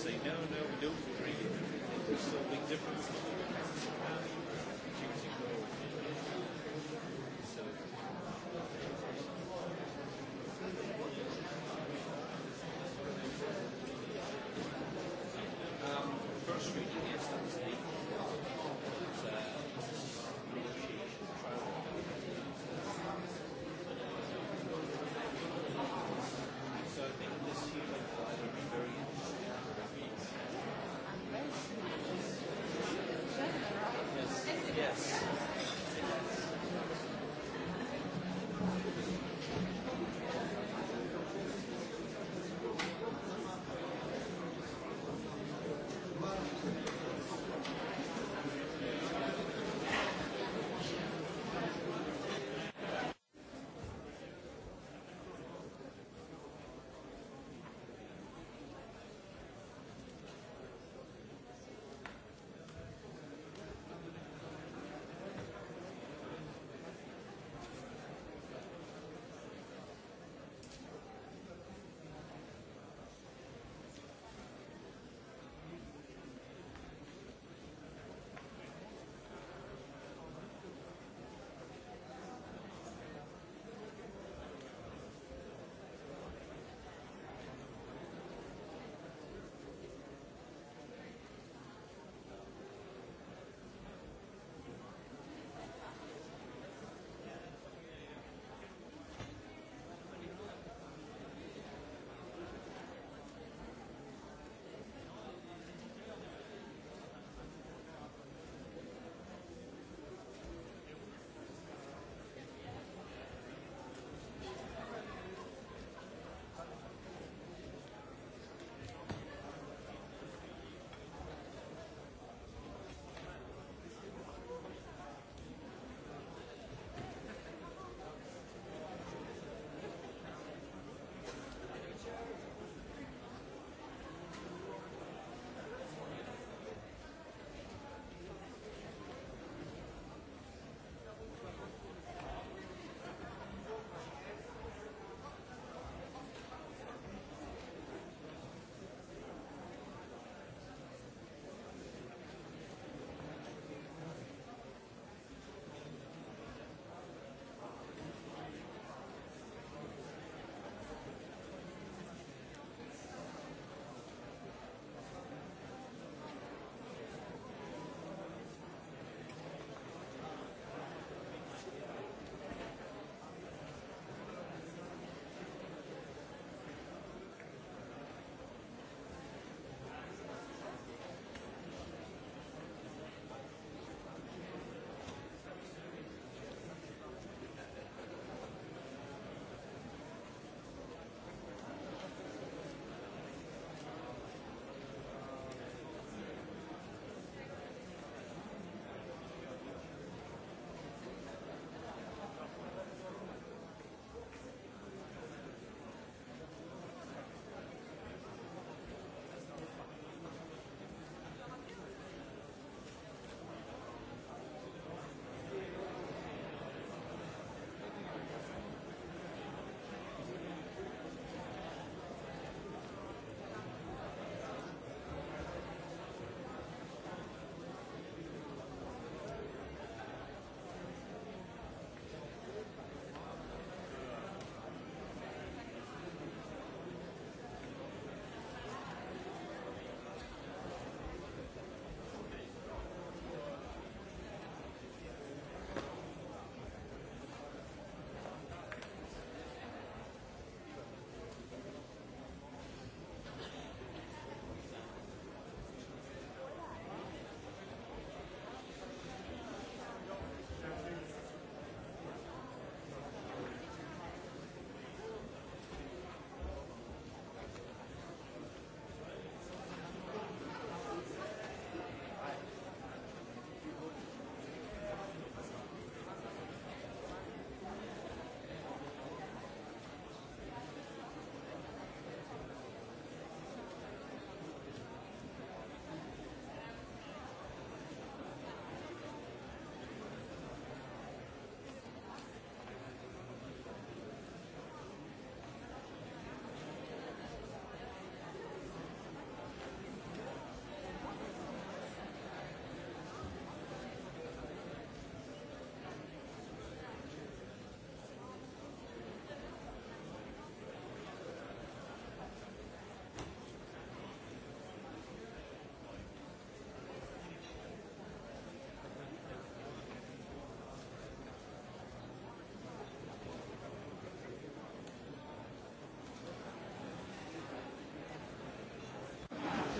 say, no, no, we don't agree. There's a big difference.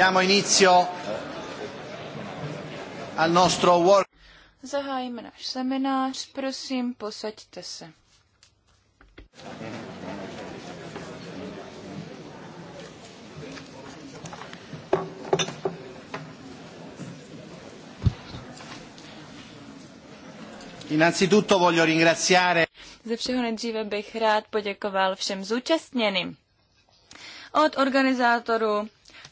Diamo inizio al nostro work. Zahájíme náš seminář. Prosím, posaďte se. Innanzitutto voglio ringraziare ze všeho nejdříve bych rád poděkoval všem zúčastněným. Od organizátorů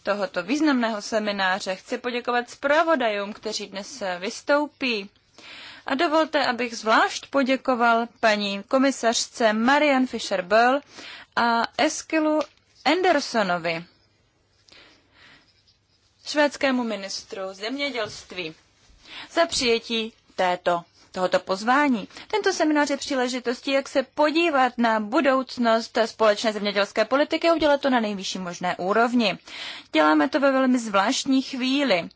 tohoto významného semináře. Chci poděkovat zpravodajům, kteří dnes vystoupí. A dovolte, abych zvlášť poděkoval paní komisařce Marian fischer bell a Eskilu Andersonovi, švédskému ministru zemědělství, za přijetí této tohoto pozvání. Tento seminář je příležitostí, jak se podívat na budoucnost společné zemědělské politiky a udělat to na nejvyšší možné úrovni. Děláme to ve velmi zvláštní chvíli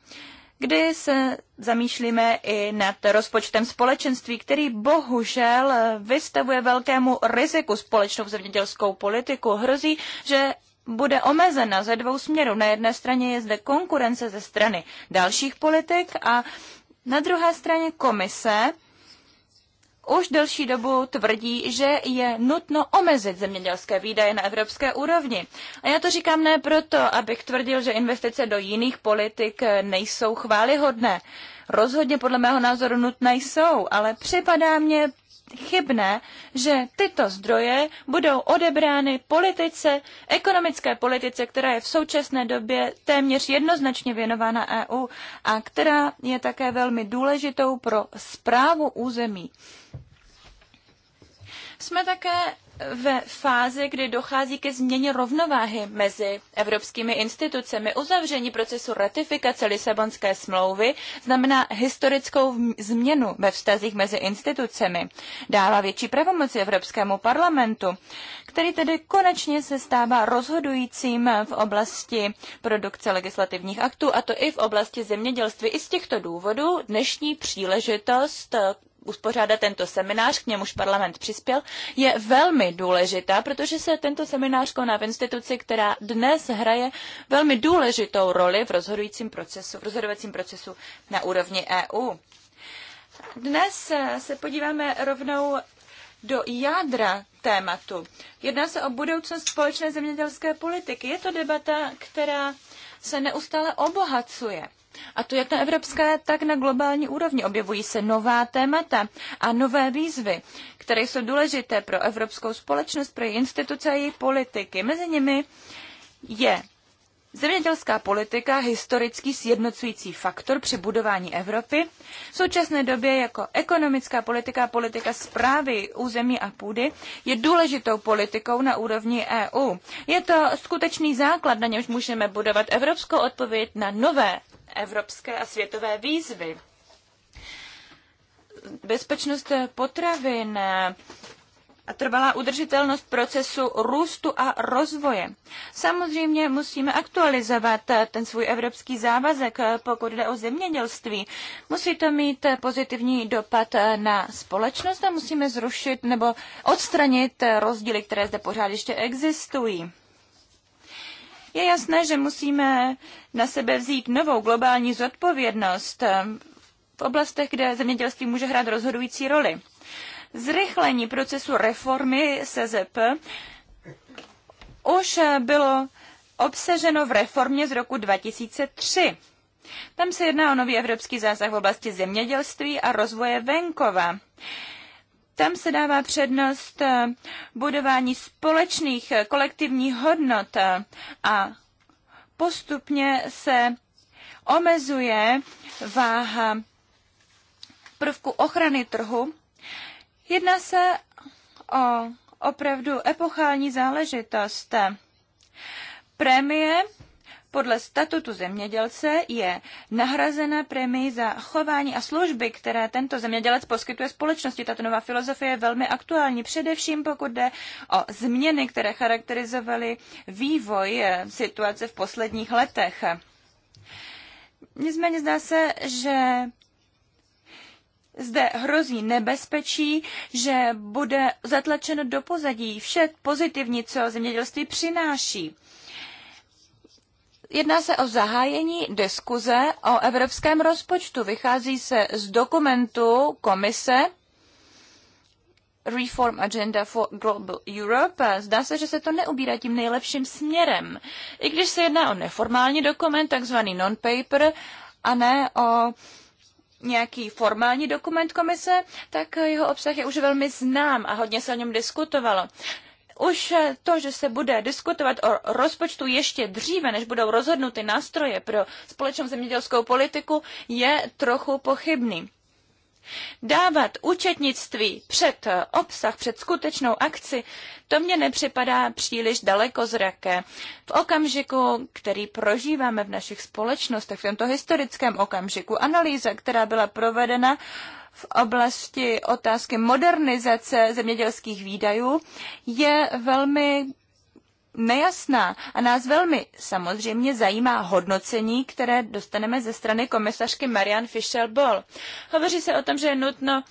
kdy se zamýšlíme i nad rozpočtem společenství, který bohužel vystavuje velkému riziku společnou zemědělskou politiku. Hrozí, že bude omezena ze dvou směrů. Na jedné straně je zde konkurence ze strany dalších politik a na druhé straně komise, už delší dobu tvrdí, že je nutno omezit zemědělské výdaje na evropské úrovni. A já to říkám ne proto, abych tvrdil, že investice do jiných politik nejsou chválihodné. Rozhodně podle mého názoru nutné jsou, ale připadá mně chybné, že tyto zdroje budou odebrány politice, ekonomické politice, která je v současné době téměř jednoznačně věnována EU a která je také velmi důležitou pro zprávu území. Jsme také ve fázi, kdy dochází ke změně rovnováhy mezi evropskými institucemi. Uzavření procesu ratifikace Lisabonské smlouvy znamená historickou změnu ve vztazích mezi institucemi. Dává větší pravomoci Evropskému parlamentu, který tedy konečně se stává rozhodujícím v oblasti produkce legislativních aktů, a to i v oblasti zemědělství. I z těchto důvodů dnešní příležitost uspořádat tento seminář, k němuž parlament přispěl, je velmi důležitá, protože se tento seminář koná v instituci, která dnes hraje velmi důležitou roli v rozhodujícím procesu, v rozhodovacím procesu na úrovni EU. Dnes eh, se podíváme rovnou do jádra tématu. Jedná se o budoucnost společné zemědělské politiky. Je to debata, která se neustále obohacuje. A to jak na evropské, tak na globální úrovni. Objevují se nová témata a nové výzvy, které jsou důležité pro evropskou společnost, pro její instituce a její politiky. Mezi nimi je Zemědělská politika, historický sjednocující faktor při budování Evropy, v současné době jako ekonomická politika a politika zprávy území a půdy je důležitou politikou na úrovni EU. Je to skutečný základ, na němž můžeme budovat evropskou odpověď na nové evropské a světové výzvy. Bezpečnost potravin a trvalá udržitelnost procesu růstu a rozvoje. Samozřejmě musíme aktualizovat ten svůj evropský závazek, pokud jde o zemědělství. Musí to mít pozitivní dopad na společnost a musíme zrušit nebo odstranit rozdíly, které zde pořád ještě existují. Je jasné, že musíme na sebe vzít novou globální zodpovědnost eh, v oblastech, kde zemědělství může hrát rozhodující roli. Zrychlení procesu reformy SZP už eh, bylo obsaženo v reformě z roku 2003. Tam se jedná o nový evropský zásah v oblasti zemědělství a rozvoje venkova tam se dává přednost eh, budování společných eh, kolektivních hodnot eh, a postupně se omezuje váha prvku ochrany trhu. Jedná se o opravdu epochální záležitost. Prémie podle statutu zemědělce je nahrazena prémii za chování a služby, které tento zemědělec poskytuje společnosti. Tato nová filozofie je velmi aktuální, především pokud jde o změny, které charakterizovaly vývoj eh, situace v posledních letech. Nicméně zdá se, že zde hrozí nebezpečí, že bude zatlačeno do pozadí vše pozitivní, co zemědělství přináší. Jedná se o zahájení diskuze o evropském rozpočtu. Vychází se z dokumentu komise Reform Agenda for Global Europe. Zdá se, že se to neubírá tím nejlepším směrem. I když se jedná o neformální dokument, takzvaný non-paper, a ne o nějaký formální dokument komise, tak jeho obsah je už velmi znám a hodně se o něm diskutovalo. Už eh, to, že se bude diskutovat o rozpočtu ještě dříve, než budou rozhodnuty nástroje pro společnou zemědělskou politiku, je trochu pochybný. Dávat účetnictví před eh, obsah, před skutečnou akci, to mně nepřipadá příliš daleko zraké. V okamžiku, který prožíváme v našich společnostech, v tomto historickém okamžiku, analýza, která byla provedena, v oblasti otázky modernizace zemědělských výdajů je velmi nejasná a nás velmi samozřejmě zajímá hodnocení, které dostaneme ze strany komisařky Marian Fischel-Boll. Hovoří se o tom, že je nutno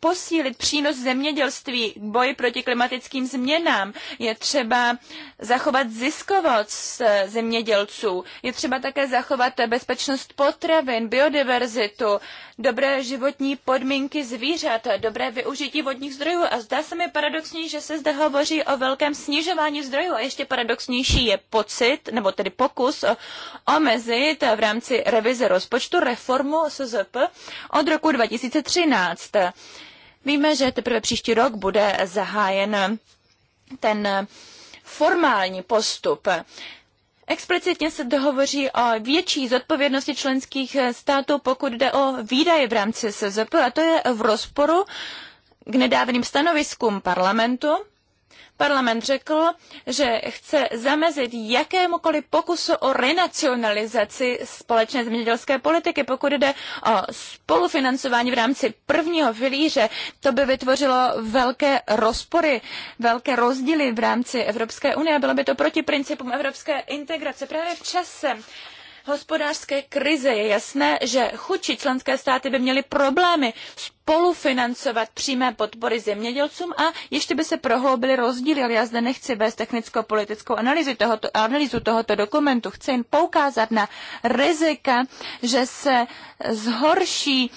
posílit přínos zemědělství k boji proti klimatickým změnám. Je třeba zachovat ziskovost eh, zemědělců. Je třeba také zachovat bezpečnost potravin, biodiverzitu, dobré životní podmínky zvířat, dobré využití vodních zdrojů. A zdá se mi paradoxní, že se zde hovoří o velkém snižování zdrojů. A ještě paradoxnější je pocit, nebo tedy pokus eh, omezit eh, v rámci revize rozpočtu reformu SZP od roku 2013. Víme, že teprve příští rok bude zahájen ten formální postup. Explicitně se dohovoří o větší zodpovědnosti členských států, pokud jde o výdaje v rámci SZP, a to je v rozporu k nedávným stanoviskům parlamentu Parlament řekl, že chce zamezit jakémukoliv pokusu o renacionalizaci společné zemědělské politiky. Pokud jde o spolufinancování v rámci prvního filíře, to by vytvořilo velké rozpory, velké rozdíly v rámci Evropské unie. Bylo by to proti principům evropské integrace. Právě v čase hospodářské krize je jasné, že chudší členské státy by měly problémy s spolufinancovat přímé podpory zemědělcům a ještě by se prohloubily rozdíly, ale já zde nechci vést technicko-politickou analýzu tohoto, analýzu tohoto dokumentu. Chci jen poukázat na rizika, že se zhorší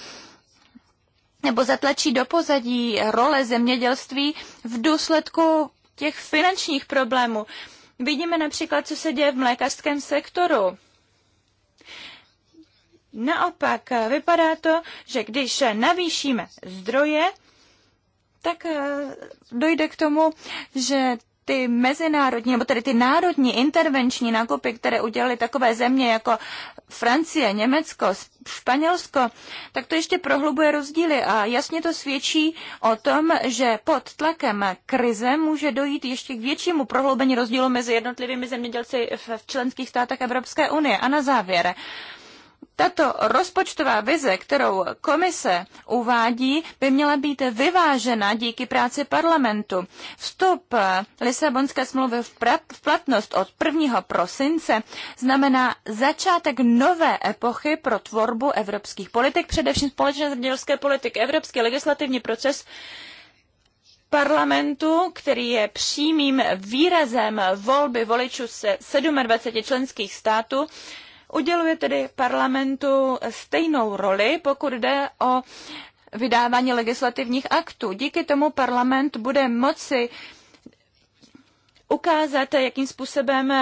nebo zatlačí do pozadí role zemědělství v důsledku těch finančních problémů. Vidíme například, co se děje v mlékařském sektoru Naopak eh, vypadá to, že když navýšíme zdroje, tak eh, dojde k tomu, že ty mezinárodní, nebo tedy ty národní intervenční nákupy, které udělali takové země jako Francie, Německo, Španělsko, tak to ještě prohlubuje rozdíly a jasně to svědčí o tom, že pod tlakem krize může dojít ještě k většímu prohloubení rozdílu mezi jednotlivými zemědělci v členských státech Evropské unie. A na závěr, tato rozpočtová vize, kterou komise uvádí, by měla být vyvážena díky práci parlamentu. Vstup Lisabonské smlouvy v, platnost od 1. prosince znamená začátek nové epochy pro tvorbu evropských politik, především společné zemědělské politiky. Evropský legislativní proces parlamentu, který je přímým výrazem volby voličů se 27 členských států, uděluje tedy parlamentu stejnou roli, pokud jde o vydávání legislativních aktů. Díky tomu parlament bude moci ukázat, jakým způsobem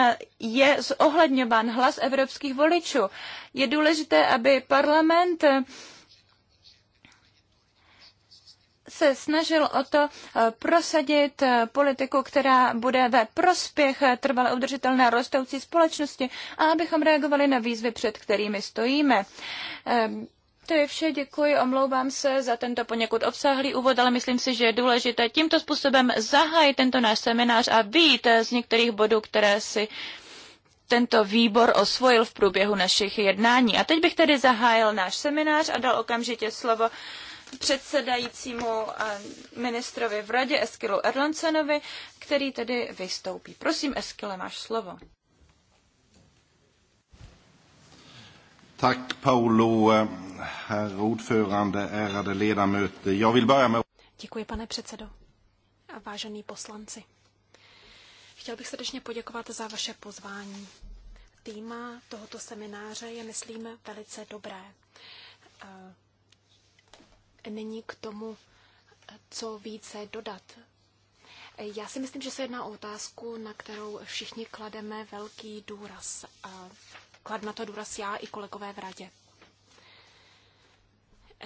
je zohledňován hlas evropských voličů. Je důležité, aby parlament se snažil o to eh, prosadit eh, politiku, která bude ve prospěch eh, trvale udržitelné rostoucí společnosti a abychom reagovali na výzvy, před kterými stojíme. Ehm, to je vše, děkuji, omlouvám se za tento poněkud obsáhlý úvod, ale myslím si, že je důležité tímto způsobem zahájit tento náš seminář a vyjít z některých bodů, které si tento výbor osvojil v průběhu našich jednání. A teď bych tedy zahájil náš seminář a dal okamžitě slovo předsedajícímu eh, ministrovi v radě Eskilu Erlansenovi, který tedy vystoupí. Prosím, Eskile, máš slovo. Tak, Paolo, eh, herr ordförande, ärade ledamöter. Jag vill börja med... Děkuji, pane předsedo. A vážení poslanci. Chtěl bych srdečně poděkovat za vaše pozvání. Týma tohoto semináře je, myslím, velice dobré. Eh, není k tomu, co více dodat. Já si myslím, že se jedná o otázku, na kterou všichni klademe velký důraz. A na to důraz já i kolegové v radě.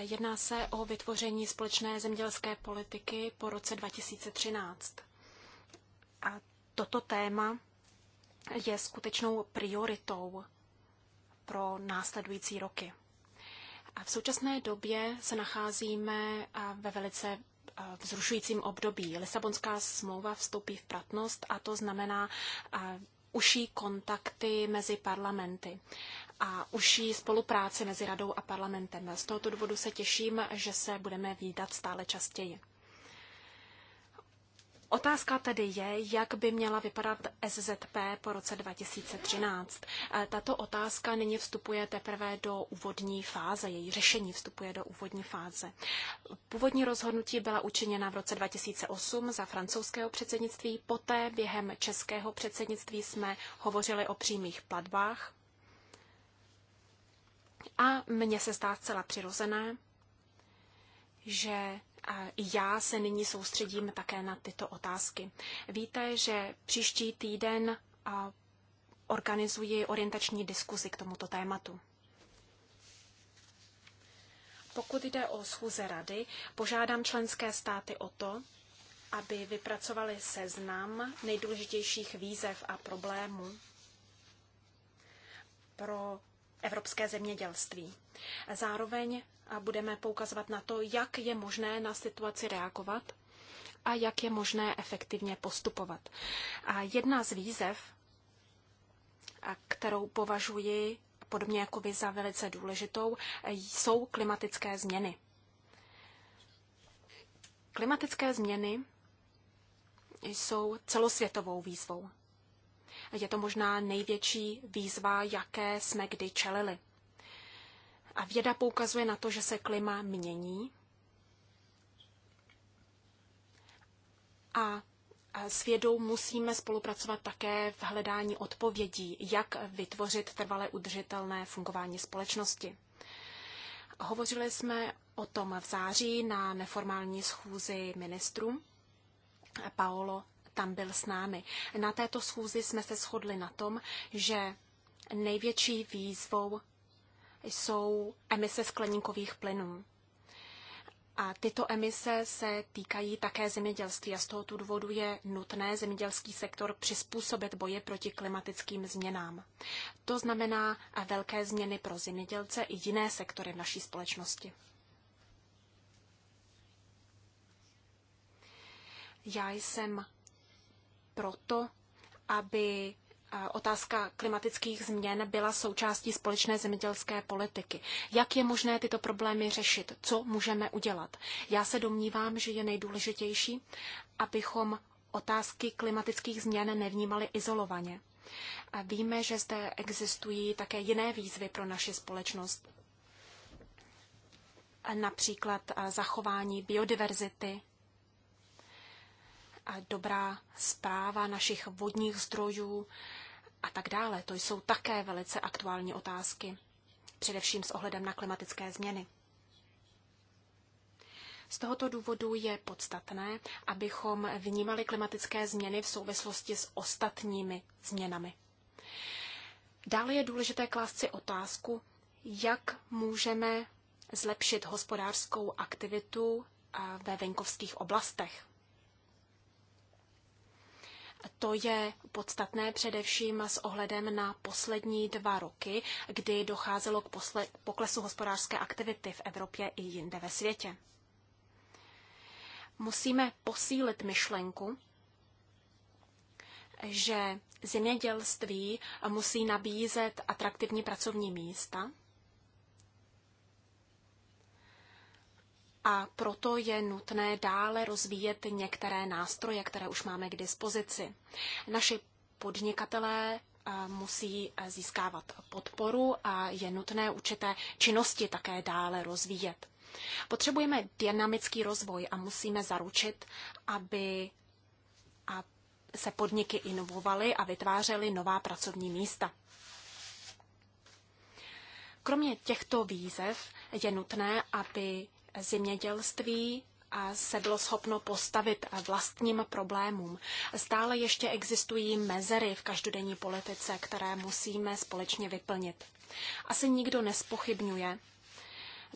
Jedná se o vytvoření společné zemědělské politiky po roce 2013. A toto téma je skutečnou prioritou pro následující roky. V současné době se nacházíme ve velice vzrušujícím období. Lisabonská smlouva vstoupí v platnost a to znamená uší kontakty mezi parlamenty a uší spolupráci mezi radou a parlamentem. Z tohoto důvodu se těším, že se budeme výdat stále častěji. Otázka tedy je, jak by měla vypadat SZP po roce 2013. E, tato otázka nyní vstupuje teprve do úvodní fáze, její řešení vstupuje do úvodní fáze. Původní rozhodnutí byla učiněna v roce 2008 za francouzského předsednictví, poté během českého předsednictví jsme hovořili o přímých platbách. A mně se zdá zcela přirozené, že já se nyní soustředím také na tyto otázky. Víte, že příští týden organizuji orientační diskuzi k tomuto tématu. Pokud jde o schůze rady, požádám členské státy o to, aby vypracovali seznam nejdůležitějších výzev a problémů pro evropské zemědělství. Zároveň budeme poukazovat na to, jak je možné na situaci reagovat a jak je možné efektivně postupovat. A jedna z výzev, kterou považuji podobně jako vy za velice důležitou, jsou klimatické změny. Klimatické změny jsou celosvětovou výzvou. Je to možná největší výzva, jaké jsme kdy čelili. A věda poukazuje na to, že se klima mění a s vědou musíme spolupracovat také v hledání odpovědí, jak vytvořit trvale udržitelné fungování společnosti. Hovořili jsme o tom v září na neformální schůzi ministrů. Paolo tam byl s námi. Na této schůzi jsme se shodli na tom, že největší výzvou jsou emise skleníkových plynů. A tyto emise se týkají také zemědělství a z tohoto důvodu je nutné zemědělský sektor přizpůsobit boje proti klimatickým změnám. To znamená velké změny pro zemědělce i jiné sektory v naší společnosti. Já jsem proto, aby otázka klimatických změn byla součástí společné zemědělské politiky. Jak je možné tyto problémy řešit? Co můžeme udělat? Já se domnívám, že je nejdůležitější, abychom otázky klimatických změn nevnímali izolovaně. A víme, že zde existují také jiné výzvy pro naši společnost. Například zachování biodiverzity, dobrá zpráva našich vodních zdrojů a tak dále. To jsou také velice aktuální otázky, především s ohledem na klimatické změny. Z tohoto důvodu je podstatné, abychom vnímali klimatické změny v souvislosti s ostatními změnami. Dále je důležité klást si otázku, jak můžeme zlepšit hospodářskou aktivitu ve venkovských oblastech. To je podstatné především s ohledem na poslední dva roky, kdy docházelo k poklesu hospodářské aktivity v Evropě i jinde ve světě. Musíme posílit myšlenku, že zemědělství musí nabízet atraktivní pracovní místa a proto je nutné dále rozvíjet některé nástroje, které už máme k dispozici. Naši podnikatelé eh, musí eh, získávat podporu a je nutné určité činnosti také dále rozvíjet. Potřebujeme dynamický rozvoj a musíme zaručit, aby se podniky inovovaly a vytvářely nová pracovní místa. Kromě těchto výzev je nutné, aby zemědělství se bylo schopno postavit vlastním problémům. Stále ještě existují mezery v každodenní politice, které musíme společně vyplnit. Asi nikdo nespochybňuje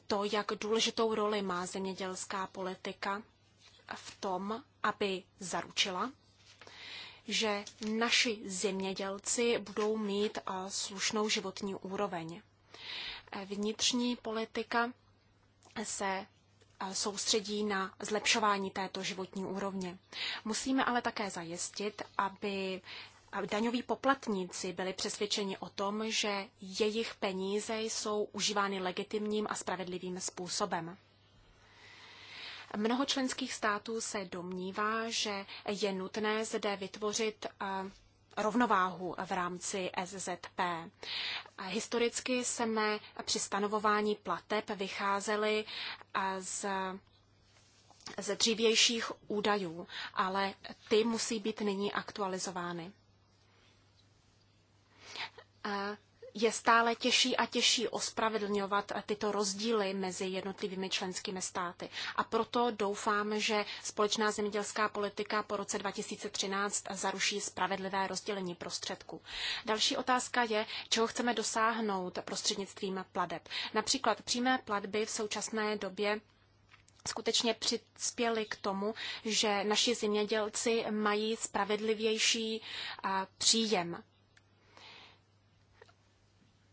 to, jak důležitou roli má zemědělská politika v tom, aby zaručila, že naši zemědělci budou mít slušnou životní úroveň. Vnitřní politika se eh, soustředí na zlepšování této životní úrovně. Musíme ale také zajistit, aby daňoví poplatníci byli přesvědčeni o tom, že jejich peníze jsou užívány legitimním a spravedlivým způsobem. Mnoho členských států se domnívá, že je nutné zde vytvořit eh, rovnováhu v rámci SZP. Historicky jsme při stanovování plateb vycházeli z ze dřívějších údajů, ale ty musí být nyní aktualizovány je stále těžší a těžší ospravedlňovat tyto rozdíly mezi jednotlivými členskými státy. A proto doufám, že společná zemědělská politika po roce 2013 zaruší spravedlivé rozdělení prostředků. Další otázka je, čeho chceme dosáhnout prostřednictvím plateb. Například přímé platby v současné době skutečně přispěli k tomu, že naši zemědělci mají spravedlivější příjem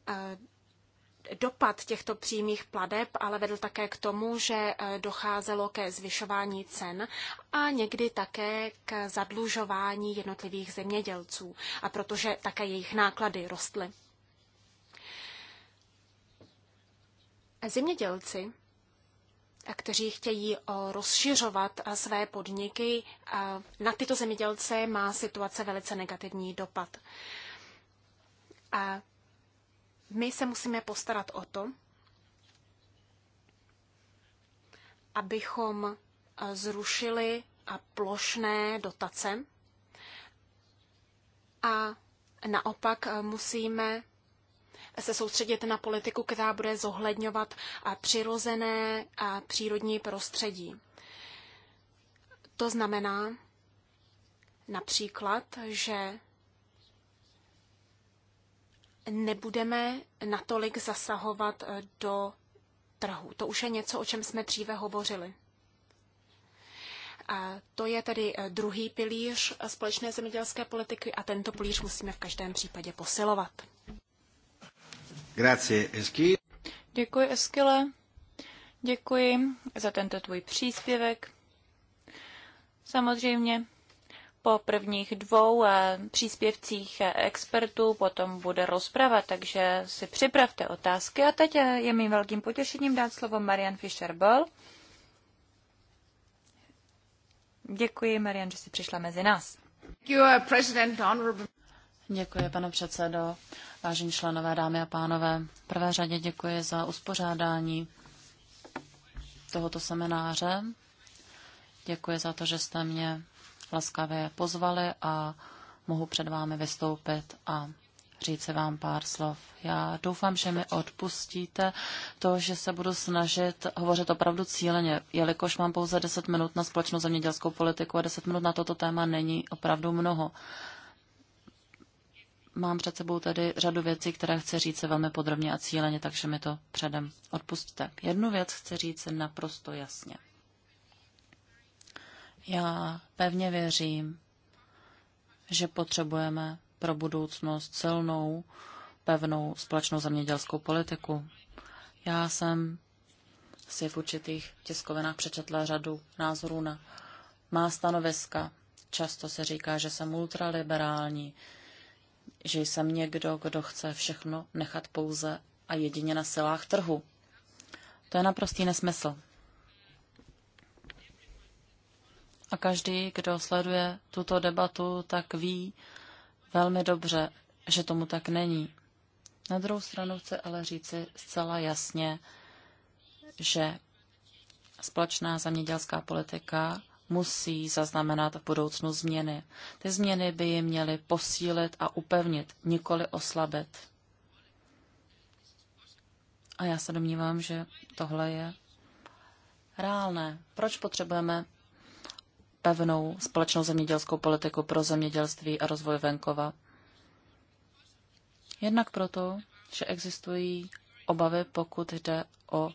Eh, dopad těchto přímých pladeb ale vedl také k tomu, že eh, docházelo ke zvyšování cen a někdy také k zadlužování jednotlivých zemědělců, a protože také jejich náklady rostly. Zemědělci, eh, kteří chtějí rozšiřovat své podniky, na tyto zemědělce má situace velice negativní dopad. A my se musíme postarat o to, abychom eh, zrušili a eh, plošné dotace a naopak eh, musíme se soustředit na politiku, která bude zohledňovat přirozené a přírodní prostředí. To znamená například, že nebudeme natolik zasahovat eh, do trhu. To už je něco, o čem jsme dříve hovořili. A to je tedy eh, druhý pilíř společné zemědělské politiky a tento pilíř musíme v každém případě posilovat. Grazie, Esky. Děkuji, Eskile. Děkuji za tento tvůj příspěvek. Samozřejmě po prvních dvou eh, příspěvcích eh, expertů potom bude rozprava, takže si připravte otázky. A teď eh, je mým velkým potěšením dát slovo Marian Fischer-Boll. Děkuji, Marian, že jsi přišla mezi nás. Uh, děkuji, pane předsedo, vážení členové, dámy a pánové. V prvé řadě děkuji za uspořádání tohoto semináře. Děkuji za to, že jste mě laskavě pozvali a mohu před vámi vystoupit a se vám pár slov. Já doufám, že mi odpustíte to, že se budu snažit hovořit opravdu cíleně, jelikož mám pouze 10 minut na společnou zemědělskou politiku a 10 minut na toto téma není opravdu mnoho. Mám před sebou tedy řadu věcí, které chci říct velmi podrobně a cíleně, takže mi to předem odpustíte. Jednu věc chci říct naprosto jasně. Já pevně věřím, že potřebujeme pro budoucnost silnou, pevnou společnou zemědělskou politiku. Já jsem si v určitých tiskovinách přečetla řadu názorů na má stanoviska. Často se říká, že jsem ultraliberální, že jsem někdo, kdo chce všechno nechat pouze a jedině na silách trhu. To je naprostý nesmysl. A každý, kdo sleduje tuto debatu, tak ví velmi dobře, že tomu tak není. Na druhou stranu chci ale říci zcela jasně, že společná zemědělská politika musí zaznamenat v budoucnu změny. Ty změny by ji měly posílit a upevnit, nikoli oslabit. A já se domnívám, že tohle je reálné. Proč potřebujeme pevnou společnou zemědělskou politiku pro zemědělství a rozvoj venkova. Jednak proto, že existují obavy, pokud jde o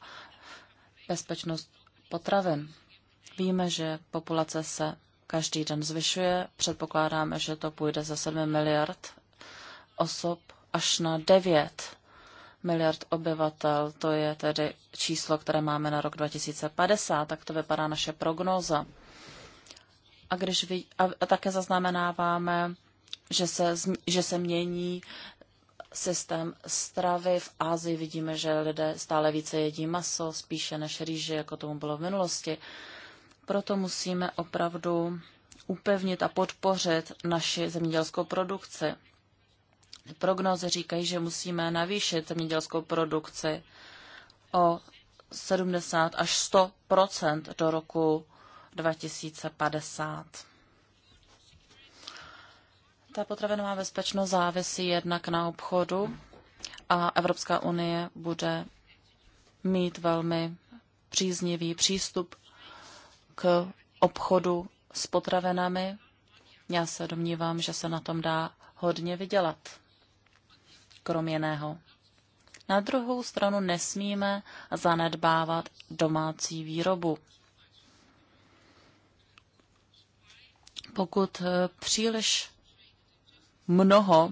bezpečnost potravin. Víme, že populace se každý den zvyšuje. Předpokládáme, že to půjde za 7 miliard osob až na 9 miliard obyvatel. To je tedy číslo, které máme na rok 2050. Tak to vypadá naše prognóza a, když vy, a, a také zaznamenáváme, že se, že se mění systém stravy. V Ázii vidíme, že lidé stále více jedí maso, spíše než rýži, jako tomu bylo v minulosti. Proto musíme opravdu upevnit a podpořit naši zemědělskou produkci. Prognozy říkají, že musíme navýšit zemědělskou produkci o 70 až 100 do roku 2050. Ta potravinová bezpečnost závisí jednak na obchodu a Evropská unie bude mít velmi příznivý přístup k obchodu s potravinami. Já se domnívám, že se na tom dá hodně vydělat, krom jiného. Na druhou stranu nesmíme zanedbávat domácí výrobu. pokud eh, příliš mnoho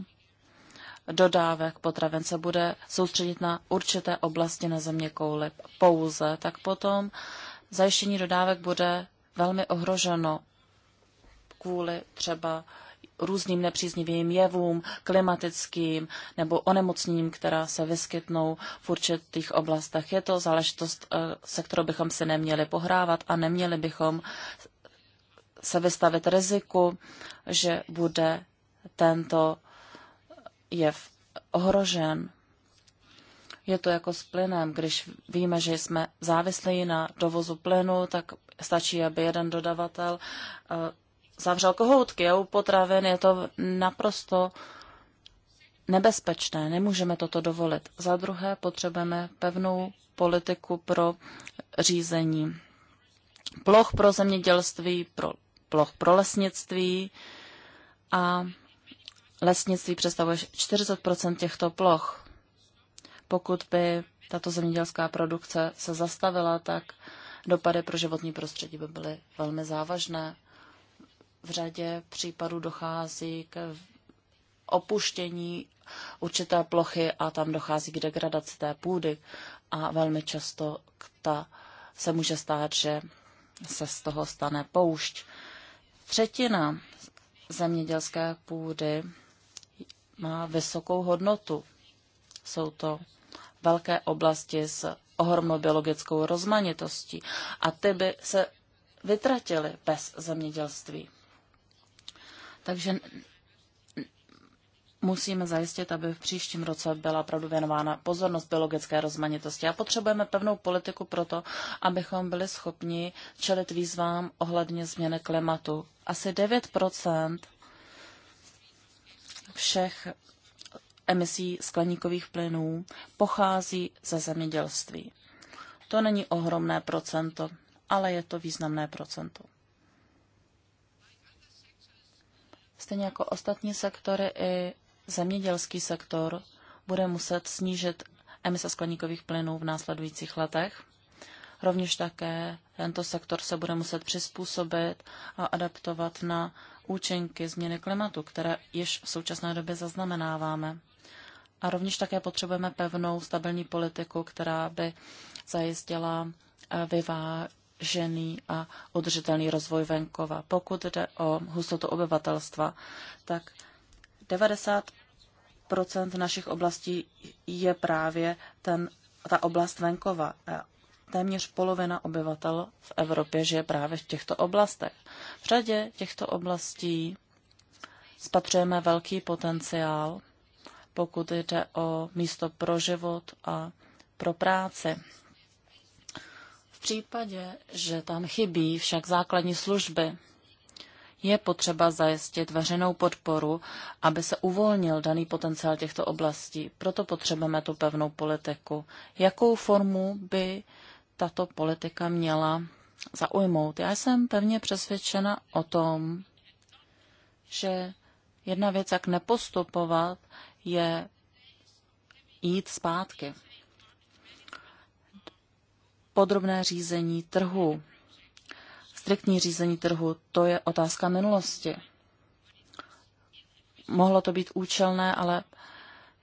dodávek potravin se bude soustředit na určité oblasti na země kouli pouze, tak potom zajištění dodávek bude velmi ohroženo kvůli třeba různým nepříznivým jevům, klimatickým nebo onemocněním, která se vyskytnou v určitých oblastech. Je to záležitost, eh, se kterou bychom si neměli pohrávat a neměli bychom se vystavit riziku, že bude tento jev ohrožen. Je to jako s plynem. Když víme, že jsme závislí na dovozu plynu, tak stačí, aby jeden dodavatel eh, zavřel kohoutky a u potravin je to naprosto nebezpečné. Nemůžeme toto dovolit. Za druhé potřebujeme pevnou politiku pro řízení ploch pro zemědělství, pro ploch pro lesnictví a lesnictví představuje 40 těchto ploch. Pokud by tato zemědělská produkce se zastavila, tak dopady pro životní prostředí by byly velmi závažné. V řadě případů dochází k opuštění určité plochy a tam dochází k degradaci té půdy a velmi často ta se může stát, že se z toho stane poušť. Třetina zemědělské půdy má vysokou hodnotu. Jsou to velké oblasti s ohromnou biologickou rozmanitostí a ty by se vytratily bez zemědělství. Takže musíme zajistit, aby v příštím roce byla opravdu věnována pozornost biologické rozmanitosti a potřebujeme pevnou politiku pro to, abychom byli schopni čelit výzvám ohledně změny klimatu. Asi 9 všech emisí skleníkových plynů pochází ze zemědělství. To není ohromné procento, ale je to významné procento. Stejně jako ostatní sektory i zemědělský sektor bude muset snížit emise skleníkových plynů v následujících letech. Rovněž také tento sektor se bude muset přizpůsobit a adaptovat na účinky změny klimatu, které již v současné době zaznamenáváme. A rovněž také potřebujeme pevnou stabilní politiku, která by zajistila eh, vyvážený a udržitelný rozvoj venkova. Pokud jde o hustotu obyvatelstva, tak 90 našich oblastí je právě ten, ta oblast venkova. Téměř polovina obyvatel v Evropě žije právě v těchto oblastech. V řadě těchto oblastí spatřujeme velký potenciál, pokud jde o místo pro život a pro práci. V případě, že tam chybí však základní služby, je potřeba zajistit veřejnou podporu, aby se uvolnil daný potenciál těchto oblastí. Proto potřebujeme tu pevnou politiku. Jakou formu by tato politika měla zaujmout? Já jsem pevně přesvědčena o tom, že jedna věc, jak nepostupovat, je jít zpátky. Podrobné řízení trhu, striktní řízení trhu, to je otázka minulosti. Mohlo to být účelné, ale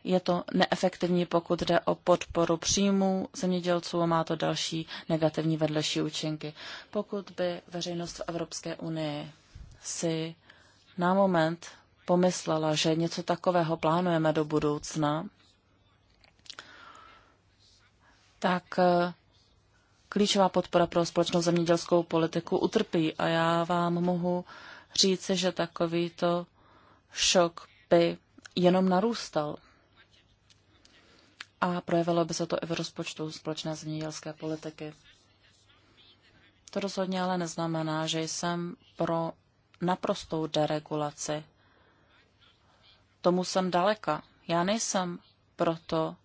je to neefektivní, pokud jde o podporu příjmů zemědělců a má to další negativní vedlejší účinky. Pokud by veřejnost v Evropské unii si na moment pomyslela, že něco takového plánujeme do budoucna, tak eh, klíčová podpora pro společnou zemědělskou politiku utrpí. A já vám mohu říct, že takovýto šok by jenom narůstal. A projevilo by se to i v rozpočtu společné zemědělské politiky. To rozhodně ale neznamená, že jsem pro naprostou deregulaci. Tomu jsem daleka. Já nejsem proto,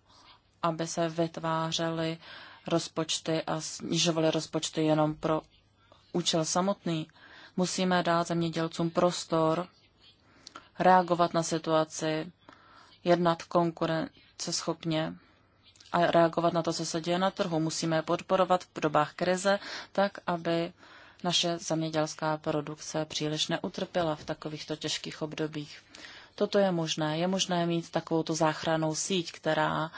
aby se vytvářely rozpočty a snižovali rozpočty jenom pro účel samotný. Musíme dát zemědělcům prostor reagovat na situaci, jednat konkurenceschopně a reagovat na to, co se děje na trhu. Musíme je podporovat v dobách krize, tak aby naše zemědělská produkce příliš neutrpěla v takovýchto těžkých obdobích. Toto je možné. Je možné mít tu záchranou síť, která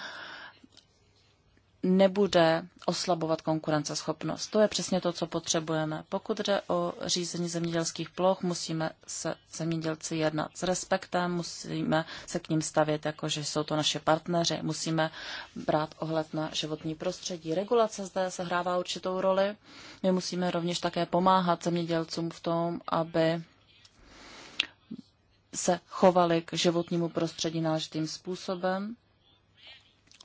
nebude oslabovat konkurenceschopnost. To je přesně to, co potřebujeme. Pokud jde o řízení zemědělských ploch, musíme se zemědělci jednat s respektem, musíme se k ním stavět jako, že jsou to naše partneři, musíme brát ohled na životní prostředí. Regulace zde sehrává určitou roli. My musíme rovněž také pomáhat zemědělcům v tom, aby se chovali k životnímu prostředí náležitým způsobem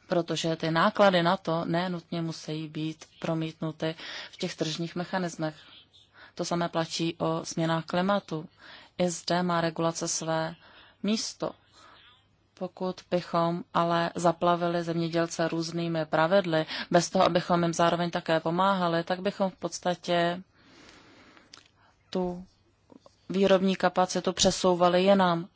protože ty náklady na to nenutně musí být promítnuty v těch tržních mechanismech. To samé platí o změnách klimatu. I zde má regulace své místo. Pokud bychom ale zaplavili zemědělce různými pravidly, bez toho, abychom jim zároveň také pomáhali, tak bychom v podstatě tu výrobní kapacitu přesouvali jenom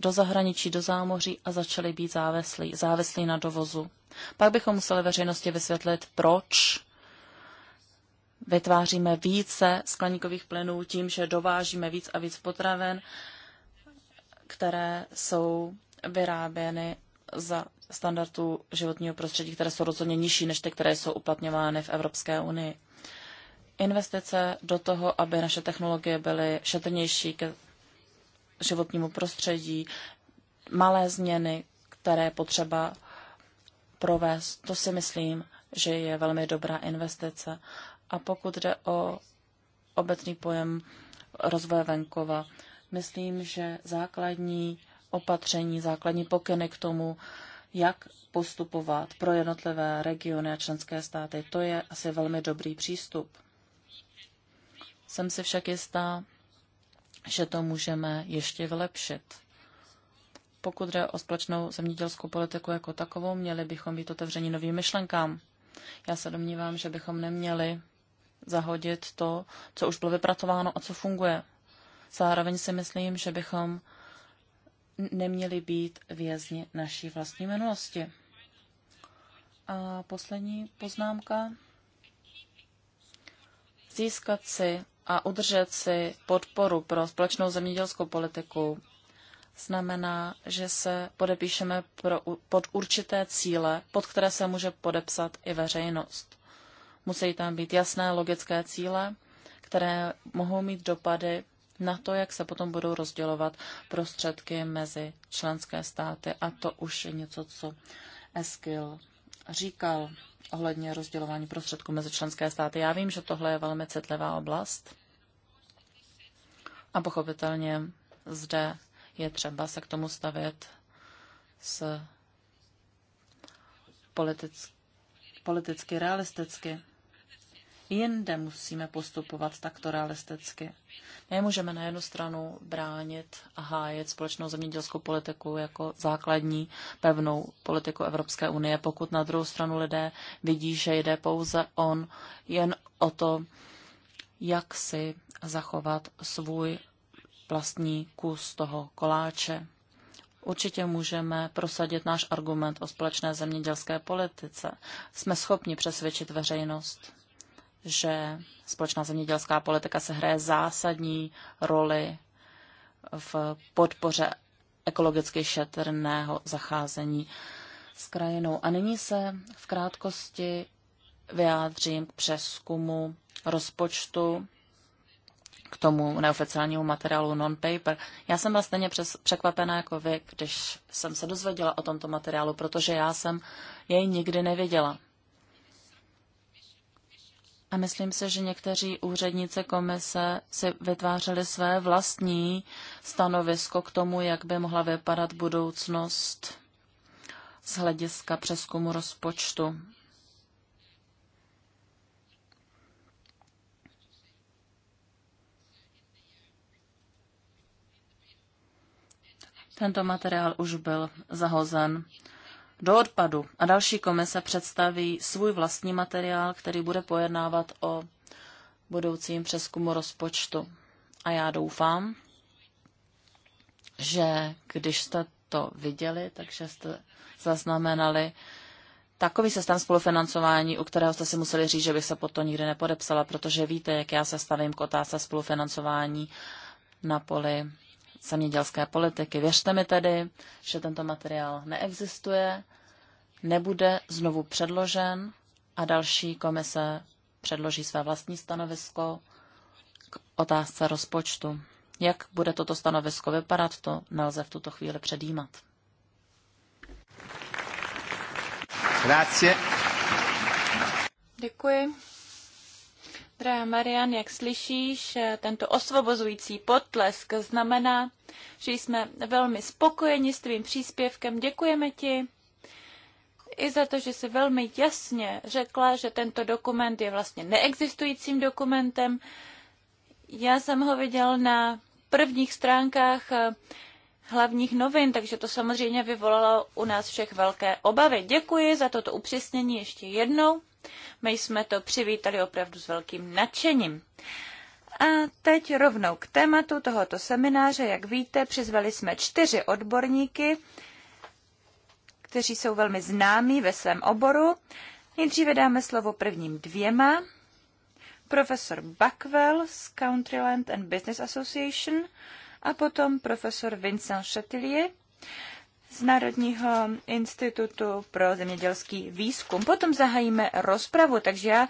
do zahraničí, do zámoří a začali být závislí, závislí na dovozu. Pak bychom museli veřejnosti vysvětlit, proč vytváříme více skleníkových plynů tím, že dovážíme víc a víc potravin, které jsou vyráběny za standardů životního prostředí, které jsou rozhodně nižší než ty, které jsou uplatňovány v Evropské unii. Investice do toho, aby naše technologie byly šetrnější životnímu prostředí, malé změny, které je potřeba provést. To si myslím, že je velmi dobrá investice. A pokud jde o obecný pojem rozvoje venkova, myslím, že základní opatření, základní pokyny k tomu, jak postupovat pro jednotlivé regiony a členské státy, to je asi velmi dobrý přístup. Jsem si však jistá, že to můžeme ještě vylepšit. Pokud jde o společnou zemědělskou politiku jako takovou, měli bychom být otevřeni novým myšlenkám. Já se domnívám, že bychom neměli zahodit to, co už bylo vypracováno a co funguje. Zároveň si myslím, že bychom neměli být vězni naší vlastní minulosti. A poslední poznámka. Získat si a udržet si podporu pro společnou zemědělskou politiku znamená, že se podepíšeme pro, pod určité cíle, pod které se může podepsat i veřejnost. Musí tam být jasné logické cíle, které mohou mít dopady na to, jak se potom budou rozdělovat prostředky mezi členské státy. A to už je něco, co Eskil říkal ohledně rozdělování prostředků mezi členské státy. Já vím, že tohle je velmi citlivá oblast a pochopitelně zde je třeba se k tomu stavět s politicky, politicky realisticky jinde musíme postupovat takto realisticky. My můžeme na jednu stranu bránit a hájet společnou zemědělskou politiku jako základní pevnou politiku Evropské unie, pokud na druhou stranu lidé vidí, že jde pouze on jen o to, jak si zachovat svůj vlastní kus toho koláče. Určitě můžeme prosadit náš argument o společné zemědělské politice. Jsme schopni přesvědčit veřejnost že společná zemědělská politika se hraje zásadní roli v podpoře ekologicky šetrného zacházení s krajinou. A nyní se v krátkosti vyjádřím k přeskumu rozpočtu k tomu neoficiálnímu materiálu non-paper. Já jsem byla stejně přes, překvapená jako vy, když jsem se dozvěděla o tomto materiálu, protože já jsem jej nikdy nevěděla. A myslím se, že někteří úředníci komise si vytvářeli své vlastní stanovisko k tomu, jak by mohla vypadat budoucnost z hlediska přeskumu rozpočtu. Tento materiál už byl zahozen do odpadu a další komise představí svůj vlastní materiál, který bude pojednávat o budoucím přeskumu rozpočtu. A já doufám, že když jste to viděli, takže jste zaznamenali takový systém spolufinancování, u kterého jste si museli říct, že bych se pod to nikdy nepodepsala, protože víte, jak já se stavím k otázce spolufinancování na poli zemědělské politiky. Věřte mi tedy, že tento materiál neexistuje, nebude znovu předložen a další komise předloží své vlastní stanovisko k otázce rozpočtu. Jak bude toto stanovisko vypadat, to nelze v tuto chvíli předjímat. Grazie. Děkuji. Drahá Marian, jak slyšíš, eh, tento osvobozující potlesk znamená, že jsme velmi spokojeni s tvým příspěvkem. Děkujeme ti i za to, že jsi velmi jasně řekla, že tento dokument je vlastně neexistujícím dokumentem. Já jsem ho viděl na prvních stránkách eh, hlavních novin, takže to samozřejmě vyvolalo u nás všech velké obavy. Děkuji za toto upřesnění ještě jednou. My jsme to přivítali opravdu s velkým nadšením. A teď rovnou k tématu tohoto semináře. Jak víte, přizvali jsme čtyři odborníky, kteří jsou velmi známí ve svém oboru. Nejdříve dáme slovo prvním dvěma. Profesor Buckwell z Countryland and Business Association a potom profesor Vincent Chatelier Mezinárodního Národního institutu pro zemědělský výzkum. Potom zahajíme rozpravu, takže já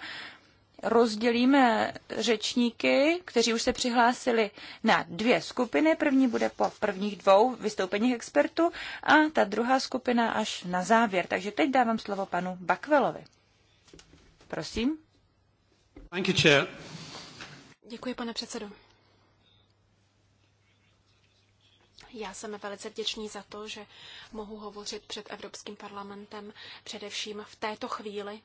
rozdělíme eh, řečníky, kteří už se přihlásili na dvě skupiny. První bude po prvních dvou vystoupeních expertů a ta druhá skupina až na závěr. Takže teď dávám slovo panu Bakvelovi. Prosím. Thank you, chair. Děkuji, pane předsedo. Já jsem velice vděčný za to, že mohu hovořit před Evropským parlamentem především v této chvíli,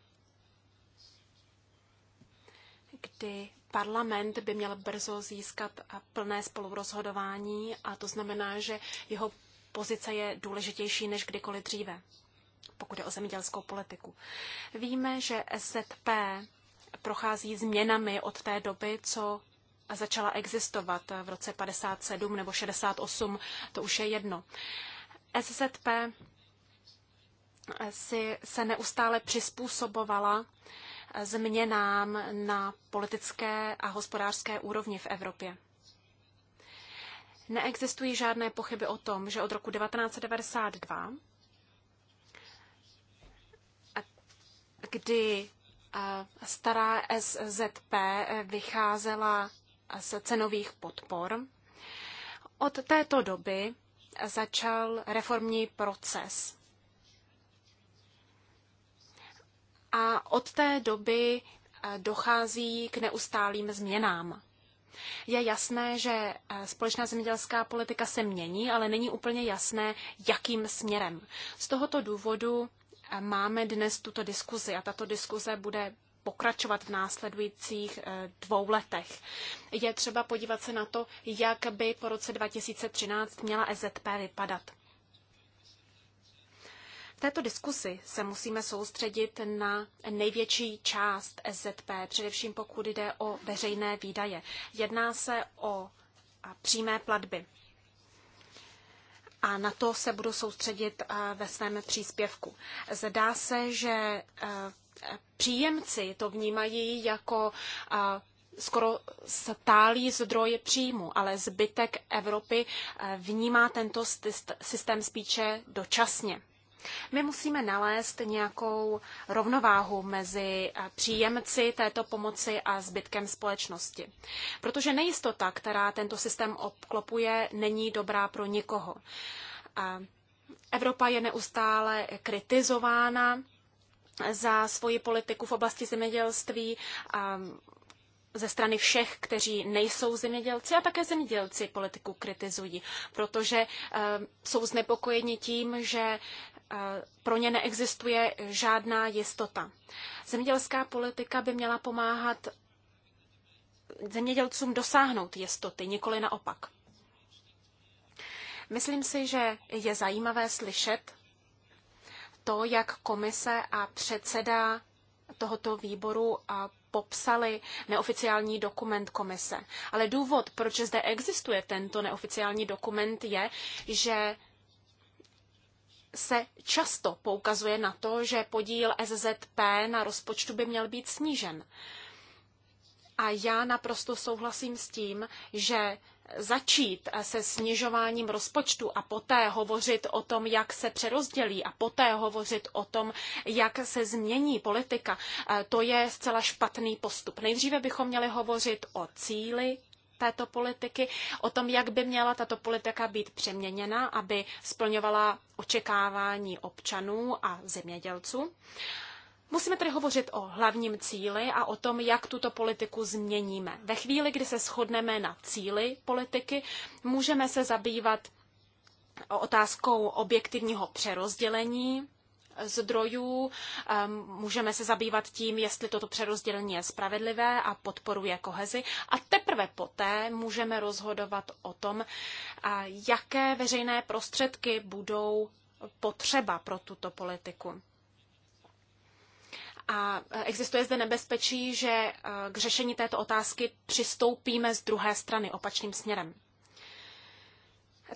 kdy parlament by měl brzo získat plné spolurozhodování a to znamená, že jeho pozice je důležitější než kdykoliv dříve, pokud je o zemědělskou politiku. Víme, že SZP prochází změnami od té doby, co začala existovat v roce 57 nebo 68, to už je jedno. SZP si se neustále přizpůsobovala změnám na politické a hospodářské úrovni v Evropě. Neexistují žádné pochyby o tom, že od roku 1992, kdy eh, stará SZP vycházela z cenových podpor. Od této doby začal reformní proces. A od té doby eh, dochází k neustálým změnám. Je jasné, že eh, společná zemědělská politika se mění, ale není úplně jasné, jakým směrem. Z tohoto důvodu eh, máme dnes tuto diskuzi a tato diskuze bude pokračovat v následujících eh, dvou letech. Je třeba podívat se na to, jak by po roce 2013 měla EZP vypadat. V této diskusi se musíme soustředit na největší část SZP, e především pokud jde o veřejné výdaje. Jedná se o přímé platby. A na to se budu soustředit eh, ve svém příspěvku. Zdá se, že eh, příjemci to vnímají jako skoro stálý zdroj příjmu, ale zbytek Evropy vnímá tento systém spíše dočasně. My musíme nalézt nějakou rovnováhu mezi příjemci této pomoci a zbytkem společnosti. Protože nejistota, která tento systém obklopuje, není dobrá pro nikoho. Evropa je neustále kritizována za svoji politiku v oblasti zemědělství ze strany všech, kteří nejsou zemědělci a také zemědělci politiku kritizují, protože eh, jsou znepokojeni tím, že eh, pro ně neexistuje žádná jistota. Zemědělská politika by měla pomáhat zemědělcům dosáhnout jistoty, nikoli naopak. Myslím si, že je zajímavé slyšet to, jak komise a předseda tohoto výboru a popsali neoficiální dokument komise. Ale důvod, proč zde existuje tento neoficiální dokument, je, že se často poukazuje na to, že podíl SZP na rozpočtu by měl být snížen. A já naprosto souhlasím s tím, že začít se snižováním rozpočtu a poté hovořit o tom, jak se přerozdělí a poté hovořit o tom, jak se změní politika, eh, to je zcela špatný postup. Nejdříve bychom měli hovořit o cíli této politiky, o tom, jak by měla tato politika být přeměněna, aby splňovala očekávání občanů a zemědělců. Musíme tedy hovořit o hlavním cíli a o tom, jak tuto politiku změníme. Ve chvíli, kdy se shodneme na cíli politiky, můžeme se zabývat otázkou objektivního přerozdělení zdrojů. Ehm, můžeme se zabývat tím, jestli toto přerozdělení je spravedlivé a podporuje kohezi. A teprve poté můžeme rozhodovat o tom, jaké veřejné prostředky budou potřeba pro tuto politiku. A existuje zde nebezpečí, že eh, k řešení této otázky přistoupíme z druhé strany opačným směrem.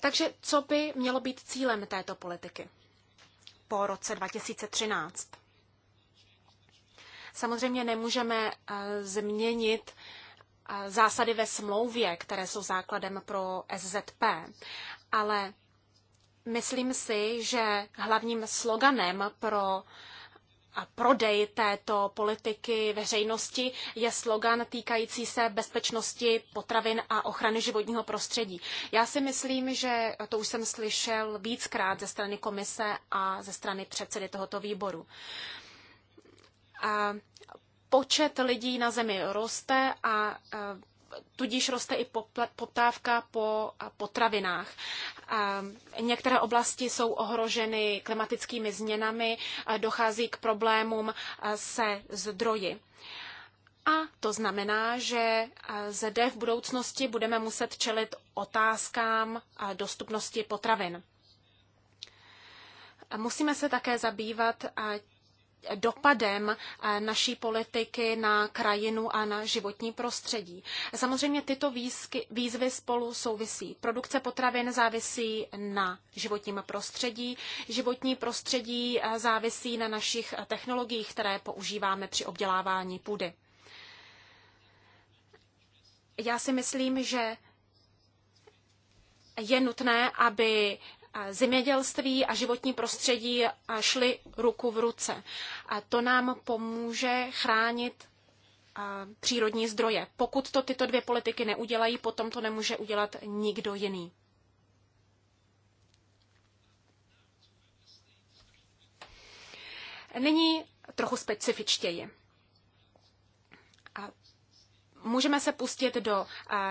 Takže co by mělo být cílem této politiky po roce 2013? Samozřejmě nemůžeme eh, změnit eh, zásady ve smlouvě, které jsou základem pro SZP, ale myslím si, že hlavním sloganem pro a prodej této politiky veřejnosti je slogan týkající se bezpečnosti potravin a ochrany životního prostředí. Já si myslím, že to už jsem slyšel víckrát ze strany komise a ze strany předsedy tohoto výboru. A počet lidí na Zemi roste a tudíž roste i poptávka po potravinách. Některé oblasti jsou ohroženy klimatickými změnami, dochází k problémům se zdroji. A to znamená, že zde v budoucnosti budeme muset čelit otázkám dostupnosti potravin. Musíme se také zabývat dopadem eh, naší politiky na krajinu a na životní prostředí. Samozřejmě tyto výzky, výzvy spolu souvisí. Produkce potravin závisí na životním prostředí. Životní prostředí eh, závisí na našich technologiích, které používáme při obdělávání půdy. Já si myslím, že je nutné, aby zemědělství a životní prostředí šly ruku v ruce. A to nám pomůže chránit přírodní zdroje. Pokud to tyto dvě politiky neudělají, potom to nemůže udělat nikdo jiný. Nyní trochu specifičtěji. A můžeme se pustit do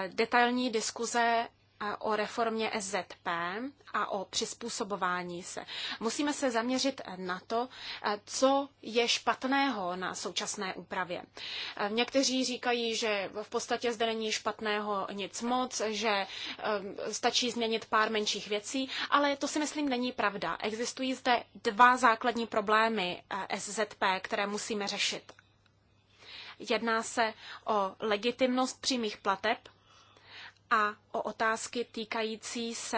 detailní diskuze o reformě SZP a o přizpůsobování se. Musíme se zaměřit na to, eh, co je špatného na současné úpravě. Eh, někteří říkají, že v podstatě zde není špatného nic moc, že eh, stačí změnit pár menších věcí, ale to si myslím není pravda. Existují zde dva základní problémy SZP, které musíme řešit. Jedná se o legitimnost přímých plateb a o otázky týkající se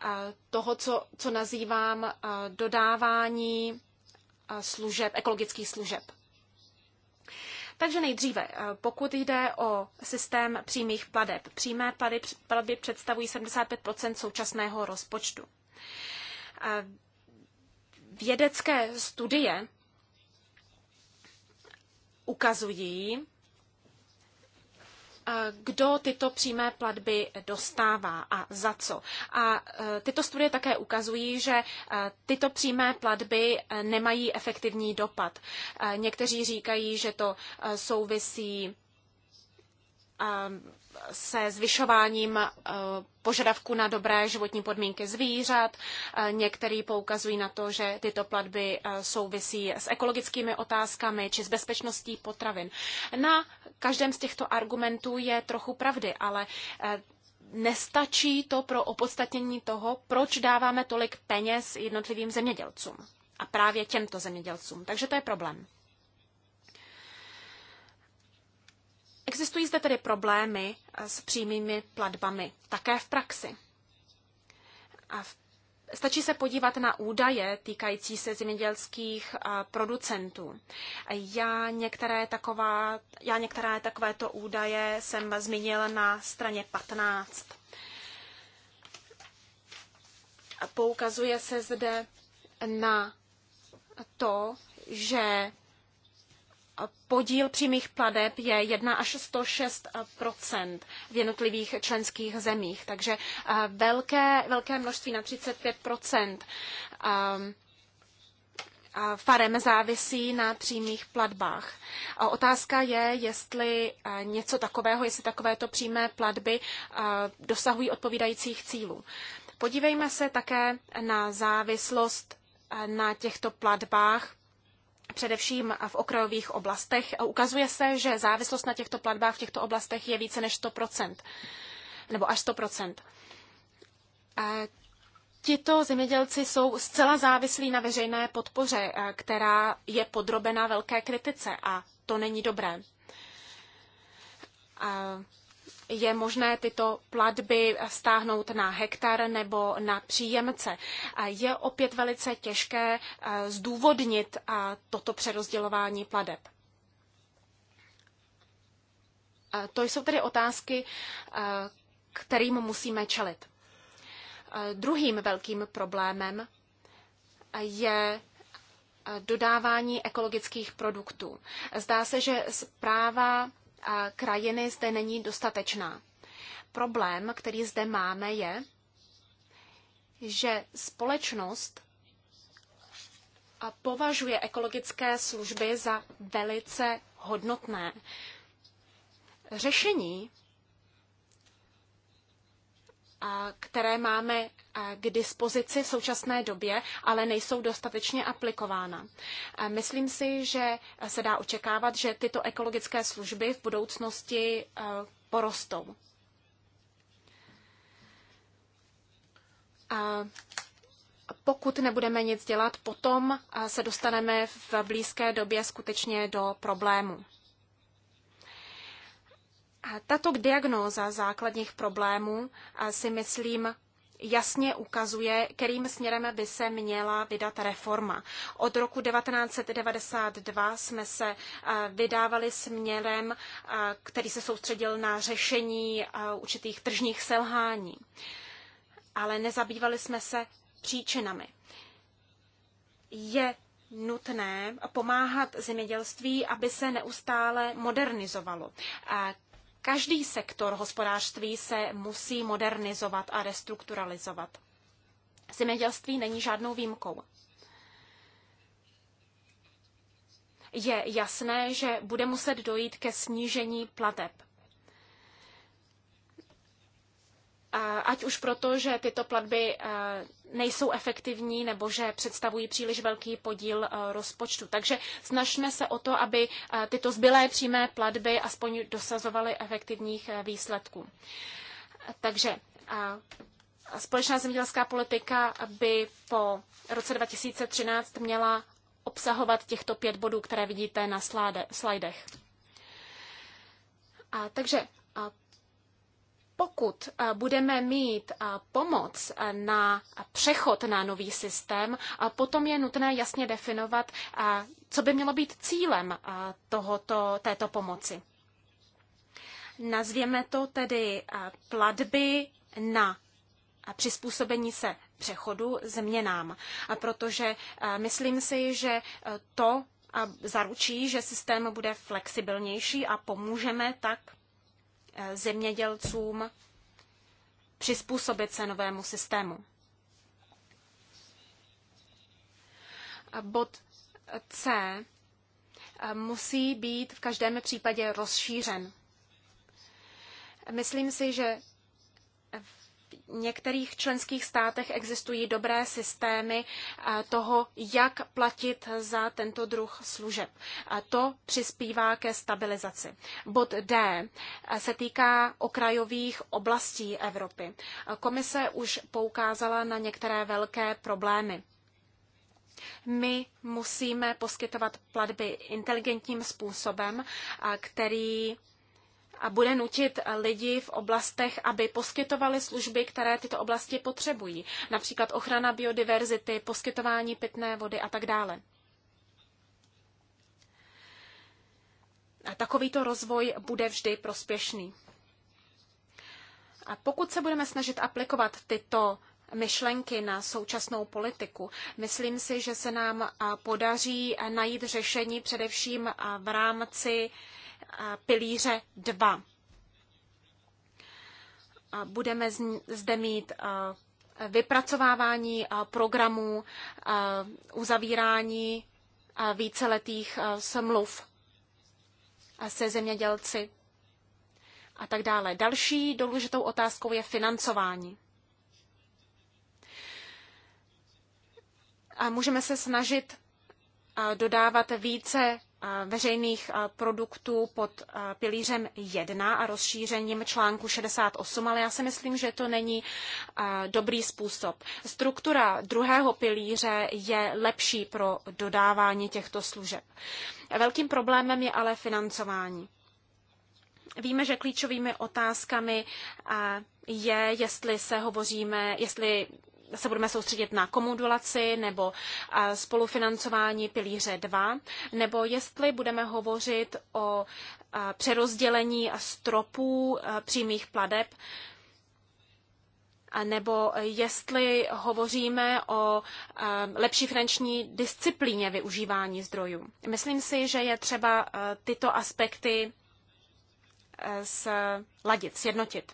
eh, toho, co, co nazývám eh, dodávání eh, služeb, ekologických služeb. Takže nejdříve, pokud jde o systém přímých pladeb. Přímé platby představují 75 současného rozpočtu. Vědecké studie ukazují, kdo tyto přímé platby dostává a za co. A e, tyto studie také ukazují, že e, tyto přímé platby e, nemají efektivní dopad. Někteří říkají, že to souvisí se zvyšováním eh, požadavku na dobré životní podmínky zvířat. Eh, některý poukazují na to, že tyto platby eh, souvisí s ekologickými otázkami či s bezpečností potravin. Na každém z těchto argumentů je trochu pravdy, ale nestačí to pro opodstatnění toho, proč dáváme tolik peněz jednotlivým zemědělcům a právě těmto zemědělcům. Takže to je problém. Existují zde tedy problémy eh, s přímými platbami, také v praxi. A v Stačí se podívat na údaje týkající se zemědělských eh, producentů. Já některé, taková, já některé takovéto údaje jsem zmínil na straně 15. Poukazuje se zde na to, že podíl přímých pladeb je 1 až 106 v jednotlivých členských zemích, takže eh, velké, velké množství na 35 ehm, farem závisí na přímých platbách. A otázka je, jestli eh, něco takového, jestli takovéto přímé platby eh, dosahují odpovídajících cílů. Podívejme se také na závislost na těchto platbách především v okrajových oblastech. Ukazuje se, že závislost na těchto platbách v těchto oblastech je více než 100%, nebo až 100%. A Tito zemědělci jsou zcela závislí na veřejné podpoře, eh, která je podrobena velké kritice a to není dobré. A je možné tyto platby stáhnout na hektar nebo na příjemce. Je opět velice těžké eh, zdůvodnit eh, toto přerozdělování pladeb. Eh, to jsou tedy otázky, kterým musíme čelit. Druhým velkým problémem je dodávání ekologických produktů. Zdá se, že zpráva krajiny zde není dostatečná. Problém, který zde máme, je, že společnost považuje ekologické služby za velice hodnotné. Řešení které máme e, k dispozici v současné době, ale nejsou dostatečně aplikována. E, myslím si, že se dá očekávat, že tyto ekologické služby v budoucnosti e, porostou. A pokud nebudeme nic dělat, potom se dostaneme v blízké době skutečně do problému. Tato diagnóza základních problémů si myslím jasně ukazuje, kterým směrem by se měla vydat reforma. Od roku 1992 jsme se vydávali směrem, který se soustředil na řešení určitých tržních selhání, ale nezabývali jsme se příčinami. Je nutné pomáhat zemědělství, aby se neustále modernizovalo. Každý sektor hospodářství se musí modernizovat a restrukturalizovat. Zemědělství není žádnou výjimkou. Je jasné, že bude muset dojít ke snížení plateb ať už proto, že tyto platby eh, nejsou efektivní nebo že představují příliš velký podíl eh, rozpočtu. Takže snažme se o to, aby eh, tyto zbylé přímé platby aspoň dosazovaly efektivních výsledků. Takže společná zemědělská politika by po roce 2013 měla obsahovat těchto pět bodů, které vidíte na slajdech. A, takže a pokud eh, budeme mít eh, pomoc eh, na přechod na nový systém, potom je nutné jasně definovat, co by mělo být cílem tohoto, této pomoci. Nazvěme to tedy platby na přizpůsobení se přechodu změnám, protože myslím si, že to zaručí, že systém bude flexibilnější a pomůžeme tak Eh, zemědělcům přizpůsobit se novému systému. Bod C eh, musí být v každém případě rozšířen. Myslím si, že některých členských státech existují dobré systémy eh, toho, jak platit za tento druh služeb. A to přispívá ke stabilizaci. Bod D eh, se týká okrajových oblastí Evropy. Eh, komise už poukázala na některé velké problémy. My musíme poskytovat platby inteligentním způsobem, který bude nutit lidi v oblastech, aby poskytovali služby, které tyto oblasti potřebují, například ochrana biodiverzity, poskytování pitné vody a tak dále. A takovýto rozvoj bude vždy prospěšný. A pokud se budeme snažit aplikovat tyto myšlenky na současnou politiku. Myslím si, že se nám podaří najít řešení především v rámci pilíře 2. Budeme zde mít vypracovávání programů, uzavírání víceletých smluv se zemědělci a tak dále. Další důležitou otázkou je financování. A můžeme se snažit dodávat více veřejných produktů pod pilířem 1 a rozšířením článku 68, ale já si myslím, že to není dobrý způsob. Struktura druhého pilíře je lepší pro dodávání těchto služeb. Velkým problémem je ale financování. Víme, že klíčovými otázkami je, jestli se hovoříme, jestli se budeme soustředit na komodulaci nebo eh, spolufinancování pilíře 2, nebo jestli budeme hovořit o eh, přerozdělení stropů eh, přímých pladeb, nebo jestli hovoříme o lepší finanční disciplíně využívání zdrojů. Myslím si, že je třeba tyto aspekty sladit, sjednotit.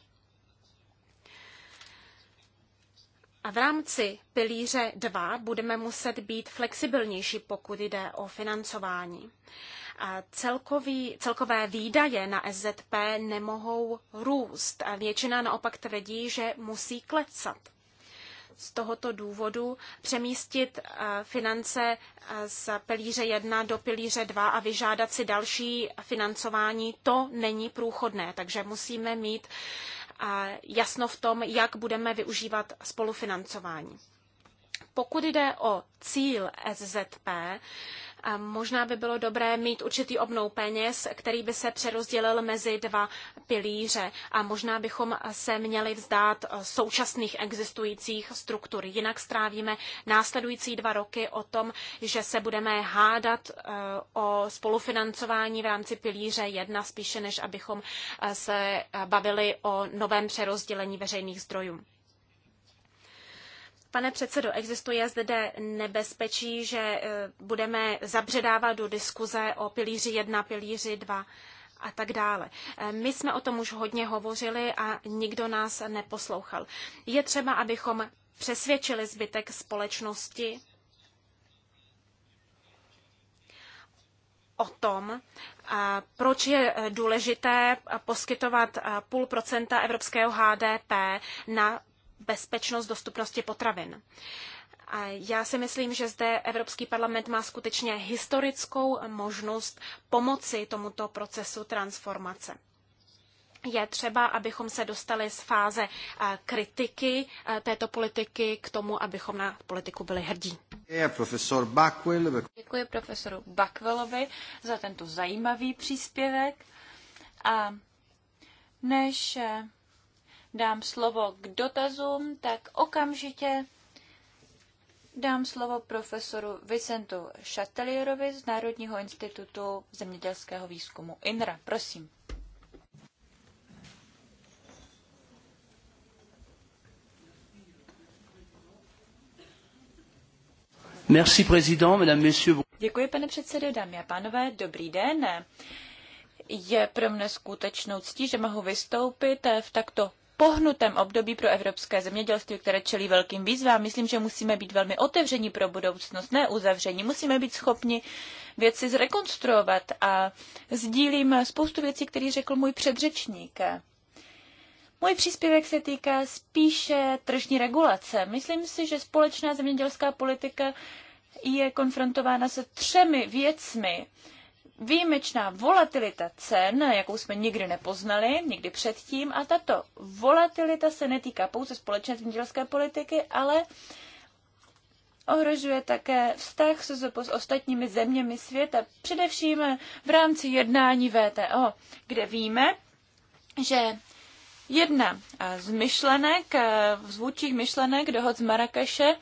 A v rámci pilíře 2 budeme muset být flexibilnější, pokud jde o financování. A celkový, celkové výdaje na SZP nemohou růst. A většina naopak tvrdí, že musí klecat. Z tohoto důvodu přemístit eh, finance eh, z pilíře 1 do pilíře 2 a vyžádat si další financování, to není průchodné, takže musíme mít uh, jasno v tom, jak budeme využívat spolufinancování. Pokud jde o cíl SZP, Možná by bylo dobré mít určitý obnou peněz, který by se přerozdělil mezi dva pilíře a možná bychom se měli vzdát eh, současných existujících struktur. Jinak strávíme následující dva roky o tom, že se budeme hádat eh, o spolufinancování v rámci pilíře jedna spíše, než abychom eh, se bavili o novém přerozdělení veřejných zdrojů. Pane předsedo, existuje zde nebezpečí, že e, budeme zabředávat do diskuze o pilíři 1, pilíři 2 a tak dále. E, my jsme o tom už hodně hovořili a nikdo nás neposlouchal. Je třeba, abychom přesvědčili zbytek společnosti o tom, e, proč je důležité poskytovat půl procenta evropského HDP na bezpečnost dostupnosti potravin. A já si myslím, že zde Evropský parlament má skutečně historickou možnost pomoci tomuto procesu transformace. Je třeba, abychom se dostali z fáze eh, kritiky eh, této politiky k tomu, abychom na politiku byli hrdí. Děkuji profesoru Bakvelovi za tento zajímavý příspěvek. A než eh, dám slovo k dotazům, tak okamžitě dám slovo profesoru Vicentu Šatelierovi z Národního institutu zemědělského výzkumu INRA. Prosím. Merci, président, madame, messieurs. Děkuji, pane předsedo, dámy a pánové, dobrý den. Je pro mne skutečnou ctí, že mohu vystoupit v takto pohnutém období pro evropské zemědělství, které čelí velkým výzvám. Myslím, že musíme být velmi otevření pro budoucnost, ne uzavření. Musíme být schopni věci zrekonstruovat a sdílím spoustu věcí, které řekl můj předřečník. Můj příspěvek se týká spíše tržní regulace. Myslím si, že společná zemědělská politika je konfrontována se třemi věcmi, výjimečná volatilita cen, jakou jsme nikdy nepoznali, nikdy předtím, a tato volatilita se netýká pouze společné zemědělské politiky, ale ohrožuje také vztah s ostatními zeměmi světa, především v rámci jednání VTO, kde víme, že jedna z myšlenek, zvůčích myšlenek dohod z Marrakeše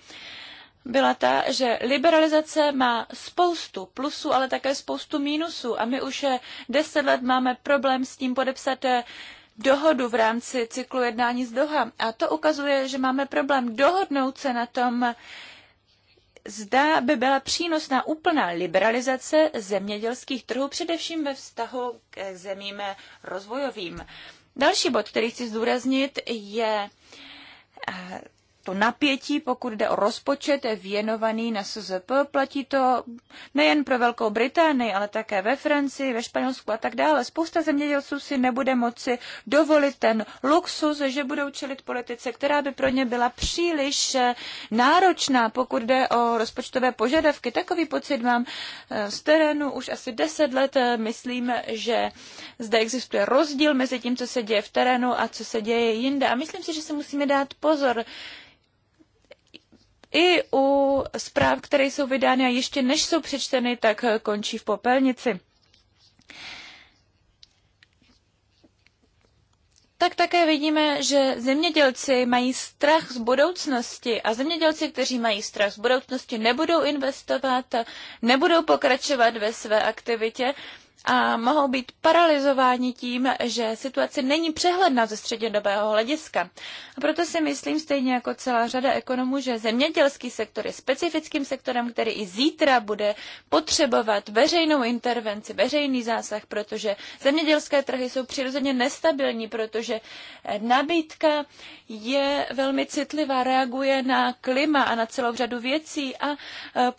byla ta, že liberalizace má spoustu plusů, ale také spoustu mínusů. A my už eh, deset let máme problém s tím podepsat eh, dohodu v rámci cyklu jednání z Doha. A to ukazuje, že máme problém dohodnout se na tom, zda by byla přínosná úplná liberalizace zemědělských trhů, především ve vztahu k zemím rozvojovým. Další bod, který chci zdůraznit, je eh, to napětí, pokud jde o rozpočet věnovaný na SZP. Platí to nejen pro Velkou Británii, ale také ve Francii, ve Španělsku a tak dále. Spousta zemědělců si nebude moci dovolit ten luxus, že budou čelit politice, která by pro ně byla příliš eh, náročná, pokud jde o rozpočtové požadavky. Takový pocit mám eh, z terénu už asi deset let. Eh, myslím, že zde existuje rozdíl mezi tím, co se děje v terénu a co se děje jinde. A myslím si, že se musíme dát pozor, i u zpráv, které jsou vydány a ještě než jsou přečteny, tak končí v popelnici. Tak také vidíme, že zemědělci mají strach z budoucnosti a zemědělci, kteří mají strach z budoucnosti, nebudou investovat, nebudou pokračovat ve své aktivitě a mohou být paralizováni tím, že situace není přehledná ze střednědobého hlediska. A proto si myslím, stejně jako celá řada ekonomů, že zemědělský sektor je specifickým sektorem, který i zítra bude potřebovat veřejnou intervenci, veřejný zásah, protože zemědělské trhy jsou přirozeně nestabilní, protože nabídka je velmi citlivá, reaguje na klima a na celou řadu věcí a e,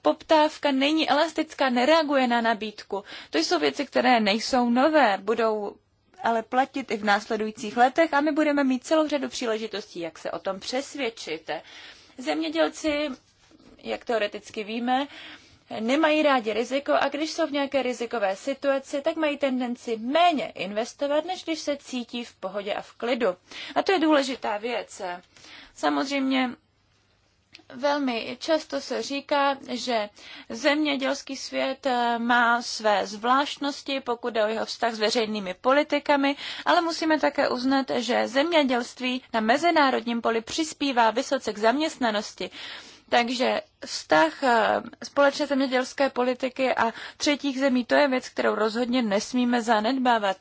poptávka není elastická, nereaguje na nabídku. To jsou věci, které které nejsou nové, budou ale platit i v následujících letech a my budeme mít celou řadu příležitostí, jak se o tom přesvědčit. Zemědělci, jak teoreticky víme, nemají rádi riziko a když jsou v nějaké rizikové situaci, tak mají tendenci méně investovat, než když se cítí v pohodě a v klidu. A to je důležitá věc. Samozřejmě Velmi často se říká, že zemědělský svět eh, má své zvláštnosti, pokud je o jeho vztah s veřejnými politikami, ale musíme také uznat, že zemědělství na mezinárodním poli přispívá vysoce k zaměstnanosti. Takže vztah eh, společné zemědělské politiky a třetích zemí, to je věc, kterou rozhodně nesmíme zanedbávat.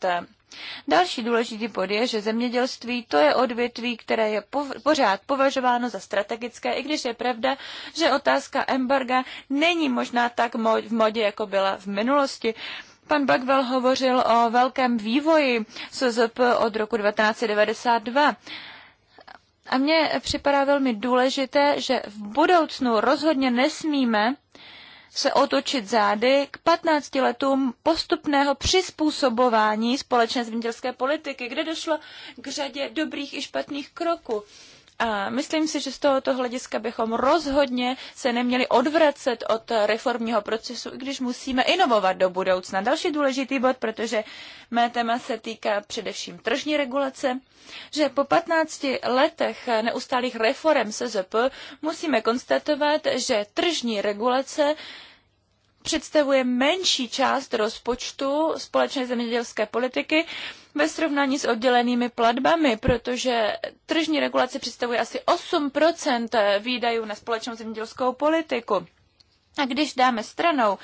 Další důležitý bod je, že zemědělství to je odvětví, které je pořád považováno za strategické, i když je pravda, že otázka embarga není možná tak v modě, jako byla v minulosti. Pan Bagwell hovořil o velkém vývoji SZP od roku 1992. A mně připadá velmi důležité, že v budoucnu rozhodně nesmíme se otočit zády k 15 letům postupného přizpůsobování společné zemědělské politiky, kde došlo k řadě dobrých i špatných kroků. A myslím si, že z tohoto hlediska bychom rozhodně se neměli odvracet od reformního procesu, i když musíme inovovat do budoucna. Další důležitý bod, protože mé téma se týká především tržní regulace, že po 15 letech neustálých reform SZP musíme konstatovat, že tržní regulace představuje menší část rozpočtu společné zemědělské politiky ve srovnání s oddělenými platbami, protože tržní regulace představuje asi 8 výdajů na společnou zemědělskou politiku. A když dáme stranou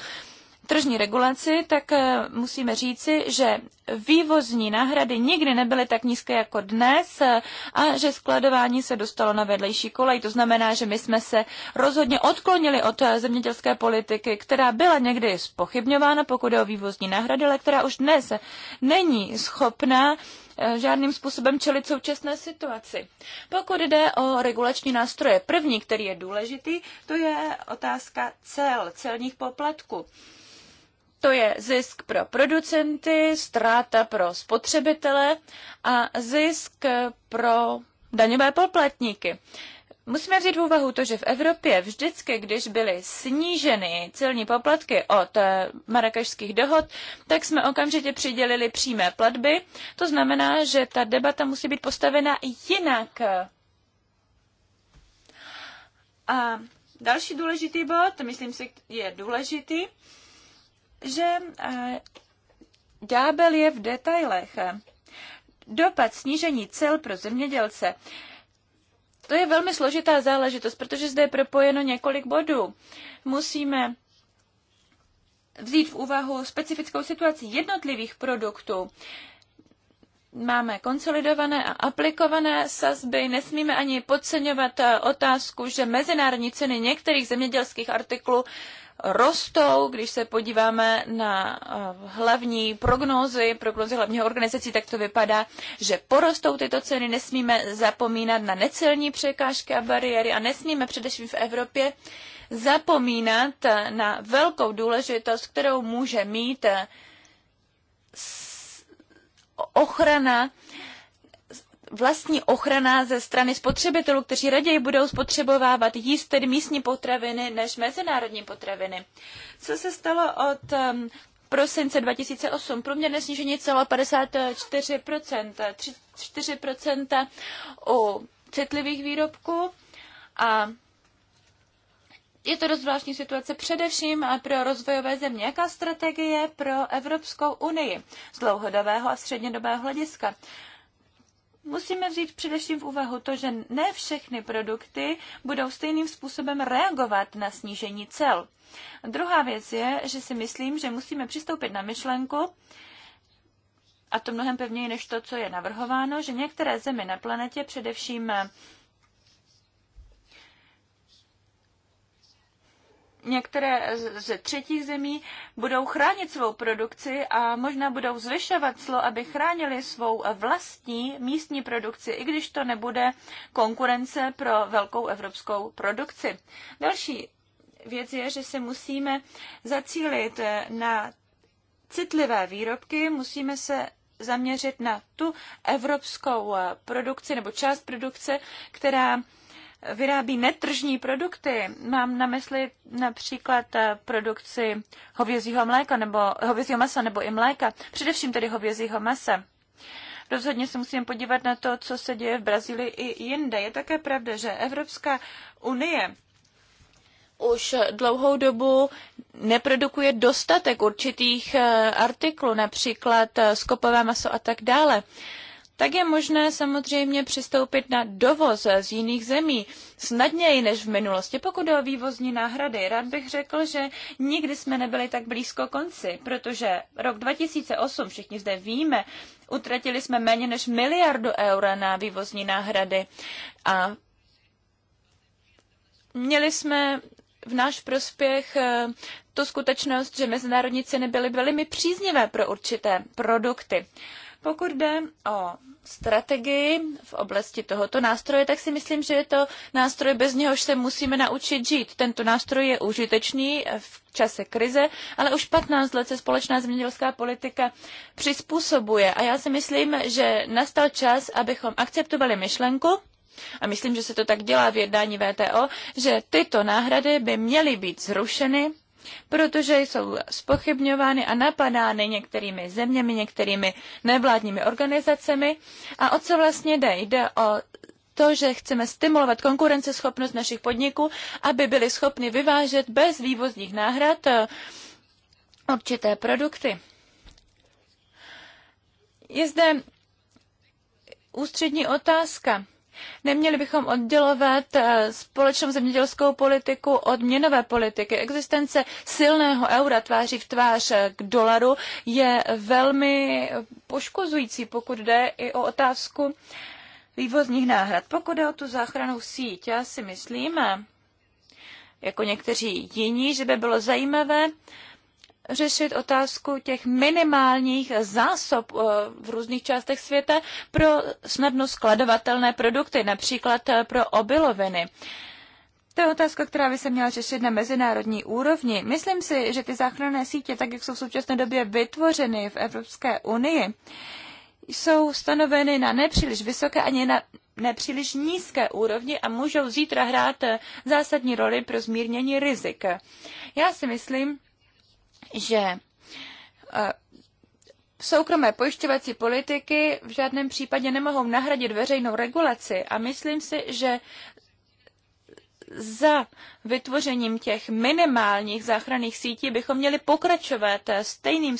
tržní regulaci, tak eh, musíme říci, že vývozní náhrady nikdy nebyly tak nízké jako dnes eh, a že skladování se dostalo na vedlejší kolej. To znamená, že my jsme se rozhodně odklonili od eh, zemědělské politiky, která byla někdy spochybňována, pokud je o vývozní náhrady, ale která už dnes není schopná Eh, žádným způsobem čelit současné situaci. Pokud jde o regulační nástroje, první, který je důležitý, to je otázka cel, celních poplatků. To je zisk pro producenty, ztráta pro spotřebitele a zisk pro daňové poplatníky. Musíme vzít v úvahu to, že v Evropě vždycky, když byly sníženy celní poplatky od eh, marakešských dohod, tak jsme okamžitě přidělili přímé platby. To znamená, že ta debata musí být postavena jinak. A další důležitý bod, myslím si, je důležitý, že eh, ďábel je v detailech. Dopad snížení cel pro zemědělce to je velmi složitá záležitost, protože zde je propojeno několik bodů. Musíme vzít v úvahu specifickou situaci jednotlivých produktů máme konsolidované a aplikované sazby. Nesmíme ani podceňovat eh, otázku, že mezinárodní ceny některých zemědělských artiklů rostou, když se podíváme na eh, hlavní prognózy, prognózy hlavního organizací, tak to vypadá, že porostou tyto ceny, nesmíme zapomínat na necelní překážky a bariéry a nesmíme především v Evropě zapomínat na velkou důležitost, kterou může mít eh, ochrana vlastní ochrana ze strany spotřebitelů, kteří raději budou spotřebovávat jíst tedy místní potraviny než mezinárodní potraviny. Co se stalo od um, prosince 2008? Průměrné snížení celo 54%, 4% u citlivých výrobků a je to dost zvláštní situace především eh, pro rozvojové země. Jaká strategie pro Evropskou unii z dlouhodobého a střednědobého hlediska? Musíme vzít především v úvahu to, že ne všechny produkty budou stejným způsobem reagovat na snížení cel. Druhá věc je, že si myslím, že musíme přistoupit na myšlenku, a to mnohem pevněji než to, co je navrhováno, že některé zemi na planetě, především některé ze třetích zemí budou chránit svou produkci a možná budou zvyšovat slo, aby chránili svou vlastní místní produkci, i když to nebude konkurence pro velkou evropskou produkci. Další věc je, že se musíme zacílit na citlivé výrobky, musíme se zaměřit na tu evropskou produkci nebo část produkce, která vyrábí netržní produkty, mám na mysli například eh, produkci hovězího mléka nebo hovězího masa nebo i mléka, především tedy hovězího masa. Rozhodně se musíme podívat na to, co se děje v Brazílii i jinde. Je také pravda, že Evropská unie už dlouhou dobu neprodukuje dostatek určitých eh, artiklů, například eh, skopové maso a tak dále tak je možné samozřejmě přistoupit na dovoz z jiných zemí snadněji než v minulosti. Pokud jde o vývozní náhrady, rád bych řekl, že nikdy jsme nebyli tak blízko konci, protože rok 2008, všichni zde víme, utratili jsme méně než miliardu eur na vývozní náhrady a měli jsme v náš prospěch eh, tu skutečnost, že mezinárodní ceny byly velmi příznivé pro určité produkty. Pokud jde o strategii v oblasti tohoto nástroje, tak si myslím, že je to nástroj, bez něhož se musíme naučit žít. Tento nástroj je užitečný v čase krize, ale už 15 let se společná zemědělská politika přizpůsobuje a já si myslím, že nastal čas, abychom akceptovali myšlenku, a myslím, že se to tak dělá v jednání VTO, že tyto náhrady by měly být zrušeny protože jsou spochybňovány a napadány některými zeměmi, některými nevládními organizacemi. A o co vlastně jde? Jde o to, že chceme stimulovat konkurenceschopnost našich podniků, aby byli schopni vyvážet bez vývozních náhrad eh, určité produkty. Je zde ústřední otázka. Neměli bychom oddělovat eh, společnou zemědělskou politiku od měnové politiky. Existence silného eura tváří v tvář eh, k dolaru je velmi poškozující, pokud jde i o otázku vývozních náhrad. Pokud jde o tu záchranu síť, já si myslím, eh, jako někteří jiní, že by bylo zajímavé řešit otázku těch minimálních zásob eh, v různých částech světa pro snadno skladovatelné produkty, například eh, pro obiloviny. To je otázka, která by se měla řešit na mezinárodní úrovni. Myslím si, že ty záchranné sítě, tak jak jsou v současné době vytvořeny v Evropské unii, jsou stanoveny na nepříliš vysoké ani na nepříliš nízké úrovni a můžou zítra hrát eh, zásadní roli pro zmírnění rizik. Já si myslím, že eh, soukromé pojišťovací politiky v žádném případě nemohou nahradit veřejnou regulaci a myslím si, že za vytvořením těch minimálních záchranných sítí bychom měli pokračovat stejným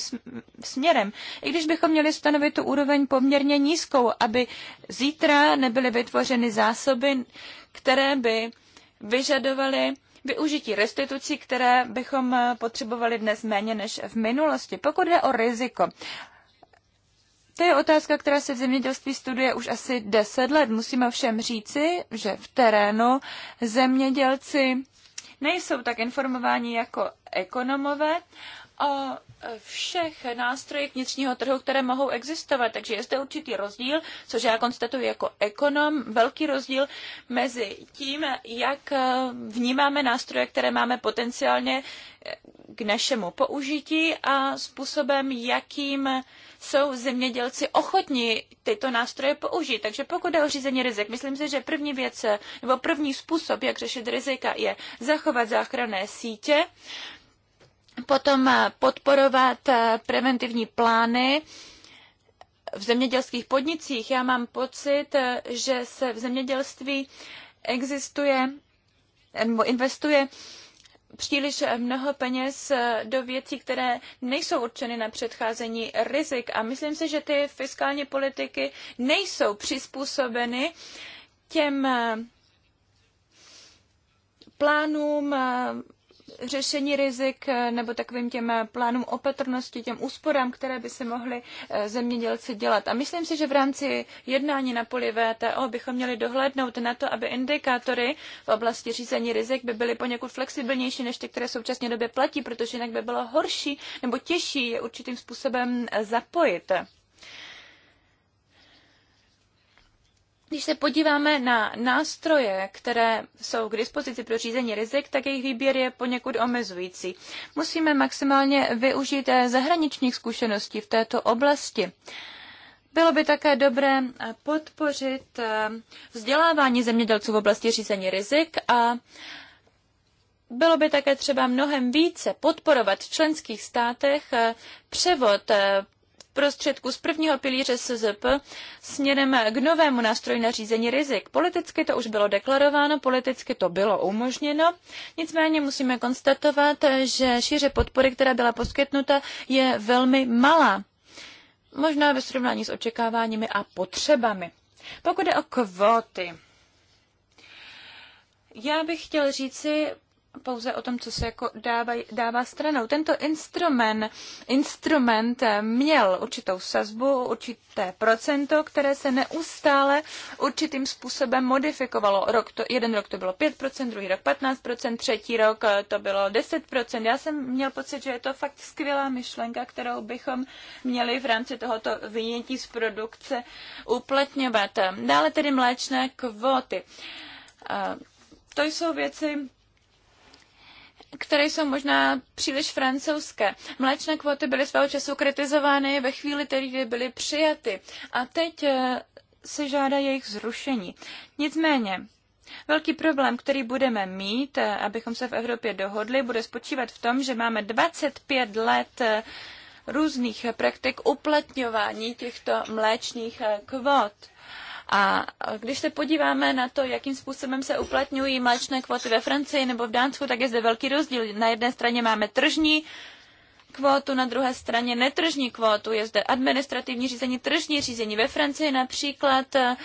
směrem, i když bychom měli stanovit tu úroveň poměrně nízkou, aby zítra nebyly vytvořeny zásoby, které by vyžadovaly využití restitucí, které bychom potřebovali dnes méně než v minulosti. Pokud jde o riziko, to je otázka, která se v zemědělství studuje už asi deset let. Musíme všem říci, že v terénu zemědělci nejsou tak informováni jako ekonomové o všech nástrojích vnitřního trhu, které mohou existovat. Takže je zde určitý rozdíl, což já konstatuji jako ekonom, velký rozdíl mezi tím, jak vnímáme nástroje, které máme potenciálně k našemu použití a způsobem, jakým jsou zemědělci ochotní tyto nástroje použít. Takže pokud je o řízení rizik, myslím si, že první věc nebo první způsob, jak řešit rizika, je zachovat záchranné sítě potom eh, podporovat eh, preventivní plány v zemědělských podnicích. Já mám pocit, eh, že se v zemědělství existuje nebo investuje příliš mnoho peněz do věcí, které nejsou určeny na předcházení rizik. A myslím si, že ty fiskální politiky nejsou přizpůsobeny těm plánům řešení rizik eh, nebo takovým těm eh, plánům opatrnosti, těm úsporám, které by se mohly eh, zemědělci dělat. A myslím si, že v rámci jednání na poli VTO bychom měli dohlédnout na to, aby indikátory v oblasti řízení rizik by byly poněkud flexibilnější než ty, které současně době platí, protože jinak by bylo horší nebo těžší je určitým způsobem zapojit. Když se podíváme na nástroje, které jsou k dispozici pro řízení rizik, tak jejich výběr je poněkud omezující. Musíme maximálně využít eh, zahraničních zkušeností v této oblasti. Bylo by také dobré eh, podpořit eh, vzdělávání zemědělců v oblasti řízení rizik a bylo by také třeba mnohem více podporovat v členských státech převod prostředků z prvního pilíře SZP směrem k novému nástroji na řízení rizik. Politicky to už bylo deklarováno, politicky to bylo umožněno, nicméně musíme konstatovat, že šíře podpory, která byla poskytnuta, je velmi malá. Možná ve srovnání s očekáváními a potřebami. Pokud je o kvóty, já bych chtěl říci pouze o tom, co se jako dává, dává stranou. Tento instrument, instrument eh, měl určitou sazbu, určité procento, které se neustále určitým způsobem modifikovalo. Rok to, jeden rok to bylo 5%, druhý rok 15%, třetí rok eh, to bylo 10%. Já jsem měl pocit, že je to fakt skvělá myšlenka, kterou bychom měli v rámci tohoto vynětí z produkce uplatňovat. Dále tedy mléčné kvóty. Eh, to jsou věci, které jsou možná příliš francouzské. Mléčné kvoty byly svého času kritizovány ve chvíli, kdy byly přijaty. A teď eh, se žádá jejich zrušení. Nicméně, Velký problém, který budeme mít, eh, abychom se v Evropě dohodli, bude spočívat v tom, že máme 25 let eh, různých praktik uplatňování těchto mléčných kvot. A když se podíváme na to, jakým způsobem se uplatňují mléčné kvóty ve Francii nebo v Dánsku, tak je zde velký rozdíl. Na jedné straně máme tržní kvótu, na druhé straně netržní kvótu. Je zde administrativní řízení, tržní řízení. Ve Francii například eh,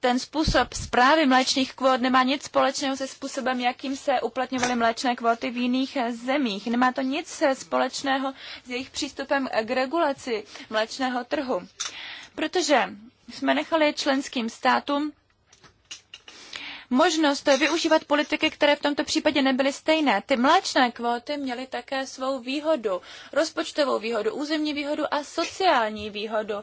ten způsob zprávy mléčných kvót nemá nic společného se způsobem, jakým se uplatňovaly mléčné kvóty v jiných eh, zemích. Nemá to nic eh, společného s jejich přístupem k regulaci mléčného trhu. Protože jsme nechali členským státům možnost využívat politiky, které v tomto případě nebyly stejné. Ty mléčné kvóty měly také svou výhodu, rozpočtovou výhodu, územní výhodu a sociální výhodu.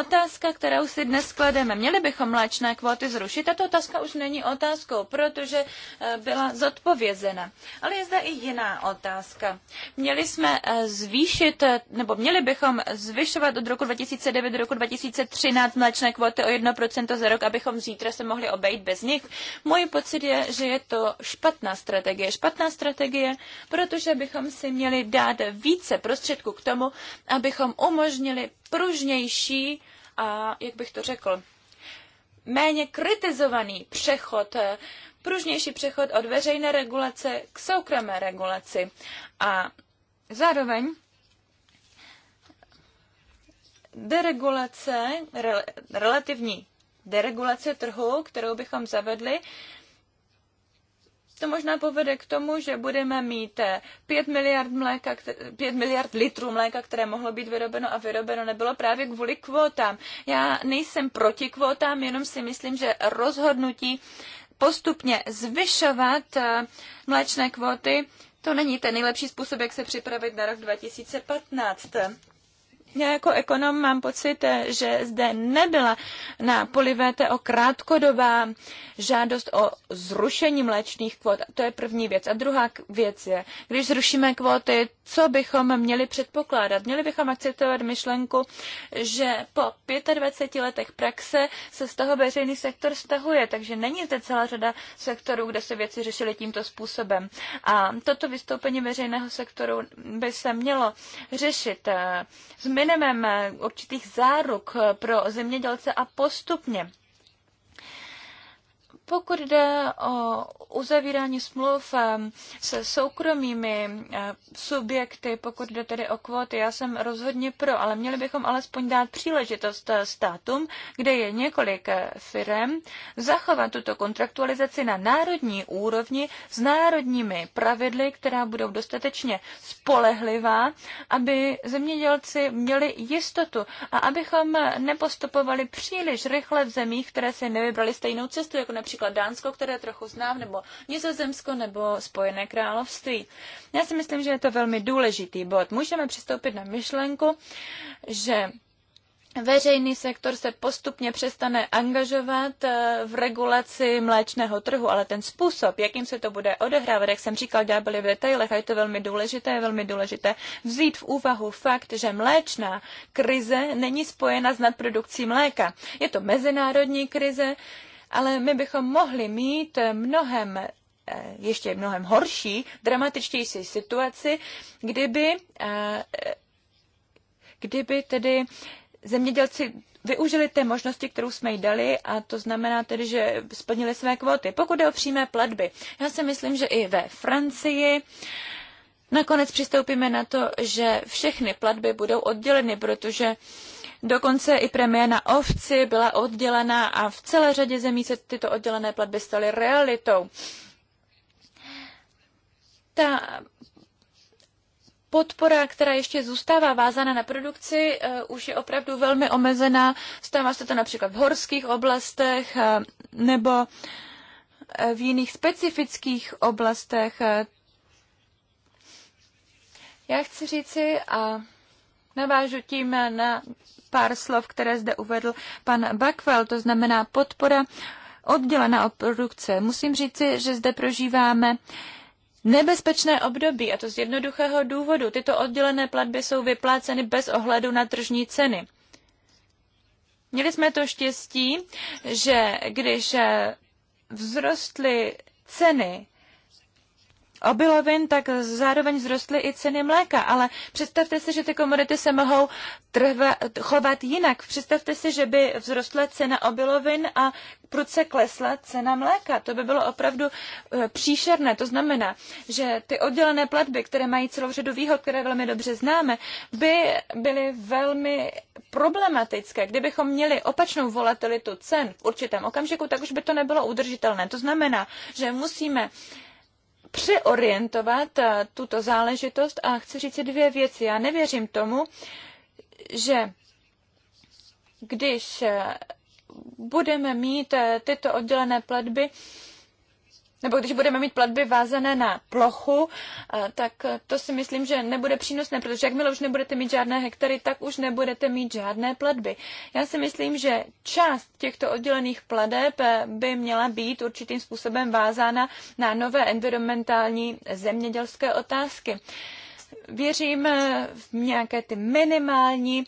Otázka, kterou si dnes klademe, měli bychom mléčné kvóty zrušit, tato otázka už není otázkou, protože eh, byla zodpovězena. Ale je zde i jiná otázka. Měli jsme eh, zvýšit, eh, nebo měli bychom zvyšovat od roku 2009 do roku 2013 mléčné kvóty o 1% za rok, abychom zítra se mohli obejít bez nich. Můj pocit je, že je to špatná strategie. Špatná strategie, protože bychom si měli dát více prostředků k tomu, abychom umožnili pružnější a, jak bych to řekl, méně kritizovaný přechod, eh, pružnější přechod od veřejné regulace k soukromé regulaci. A zároveň deregulace, re, relativní deregulace trhu, kterou bychom zavedli, to možná povede k tomu, že budeme mít 5 eh, miliard, mléka, 5 miliard litrů mléka, které mohlo být vyrobeno a vyrobeno nebylo právě kvůli kvótám. Já nejsem proti kvótám, jenom si myslím, že rozhodnutí postupně zvyšovat eh, mléčné kvóty, to není ten nejlepší způsob, jak se připravit na rok 2015. Já jako ekonom mám pocit, eh, že zde nebyla na poli VTO krátkodobá žádost o zrušení mléčných kvot. To je první věc. A druhá věc je, když zrušíme kvóty, co bychom měli předpokládat? Měli bychom akceptovat myšlenku, že po 25 letech praxe se z toho veřejný sektor stahuje, takže není zde celá řada sektorů, kde se věci řešily tímto způsobem. A toto vystoupení veřejného sektoru by se mělo řešit. Eh, Zmi minimem eh, určitých záruk eh, pro zemědělce a postupně pokud jde o uzavírání smluv eh, se soukromými eh, subjekty, pokud jde tedy o kvóty, já jsem rozhodně pro, ale měli bychom alespoň dát příležitost eh, státům, kde je několik firm, zachovat tuto kontraktualizaci na národní úrovni s národními pravidly, která budou dostatečně spolehlivá, aby zemědělci měli jistotu a abychom nepostupovali příliš rychle v zemích, které si nevybrali stejnou cestu, jako například například Dánsko, které trochu znám, nebo Nizozemsko, nebo Spojené království. Já si myslím, že je to velmi důležitý bod. Můžeme přistoupit na myšlenku, že Veřejný sektor se postupně přestane angažovat eh, v regulaci mléčného trhu, ale ten způsob, jakým se to bude odehrávat, jak jsem říkal, ďábel v detailech a je to velmi důležité, je velmi důležité vzít v úvahu fakt, že mléčná krize není spojena s nadprodukcí mléka. Je to mezinárodní krize, ale my bychom mohli mít mnohem eh, ještě mnohem horší, dramatičtější situaci, kdyby, eh, kdyby tedy zemědělci využili té možnosti, kterou jsme jí dali a to znamená tedy, že splnili své kvóty. Pokud jde o přímé platby, já si myslím, že i ve Francii nakonec přistoupíme na to, že všechny platby budou odděleny, protože Dokonce i premie na ovci byla oddělená a v celé řadě zemí se tyto oddělené platby staly realitou. Ta podpora, která ještě zůstává vázána na produkci, eh, už je opravdu velmi omezená. Stává se to například v horských oblastech eh, nebo eh, v jiných specifických oblastech. Já chci říci, a Navážu tím na pár slov, které zde uvedl pan Bakwell, to znamená podpora oddělená od produkce. Musím říci, že zde prožíváme Nebezpečné období, a to z jednoduchého důvodu, tyto oddělené platby jsou vypláceny bez ohledu na tržní ceny. Měli jsme to štěstí, že když vzrostly ceny obilovin, tak zároveň vzrostly i ceny mléka. Ale představte si, že ty komodity se mohou trva, chovat jinak. Představte si, že by vzrostla cena obilovin a prudce klesla cena mléka. To by bylo opravdu e, příšerné. To znamená, že ty oddělené platby, které mají celou řadu výhod, které velmi dobře známe, by byly velmi problematické. Kdybychom měli opačnou volatilitu cen v určitém okamžiku, tak už by to nebylo udržitelné. To znamená, že musíme přeorientovat eh, tuto záležitost a chci říct dvě věci. Já nevěřím tomu, že když eh, budeme mít eh, tyto oddělené platby, nebo když budeme mít platby vázané na plochu, eh, tak eh, to si myslím, že nebude přínosné, protože jakmile už nebudete mít žádné hektary, tak už nebudete mít žádné platby. Já si myslím, že část těchto oddělených pladeb eh, by měla být určitým způsobem vázána na nové environmentální zemědělské otázky věřím v nějaké ty minimální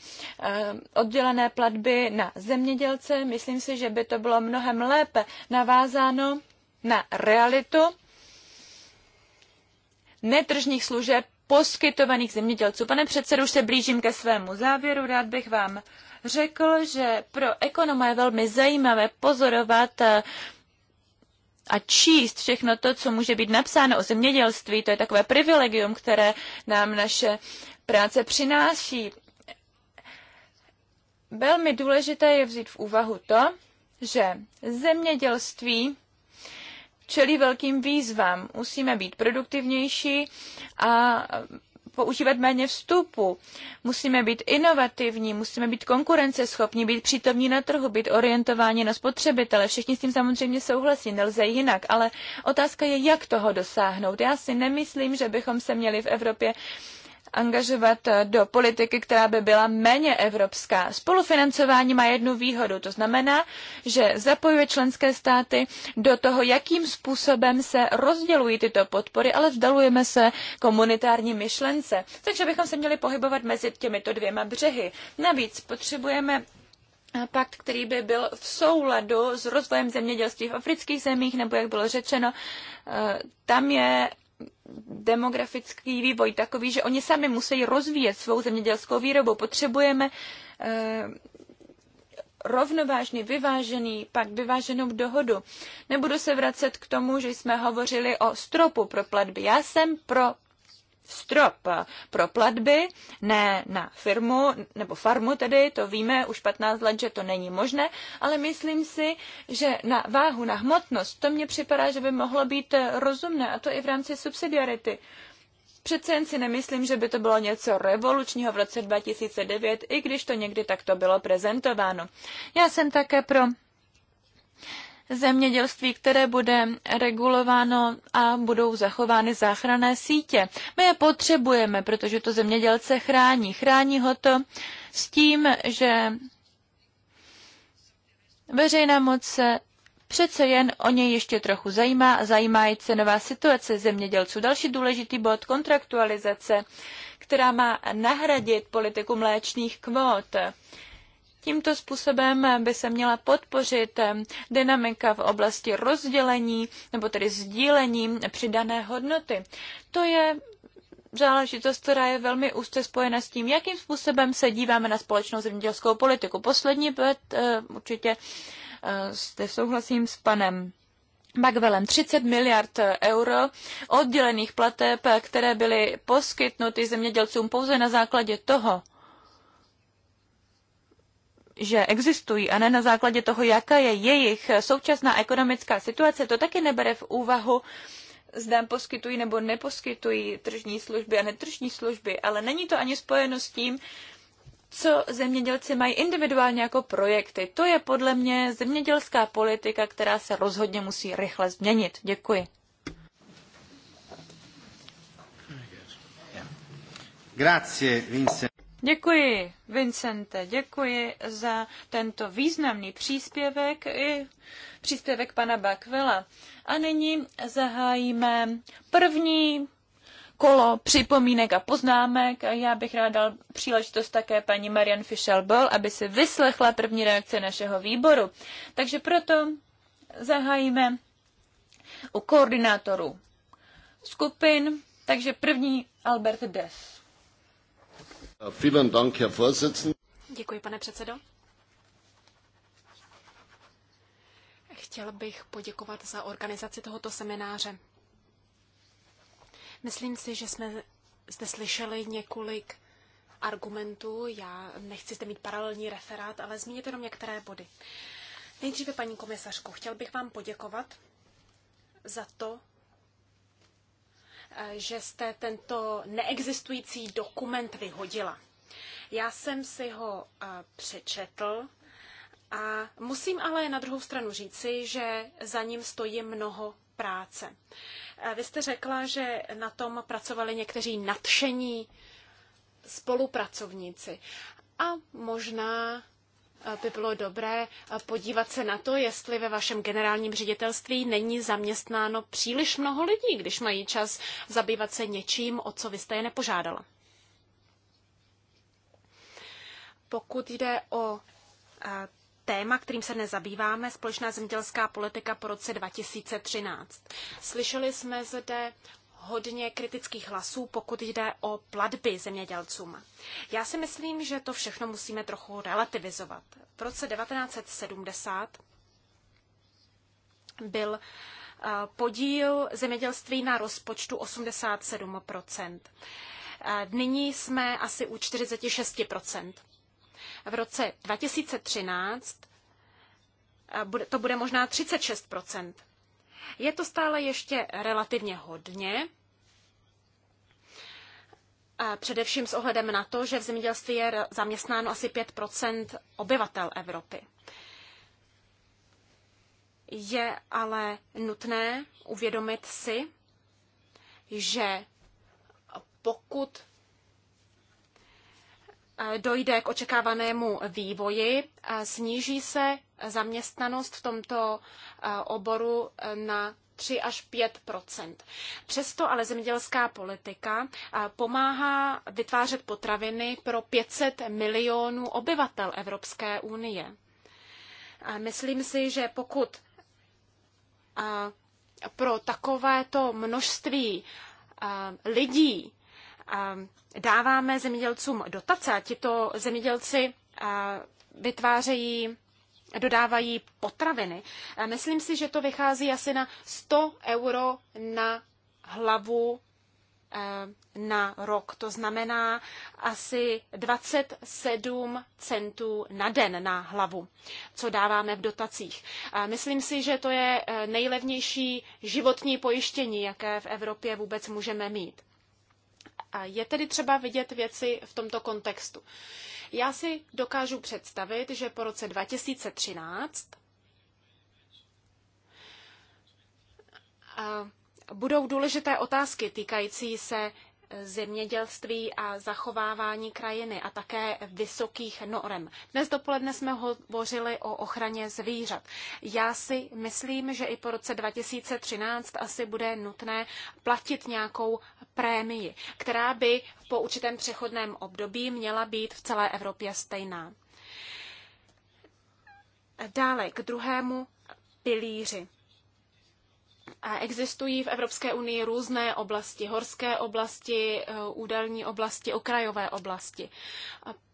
oddělené platby na zemědělce. Myslím si, že by to bylo mnohem lépe navázáno na realitu netržních služeb poskytovaných zemědělců. Pane předsedu, už se blížím ke svému závěru. Rád bych vám řekl, že pro ekonoma je velmi zajímavé pozorovat eh, a číst všechno to, co může být napsáno o zemědělství. To je takové privilegium, které nám naše práce přináší. Velmi důležité je vzít v úvahu to, že zemědělství čelí velkým výzvám. Musíme být produktivnější a používat méně vstupu. Musíme být inovativní, musíme být konkurenceschopní, být přítomní na trhu, být orientováni na spotřebitele. Všichni s tím samozřejmě souhlasí, nelze jinak, ale otázka je, jak toho dosáhnout. Já si nemyslím, že bychom se měli v Evropě angažovat eh, do politiky, která by byla méně evropská. Spolufinancování má jednu výhodu, to znamená, že zapojuje členské státy do toho, jakým způsobem se rozdělují tyto podpory, ale vzdalujeme se komunitární myšlence. Takže bychom se měli pohybovat mezi těmito dvěma břehy. Navíc potřebujeme eh, pakt, který by byl v souladu s rozvojem zemědělství v afrických zemích, nebo jak bylo řečeno, eh, tam je demografický vývoj takový, že oni sami musí rozvíjet svou zemědělskou výrobu. Potřebujeme eh, rovnovážný, vyvážený, pak vyváženou dohodu. Nebudu se vracet k tomu, že jsme hovořili o stropu pro platby. Já jsem pro strop pro platby, ne na firmu nebo farmu tedy, to víme už 15 let, že to není možné, ale myslím si, že na váhu, na hmotnost, to mně připadá, že by mohlo být rozumné a to i v rámci subsidiarity. Přece jen si nemyslím, že by to bylo něco revolučního v roce 2009, i když to někdy takto bylo prezentováno. Já jsem také pro zemědělství, které bude regulováno a budou zachovány záchranné sítě. My je potřebujeme, protože to zemědělce chrání. Chrání ho to s tím, že veřejná moc se přece jen o něj ještě trochu zajímá a zajímá i cenová situace zemědělců. Další důležitý bod kontraktualizace, která má nahradit politiku mléčných kvót. Tímto způsobem by se měla podpořit eh, dynamika v oblasti rozdělení nebo tedy sdílení přidané hodnoty. To je záležitost, která je velmi úzce spojena s tím, jakým způsobem se díváme na společnou zemědělskou politiku. Poslední bod, eh, určitě eh, zde souhlasím s panem Magvelem 30 miliard euro oddělených plateb, které byly poskytnuty zemědělcům pouze na základě toho, že existují a ne na základě toho, jaká je jejich současná ekonomická situace, to taky nebere v úvahu, zda poskytují nebo neposkytují tržní služby a netržní služby, ale není to ani spojeno s tím, co zemědělci mají individuálně jako projekty. To je podle mě zemědělská politika, která se rozhodně musí rychle změnit. Děkuji. Grazie, Vincent. Děkuji, Vincente, děkuji za tento významný příspěvek i příspěvek pana Bakvila. A nyní zahájíme první kolo připomínek a poznámek. Já bych rád dal příležitost také paní Marian Fischel-Bol, aby si vyslechla první reakce našeho výboru. Takže proto zahájíme u koordinátorů skupin. Takže první Albert Def. Äh, Děkuji, pane předsedo. Chtěl bych poděkovat za organizaci tohoto semináře. Myslím si, že jsme zde slyšeli několik argumentů. Já nechci zde mít paralelní referát, ale zmíněte jenom některé body. Nejdříve, paní komisařko, chtěl bych vám poděkovat za to, že jste tento neexistující dokument vyhodila. Já jsem si ho eh, přečetl a musím ale na druhou stranu říci, že za ním stojí mnoho práce. Eh, vy jste řekla, že na tom pracovali někteří nadšení spolupracovníci a možná by bylo dobré eh, podívat se na to, jestli ve vašem generálním ředitelství není zaměstnáno příliš mnoho lidí, když mají čas zabývat se něčím, o co vy jste je nepožádala. Pokud jde o eh, téma, kterým se nezabýváme, společná zemědělská politika po roce 2013. Slyšeli jsme zde hodně kritických hlasů, pokud jde o platby zemědělcům. Já si myslím, že to všechno musíme trochu relativizovat. V roce 1970 byl eh, podíl zemědělství na rozpočtu 87 eh, Nyní jsme asi u 46 V roce 2013 eh, to bude možná 36 je to stále ještě relativně hodně, především s ohledem na to, že v zemědělství je zaměstnáno asi 5 obyvatel Evropy. Je ale nutné uvědomit si, že pokud Eh, dojde k očekávanému vývoji, sníží se zaměstnanost v tomto eh, oboru eh, na 3 až 5 Přesto ale zemědělská politika pomáhá vytvářet potraviny pro 500 milionů obyvatel Evropské unie. Myslím si, že pokud pro takovéto množství lidí dáváme zemědělcům dotace a tito zemědělci vytvářejí dodávají potraviny. Myslím si, že to vychází asi na 100 euro na hlavu na rok. To znamená asi 27 centů na den na hlavu, co dáváme v dotacích. Myslím si, že to je e, nejlevnější životní pojištění, jaké v Evropě vůbec můžeme mít. Je tedy třeba vidět věci v tomto kontextu. Já si dokážu představit, že po roce 2013 budou důležité otázky týkající se zemědělství a zachovávání krajiny a také vysokých norem. Dnes dopoledne jsme hovořili o ochraně zvířat. Já si myslím, že i po roce 2013 asi bude nutné platit nějakou prémii, která by po určitém přechodném období měla být v celé Evropě stejná. Dále k druhému pilíři. Existují v Evropské unii různé oblasti, horské oblasti, eh, údelní oblasti, okrajové oblasti.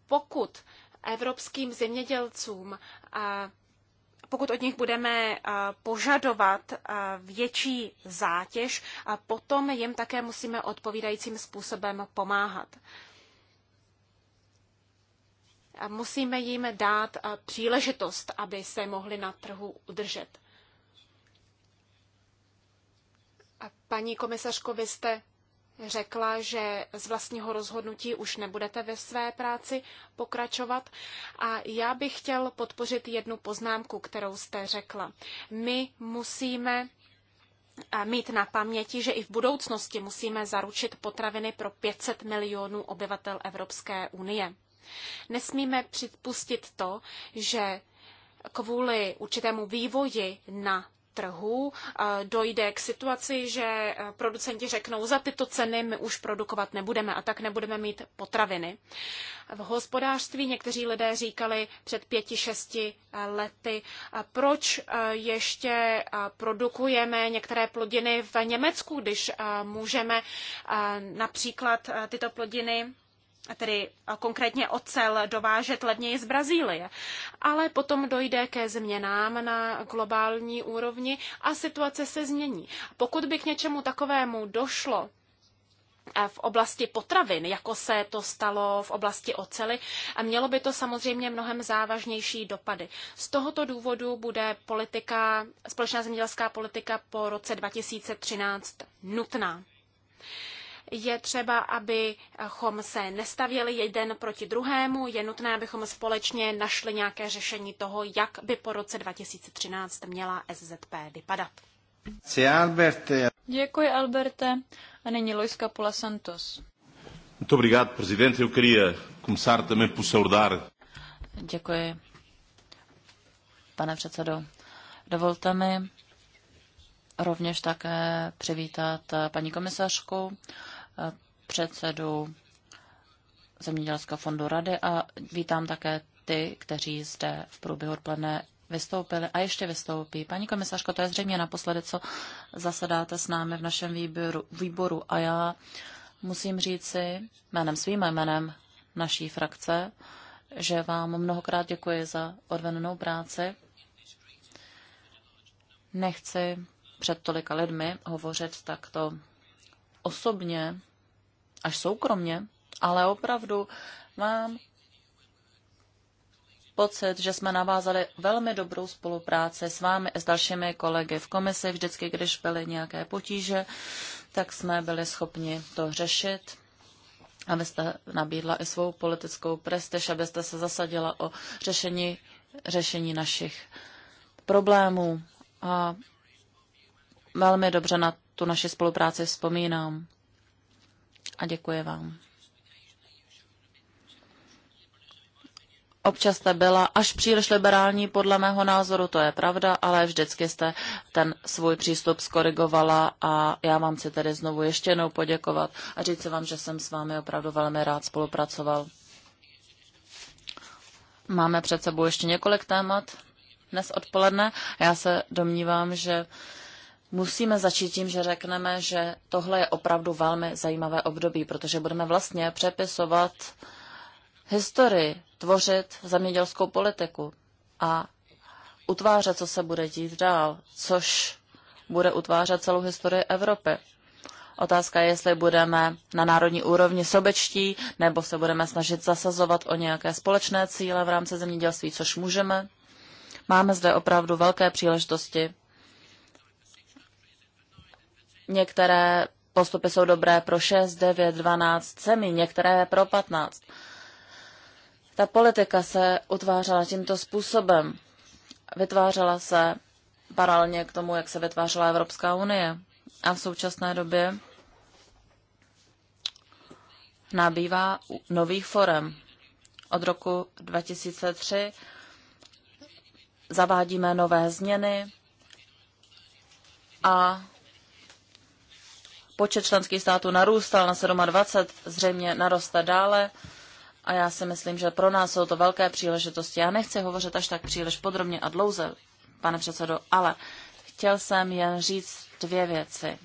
Pokud evropským zemědělcům pokud od nich budeme eh, požadovat eh, větší zátěž, a potom jim také musíme odpovídajícím způsobem pomáhat. Musíme jim dát příležitost, aby se mohli na trhu udržet. paní komisařko, vy jste řekla, že z vlastního rozhodnutí už nebudete ve své práci pokračovat. A já bych chtěl podpořit jednu poznámku, kterou jste řekla. My musíme mít na paměti, že i v budoucnosti musíme zaručit potraviny pro 500 milionů obyvatel Evropské unie. Nesmíme připustit to, že kvůli určitému vývoji na trhu, eh, dojde k situaci, že eh, producenti řeknou, za tyto ceny my už produkovat nebudeme a tak nebudeme mít potraviny. V hospodářství někteří lidé říkali před pěti, šesti eh, lety, proč ještě produkujeme některé plodiny v Německu, když můžeme například tyto plodiny tedy konkrétně ocel dovážet levněji z Brazílie. Ale potom dojde ke změnám na globální úrovni a situace se změní. Pokud by k něčemu takovému došlo, eh, v oblasti potravin, jako se to stalo v oblasti ocely, a mělo by to samozřejmě mnohem závažnější dopady. Z tohoto důvodu bude politika, společná zemědělská politika po roce 2013 nutná. Je třeba, abychom se nestavěli jeden proti druhému, je nutné, abychom společně našli nějaké řešení toho, jak by po roce 2013 měla SZP vypadat. Děkuji, Alberte. A nyní Loiska Pula Santos. Muito obrigado, presidente. Eu queria começar também por saudar. Děkuji, pane předsedo. Dovolte mi rovněž také přivítat paní komisařku předsedu Zemědělského fondu Rady a vítám také ty, kteří zde v průběhu odpoledne vystoupili a ještě vystoupí. Paní komisařko, to je zřejmě naposledy, co zasedáte s námi v našem výboru, výboru a já musím říci jménem svým jménem naší frakce, že vám mnohokrát děkuji za odvedenou práci. Nechci před tolika lidmi hovořit takto osobně až soukromně, ale opravdu mám pocit, že jsme navázali velmi dobrou spolupráci s vámi, s dalšími kolegy v komisi. Vždycky, když byly nějaké potíže, tak jsme byli schopni to řešit. jste nabídla i svou politickou prestiž, abyste se zasadila o řešení, řešení našich problémů. A velmi dobře na tu naši spolupráci vzpomínám a děkuji vám. Občas jste byla až příliš liberální, podle mého názoru, to je pravda, ale vždycky jste ten svůj přístup skorigovala a já vám chci tedy znovu ještě jednou poděkovat a říct vám, že jsem s vámi opravdu velmi rád spolupracoval. Máme před sebou ještě několik témat dnes odpoledne. Já se domnívám, že Musíme začít tím, že řekneme, že tohle je opravdu velmi zajímavé období, protože budeme vlastně přepisovat historii, tvořit zemědělskou politiku a utvářet, co se bude dít dál, což bude utvářet celou historii Evropy. Otázka je, jestli budeme na národní úrovni sobečtí, nebo se budeme snažit zasazovat o nějaké společné cíle v rámci zemědělství, což můžeme. Máme zde opravdu velké příležitosti Některé postupy jsou dobré pro 6, 9, 12 zemí, některé pro 15. Ta politika se utvářela tímto způsobem. Vytvářela se paralelně k tomu, jak se vytvářela Evropská unie. A v současné době nabývá nových forem. Od roku 2003 zavádíme nové změny a počet členských států narůstal na 27, zřejmě naroste dále. A já si myslím, že pro nás jsou to velké příležitosti. Já nechci hovořit až tak příliš podrobně a dlouze, pane předsedo, ale chtěl jsem jen říct dvě věci.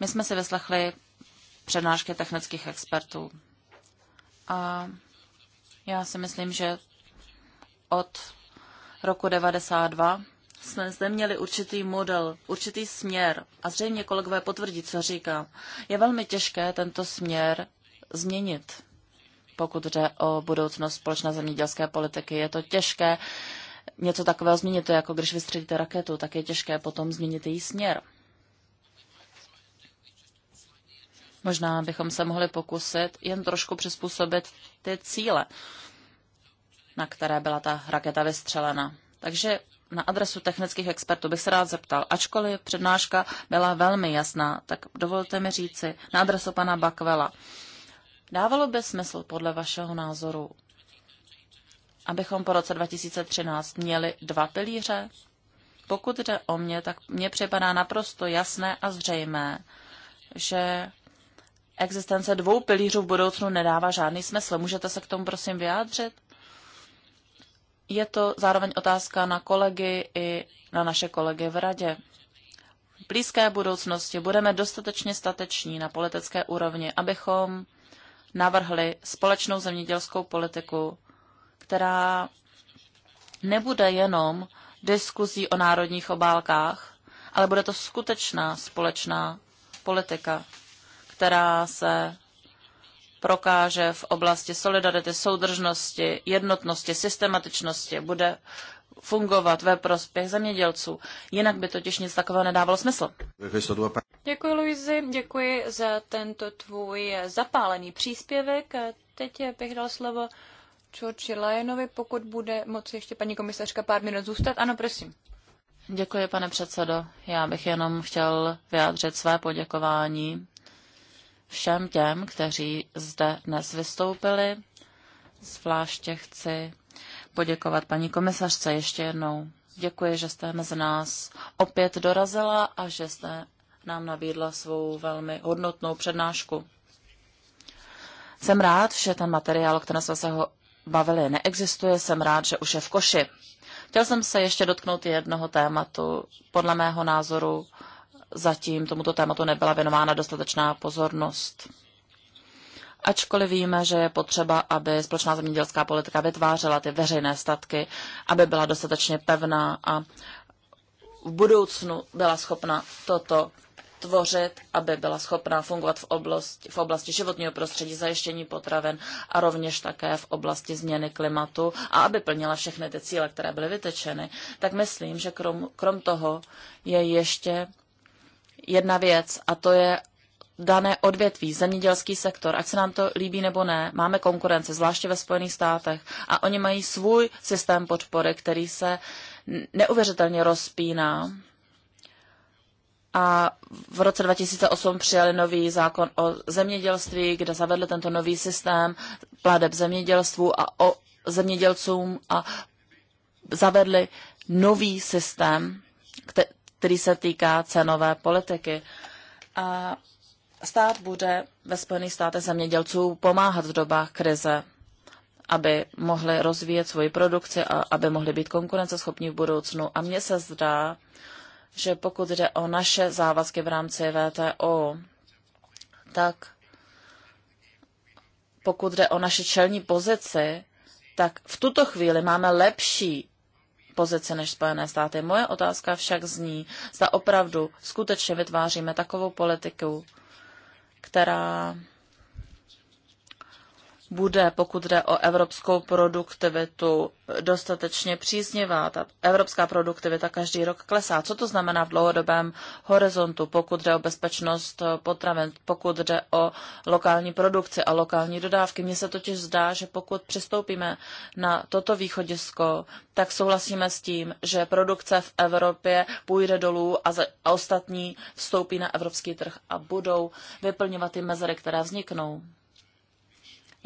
My jsme si vyslechli přednášky technických expertů. A já si myslím, že od roku 92 jsme zde měli určitý model, určitý směr a zřejmě kolegové potvrdí, co říkám. Je velmi těžké tento směr změnit, pokud jde o budoucnost společné zemědělské politiky. Je to těžké něco takového změnit, to je jako když vystřelíte raketu, tak je těžké potom změnit její směr. Možná bychom se mohli pokusit jen trošku přizpůsobit ty cíle, na které byla ta raketa vystřelena. Takže na adresu technických expertů bych se rád zeptal, ačkoliv přednáška byla velmi jasná, tak dovolte mi říci na adresu pana Bakvela. Dávalo by smysl podle vašeho názoru, abychom po roce 2013 měli dva pilíře? Pokud jde o mě, tak mně připadá naprosto jasné a zřejmé, že existence dvou pilířů v budoucnu nedává žádný smysl. Můžete se k tomu prosím vyjádřit? je to zároveň otázka na kolegy i na naše kolegy v radě. V blízké budoucnosti budeme dostatečně stateční na politické úrovni, abychom navrhli společnou zemědělskou politiku, která nebude jenom diskuzí o národních obálkách, ale bude to skutečná společná politika, která se prokáže v oblasti solidarity, soudržnosti, jednotnosti, systematičnosti, bude fungovat ve prospěch zemědělců. Jinak by totiž nic takového nedávalo smysl. Děkuji, Luizi, děkuji za tento tvůj zapálený příspěvek. Teď bych dal slovo George Lajenovi, pokud bude moci ještě paní komisařka pár minut zůstat. Ano, prosím. Děkuji, pane předsedo. Já bych jenom chtěl vyjádřit své poděkování všem těm, kteří zde dnes vystoupili. Zvláště chci poděkovat paní komisařce ještě jednou. Děkuji, že jste mezi nás opět dorazila a že jste nám nabídla svou velmi hodnotnou přednášku. Jsem rád, že ten materiál, o kterém jsme se ho bavili, neexistuje. Jsem rád, že už je v koši. Chtěl jsem se ještě dotknout jednoho tématu, podle mého názoru zatím tomuto tématu nebyla věnována dostatečná pozornost. Ačkoliv víme, že je potřeba, aby společná zemědělská politika vytvářela ty veřejné statky, aby byla dostatečně pevná a v budoucnu byla schopna toto tvořit, aby byla schopná fungovat v oblasti, v oblasti životního prostředí, zajištění potravin a rovněž také v oblasti změny klimatu a aby plnila všechny ty cíle, které byly vytečeny, tak myslím, že krom, krom toho je ještě jedna věc a to je dané odvětví, zemědělský sektor, ať se nám to líbí nebo ne, máme konkurence, zvláště ve Spojených státech. A oni mají svůj systém podpory, který se neuvěřitelně rozpíná. A v roce 2008 přijali nový zákon o zemědělství, kde zavedli tento nový systém pladeb zemědělstvu a o zemědělcům a zavedli nový systém, který se týká cenové politiky. A stát bude ve Spojených státech zemědělců pomáhat v dobách krize, aby mohli rozvíjet svoji produkci a aby mohli být konkurenceschopní v budoucnu. A mně se zdá, že pokud jde o naše závazky v rámci VTO, tak pokud jde o naše čelní pozici, tak v tuto chvíli máme lepší pozici než Spojené státy. Moje otázka však zní, zda opravdu skutečně vytváříme takovou politiku, která bude, pokud jde o evropskou produktivitu, dostatečně příznivá. Ta evropská produktivita každý rok klesá. Co to znamená v dlouhodobém horizontu, pokud jde o bezpečnost potravin, pokud jde o lokální produkci a lokální dodávky? Mně se totiž zdá, že pokud přistoupíme na toto východisko, tak souhlasíme s tím, že produkce v Evropě půjde dolů a, za, a ostatní vstoupí na evropský trh a budou vyplňovat ty mezery, které vzniknou.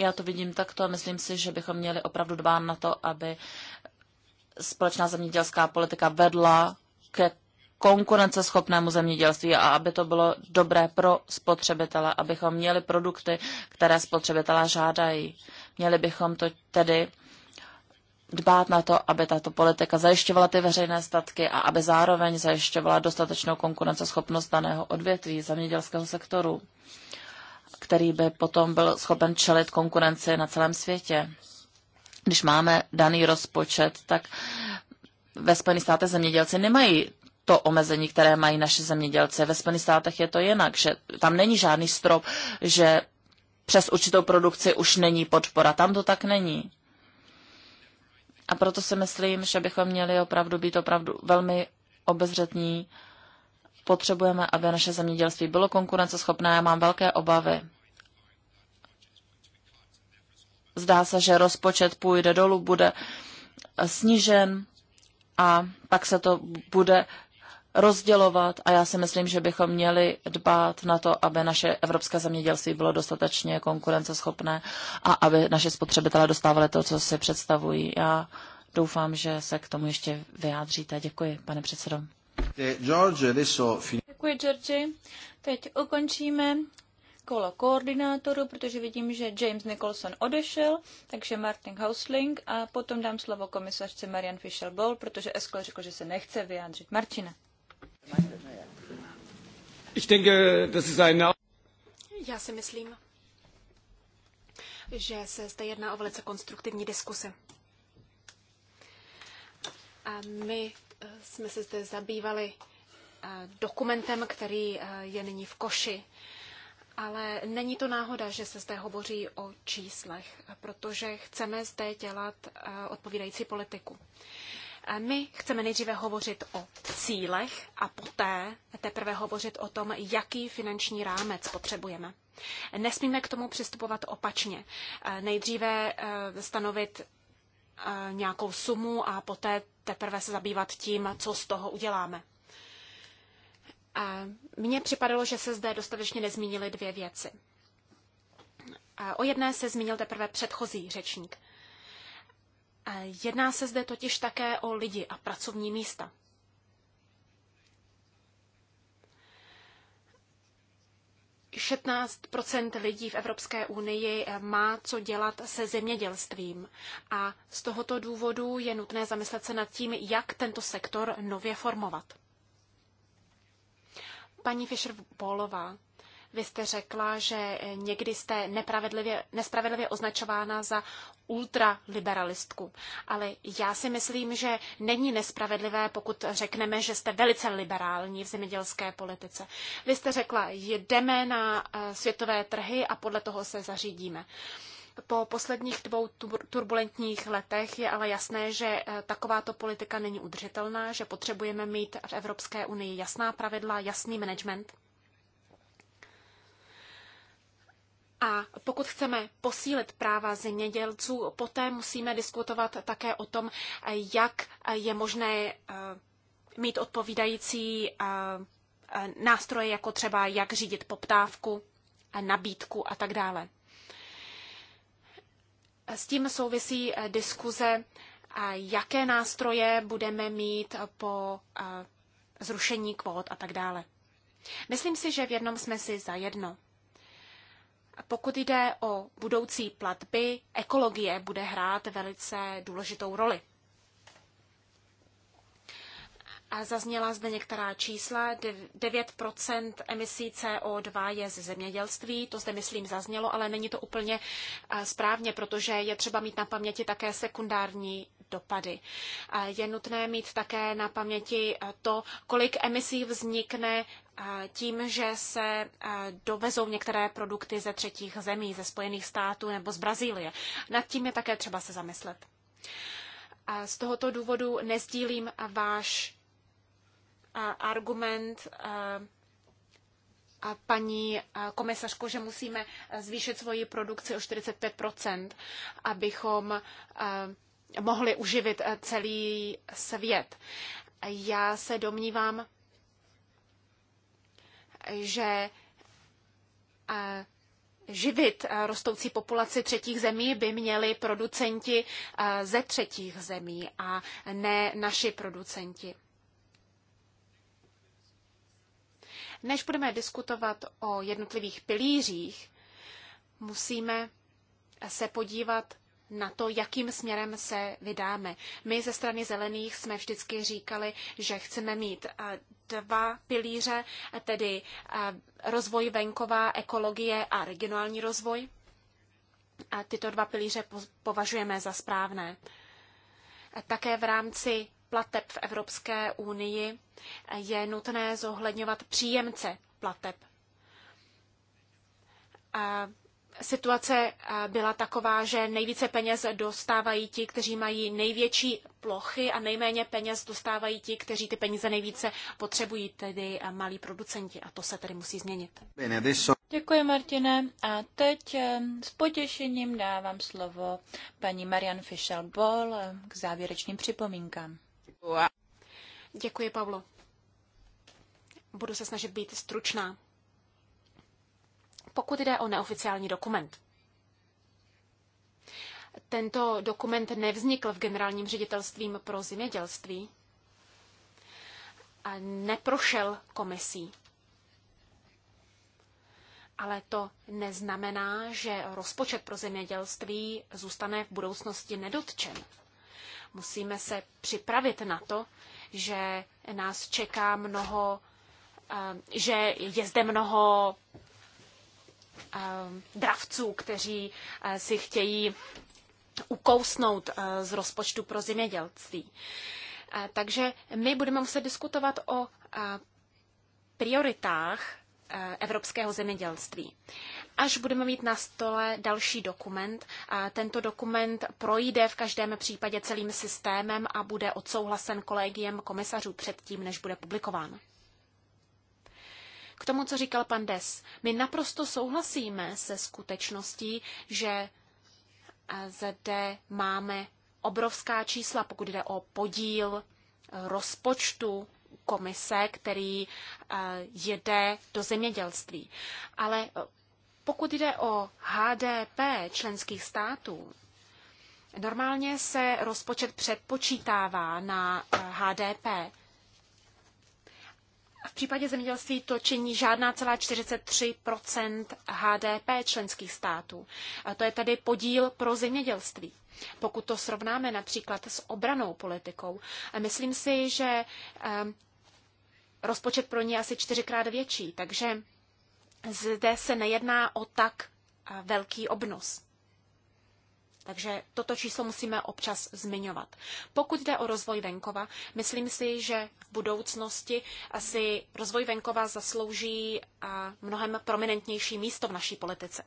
Já to vidím takto a myslím si, že bychom měli opravdu dbát na to, aby společná zemědělská politika vedla ke konkurenceschopnému zemědělství a aby to bylo dobré pro spotřebitele, abychom měli produkty, které spotřebitelé žádají. Měli bychom to tedy dbát na to, aby tato politika zajišťovala ty veřejné statky a aby zároveň zajišťovala dostatečnou konkurenceschopnost daného odvětví zemědělského sektoru který by potom byl schopen čelit konkurenci na celém světě. Když máme daný rozpočet, tak ve Spojených státech zemědělci nemají to omezení, které mají naše zemědělci. Ve Spojených státech je to jinak, že tam není žádný strop, že přes určitou produkci už není podpora. Tam to tak není. A proto si myslím, že bychom měli opravdu být opravdu velmi obezřetní Potřebujeme, aby naše zemědělství bylo konkurenceschopné. Já mám velké obavy. Zdá se, že rozpočet půjde dolů, bude snížen a pak se to bude rozdělovat a já si myslím, že bychom měli dbát na to, aby naše evropské zemědělství bylo dostatečně konkurenceschopné a aby naše spotřebitelé dostávali to, co si představují. Já doufám, že se k tomu ještě vyjádříte. Děkuji, pane předsedo. Eh, Děkuji, Georgi. Teď ukončíme kolo koordinátoru, protože vidím, že James Nicholson odešel, takže Martin Hausling a potom dám slovo komisařce Marian fischel boll protože Eskol řekl, že se nechce vyjádřit. Martina. Já si myslím, že se zde jedná o velice konstruktivní diskuse. A my jsme se zde zabývali eh, dokumentem, který eh, je nyní v koši. Ale není to náhoda, že se zde hovoří o číslech, protože chceme zde dělat eh, odpovídající politiku. My chceme nejdříve hovořit o cílech a poté teprve hovořit o tom, jaký finanční rámec potřebujeme. Nesmíme k tomu přistupovat opačně. Nejdříve stanovit E, nějakou sumu a poté teprve se zabývat tím, co z toho uděláme. Mně připadalo, že se zde dostatečně nezmínily dvě věci. E, o jedné se zmínil teprve předchozí řečník. E, jedná se zde totiž také o lidi a pracovní místa. 16 lidí v Evropské unii má co dělat se zemědělstvím a z tohoto důvodu je nutné zamyslet se nad tím, jak tento sektor nově formovat. Paní Fischer-Bolová vy jste řekla, že někdy jste nepravedlivě, nespravedlivě označována za ultraliberalistku. Ale já si myslím, že není nespravedlivé, pokud řekneme, že jste velice liberální v zemědělské politice. Vy jste řekla, jdeme na eh, světové trhy a podle toho se zařídíme. Po posledních dvou turbulentních letech je ale jasné, že eh, takováto politika není udržitelná, že potřebujeme mít v Evropské unii jasná pravidla, jasný management A pokud chceme posílit práva zemědělců, poté musíme diskutovat také o tom, jak je možné eh, mít odpovídající eh, nástroje, jako třeba jak řídit poptávku, eh, nabídku a tak dále. S tím souvisí diskuze, jaké nástroje budeme mít po zrušení kvót a tak dále. Myslím si, že v jednom jsme si zajedno. jedno pokud jde o budoucí platby, ekologie bude hrát velice důležitou roli. A zazněla zde některá čísla. 9 emisí CO2 je ze zemědělství, to zde myslím zaznělo, ale není to úplně eh, správně, protože je třeba mít na paměti také sekundární dopady. Je nutné mít také na paměti eh, to, kolik emisí vznikne eh, tím, že se eh, dovezou některé produkty ze třetích zemí, ze Spojených států nebo z Brazílie. Nad tím je také třeba se zamyslet. Z tohoto důvodu nezdílím váš argument paní komisařko, že musíme zvýšit svoji produkci o 45 abychom Mohli uživit eh, celý svět. Já se domnívám, že eh, živit eh, rostoucí populaci třetích zemí by měli producenti ze třetích zemí a ne naši producenti. Než budeme diskutovat o jednotlivých pilířích, musíme se podívat na to, jakým směrem se vydáme. My ze strany zelených jsme vždycky říkali, že chceme mít dva pilíře, tedy rozvoj venková, ekologie a regionální rozvoj. A tyto dva pilíře považujeme za správné. Také v rámci plateb v Evropské unii je nutné zohledňovat příjemce plateb. A situace eh, byla taková, že nejvíce peněz dostávají ti, kteří mají největší plochy a nejméně peněz dostávají ti, kteří ty peníze nejvíce potřebují, tedy eh, malí producenti. A to se tedy musí změnit. Děkuji, Martine. A teď eh, s potěšením dávám slovo paní Marian Fischel-Boll k závěrečným připomínkám. Děkuji, Pavlo. Budu se snažit být stručná pokud jde o neoficiální dokument. Tento dokument nevznikl v generálním ředitelstvím pro zemědělství a neprošel komisí. Ale to neznamená, že rozpočet pro zemědělství zůstane v budoucnosti nedotčen. Musíme se připravit na to, že nás čeká mnoho, eh, že je zde mnoho Eh, dravců, kteří eh, si chtějí ukousnout eh, z rozpočtu pro zemědělství. Takže my budeme muset diskutovat o prioritách evropského zemědělství. Až budeme mít na stole další dokument, tento dokument projde v každém případě celým systémem a bude odsouhlasen kolegiem komisařů předtím, než bude publikován. K tomu, co říkal pan Des, my naprosto souhlasíme se skutečností, že zde máme obrovská čísla, pokud jde o podíl rozpočtu komise, který e, jede do zemědělství. Ale e, pokud jde o HDP členských států, normálně se rozpočet předpočítává na e, HDP. V případě zemědělství to činí žádná celá 43 HDP členských států. A to je tady podíl pro zemědělství. Pokud to srovnáme například s obranou politikou, myslím si, že ehm, rozpočet pro ní je asi čtyřikrát větší, takže zde se nejedná o tak eh, velký obnos. Takže toto číslo musíme občas zmiňovat. Pokud jde o rozvoj venkova, myslím si, že v budoucnosti asi rozvoj venkova zaslouží mnohem prominentnější místo v naší politice.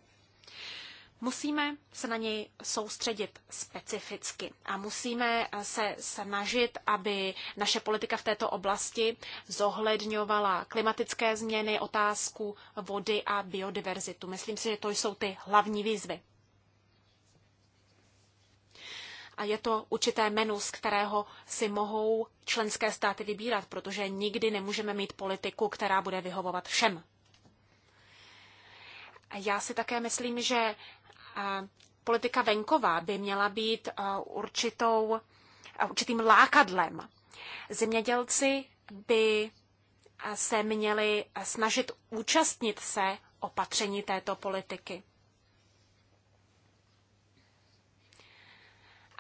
Musíme se na něj soustředit specificky a musíme se snažit, aby naše politika v této oblasti zohledňovala klimatické změny, otázku vody a biodiverzitu. Myslím si, že to jsou ty hlavní výzvy a je to určité menu, z kterého si mohou členské státy vybírat, protože nikdy nemůžeme mít politiku, která bude vyhovovat všem. Já si také myslím, že politika venková by měla být určitou, určitým lákadlem. Zemědělci by se měli snažit účastnit se opatření této politiky.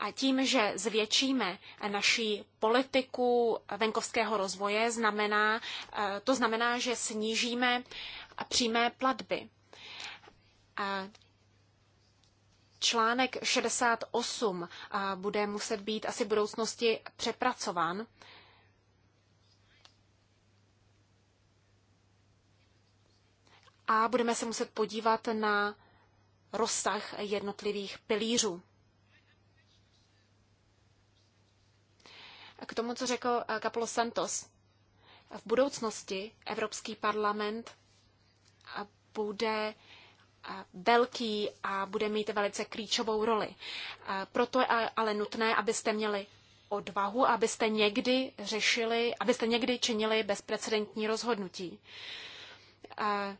A tím, že zvětšíme naší politiku venkovského rozvoje, znamená, eh, to znamená, že snížíme přímé platby. A článek 68 eh, bude muset být asi v budoucnosti přepracován. A budeme se muset podívat na rozsah jednotlivých pilířů. K tomu, co řekl eh, Kapolo Santos. V budoucnosti Evropský parlament eh, bude eh, velký a bude mít velice klíčovou roli. Proto je ale nutné, abyste měli odvahu, abyste někdy řešili, abyste někdy činili bezprecedentní rozhodnutí.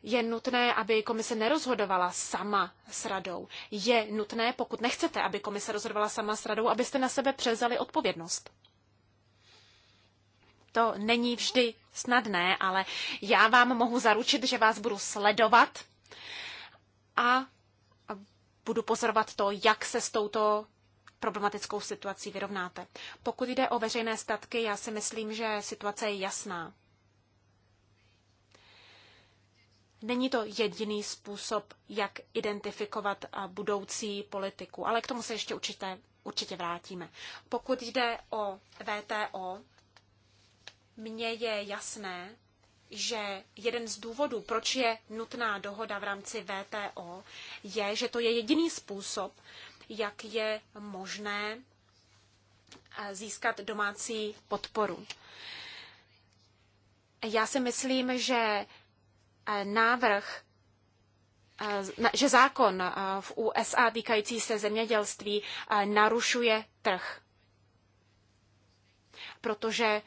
Je nutné, aby komise nerozhodovala sama s radou. Je nutné, pokud nechcete, aby komise rozhodovala sama s radou, abyste na sebe převzali odpovědnost to není vždy snadné, ale já vám mohu zaručit, že vás budu sledovat a budu pozorovat to, jak se s touto problematickou situací vyrovnáte. Pokud jde o veřejné statky, já si myslím, že situace je jasná. Není to jediný způsob, jak identifikovat budoucí politiku, ale k tomu se ještě určitě, určitě vrátíme. Pokud jde o VTO, mně je jasné, že jeden z důvodů, proč je nutná dohoda v rámci VTO, je, že to je jediný způsob, jak je možné eh, získat domácí podporu. Já si myslím, že eh, návrh, eh, že zákon v USA týkající se zemědělství narušuje trh. Protože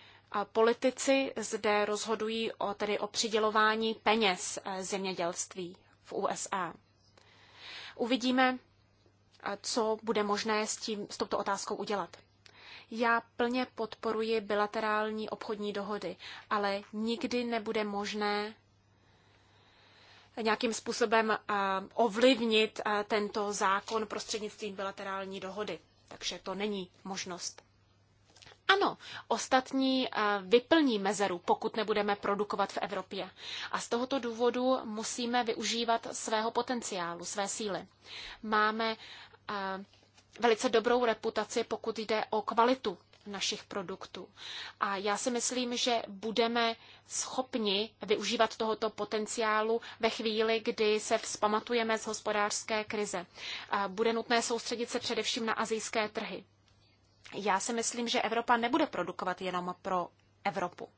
Politici zde rozhodují o, tedy o přidělování peněz eh, zemědělství v USA. Uvidíme, eh, co bude možné s, tím, s touto otázkou udělat. Já plně podporuji bilaterální obchodní dohody, ale nikdy nebude možné nějakým způsobem eh, ovlivnit tento zákon prostřednictvím bilaterální dohody. Takže to není možnost. Ano, ostatní eh, vyplní mezeru, pokud nebudeme produkovat v Evropě. A z tohoto důvodu musíme využívat svého potenciálu, své síly. Máme eh, velice dobrou reputaci, pokud jde o kvalitu našich produktů. A já si myslím, že budeme schopni využívat tohoto potenciálu ve chvíli, kdy se vzpamatujeme z hospodářské krize. Bude nutné soustředit se především na azijské trhy. Já si myslím, že Evropa nebude produkovat jenom pro Evropu.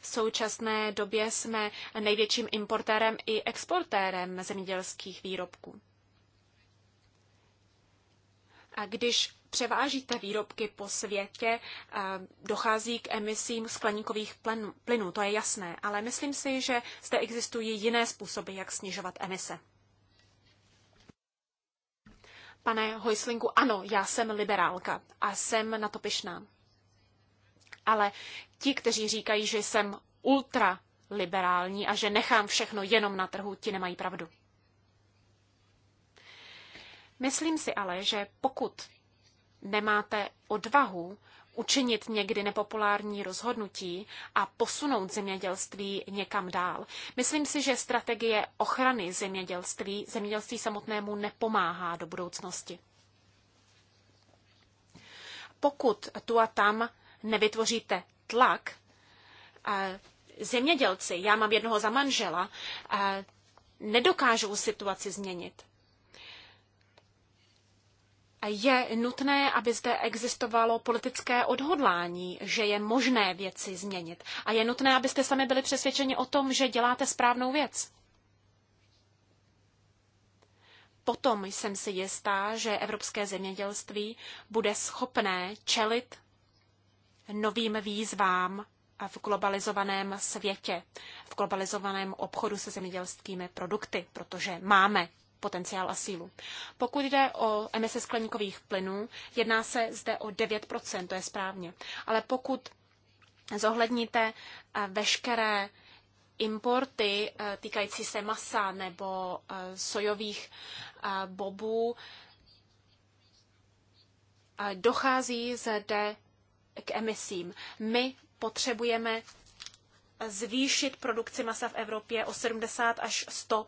V současné době jsme největším importérem i exportérem zemědělských výrobků. A když převážíte výrobky po světě, eh, dochází k emisím skleníkových plynů, to je jasné, ale myslím si, že zde existují jiné způsoby, jak snižovat emise. Pane Hojslinku, ano, já jsem liberálka a jsem na to pyšná. Ale ti, kteří říkají, že jsem ultraliberální a že nechám všechno jenom na trhu, ti nemají pravdu. Myslím si ale, že pokud nemáte odvahu učinit někdy nepopulární rozhodnutí a posunout zemědělství někam dál. Myslím si, že strategie ochrany zemědělství zemědělství samotnému nepomáhá do budoucnosti. Pokud tu a tam nevytvoříte tlak, eh, zemědělci, já mám jednoho za manžela, eh, nedokážou situaci změnit je nutné, aby zde existovalo politické odhodlání, že je možné věci změnit. A je nutné, abyste sami byli přesvědčeni o tom, že děláte správnou věc. Potom jsem si jistá, že evropské zemědělství bude schopné čelit novým výzvám v globalizovaném světě, v globalizovaném obchodu se zemědělskými produkty, protože máme potenciál a sílu. Pokud jde o emise skleníkových plynů, jedná se zde o 9%, to je správně. Ale pokud zohledníte eh, veškeré importy eh, týkající se masa nebo eh, sojových bobů, dochází zde k emisím. My potřebujeme zvýšit produkci masa v Evropě o 70 až 100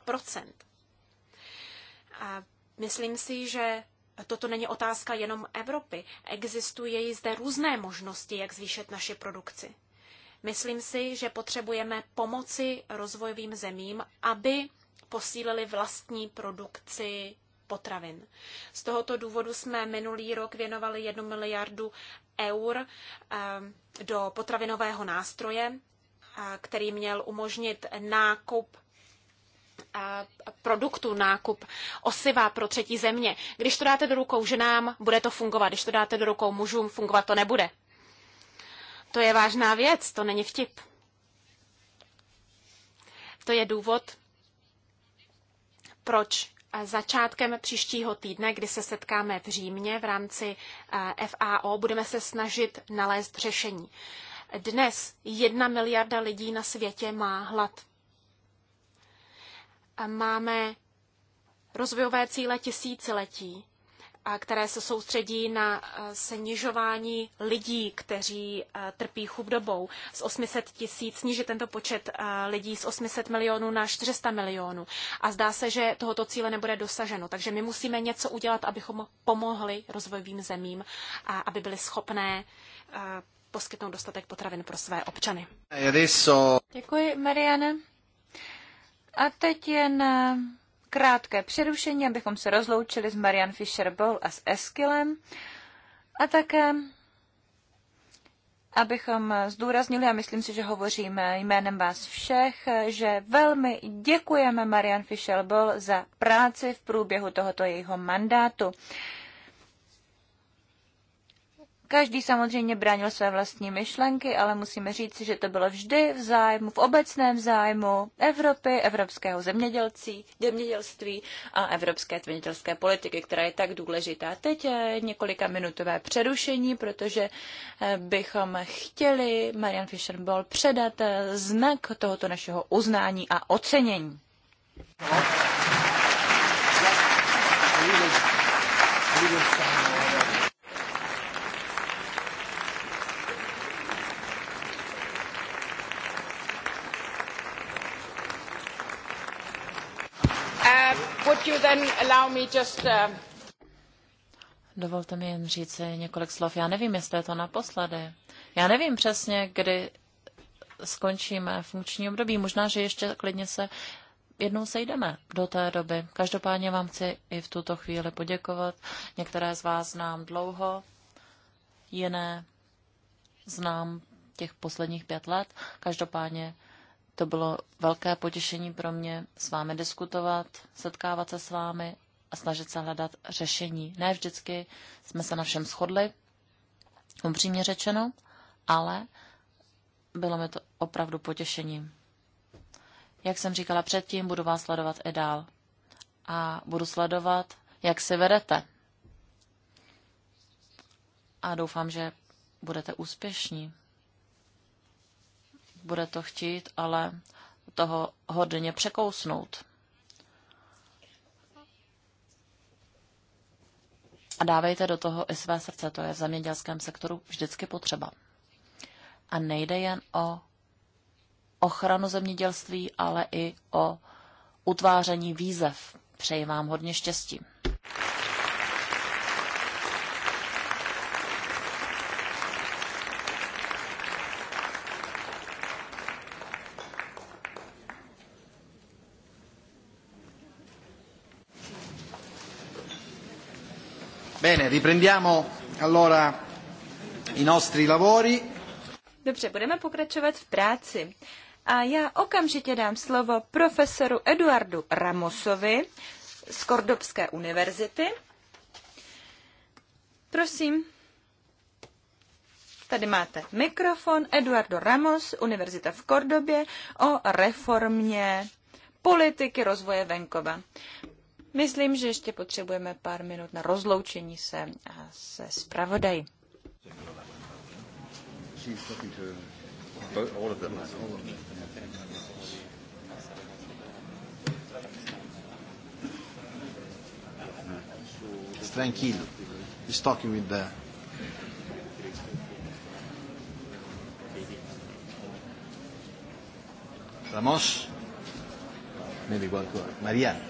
Myslím si, že toto není otázka jenom Evropy. Existují zde různé možnosti, jak zvýšit naši produkci. Myslím si, že potřebujeme pomoci rozvojovým zemím, aby posílili vlastní produkci potravin. Z tohoto důvodu jsme minulý rok věnovali 1 miliardu eur ehm, do potravinového nástroje, který měl umožnit nákup produktu, nákup osiva pro třetí země. Když to dáte do rukou ženám, bude to fungovat. Když to dáte do rukou mužům, fungovat to nebude. To je vážná věc, to není vtip. To je důvod, proč začátkem příštího týdne, kdy se setkáme v Římě v rámci eh, FAO, budeme se snažit nalézt řešení. Dnes jedna miliarda lidí na světě má hlad máme rozvojové cíle tisíciletí, a které se soustředí na eh, snižování lidí, kteří eh, trpí chudobou z 800 tisíc, snížit tento počet eh, lidí z 800 milionů na 400 milionů. A zdá se, že tohoto cíle nebude dosaženo. Takže my musíme něco udělat, abychom pomohli rozvojovým zemím, a aby byly schopné poskytnout dostatek potravin pro své občany. Děkuji, Marianne. A teď jen eh, krátké přerušení, abychom se rozloučili s Marian Fisher Bowl a s Eskilem. A také, abychom zdůraznili, a myslím si, že hovoříme jménem vás všech, že velmi děkujeme Marian Fisher Bowl za práci v průběhu tohoto jejího mandátu. Každý samozřejmě bránil své vlastní myšlenky, ale musíme říct, že to bylo vždy v zájmu, v obecném zájmu Evropy, evropského zemědělcí, zemědělství a evropské zemědělské politiky, která je tak důležitá. Teď je několika minutové přerušení, protože eh, bychom chtěli Marian Ball předat eh, znak tohoto našeho uznání a ocenění. you. Uh, Dovolte mi jen říct několik slov. Já nevím, jestli je to naposledy. Já nevím přesně, kdy skončíme funkční období. Možná, že ještě klidně se jednou sejdeme do té doby. Každopádně vám chci i v tuto chvíli poděkovat. Některé z vás znám dlouho, jiné znám těch posledních pět let. Každopádně to bylo velké potěšení pro mě s vámi diskutovat, setkávat se s vámi a snažit se hledat řešení. Ne vždycky jsme se na všem shodli, upřímně řečeno, ale bylo mi to opravdu potěšením. Jak jsem říkala předtím, budu vás sledovat i dál. A budu sledovat, jak se vedete. A doufám, že budete úspěšní bude to chtít, ale toho hodně překousnout. A dávejte do toho i své srdce, to je v zemědělském sektoru vždycky potřeba. A nejde jen o ochranu zemědělství, ale i o utváření výzev. Přeji vám hodně štěstí. riprendiamo allora i nostri lavori. Dobře, budeme pokračovat v práci. A já okamžitě dám slovo profesoru Eduardu Ramosovi z Kordobské univerzity. Prosím, Tady máte mikrofon Eduardo Ramos, Univerzita v Kordobě, o reformě politiky rozvoje venkova. Myslím, že ještě potřebujeme pár minut na rozloučení se a se zpravodají. Tranquilo. He's talking with the Ramos. Maybe one, Mariana.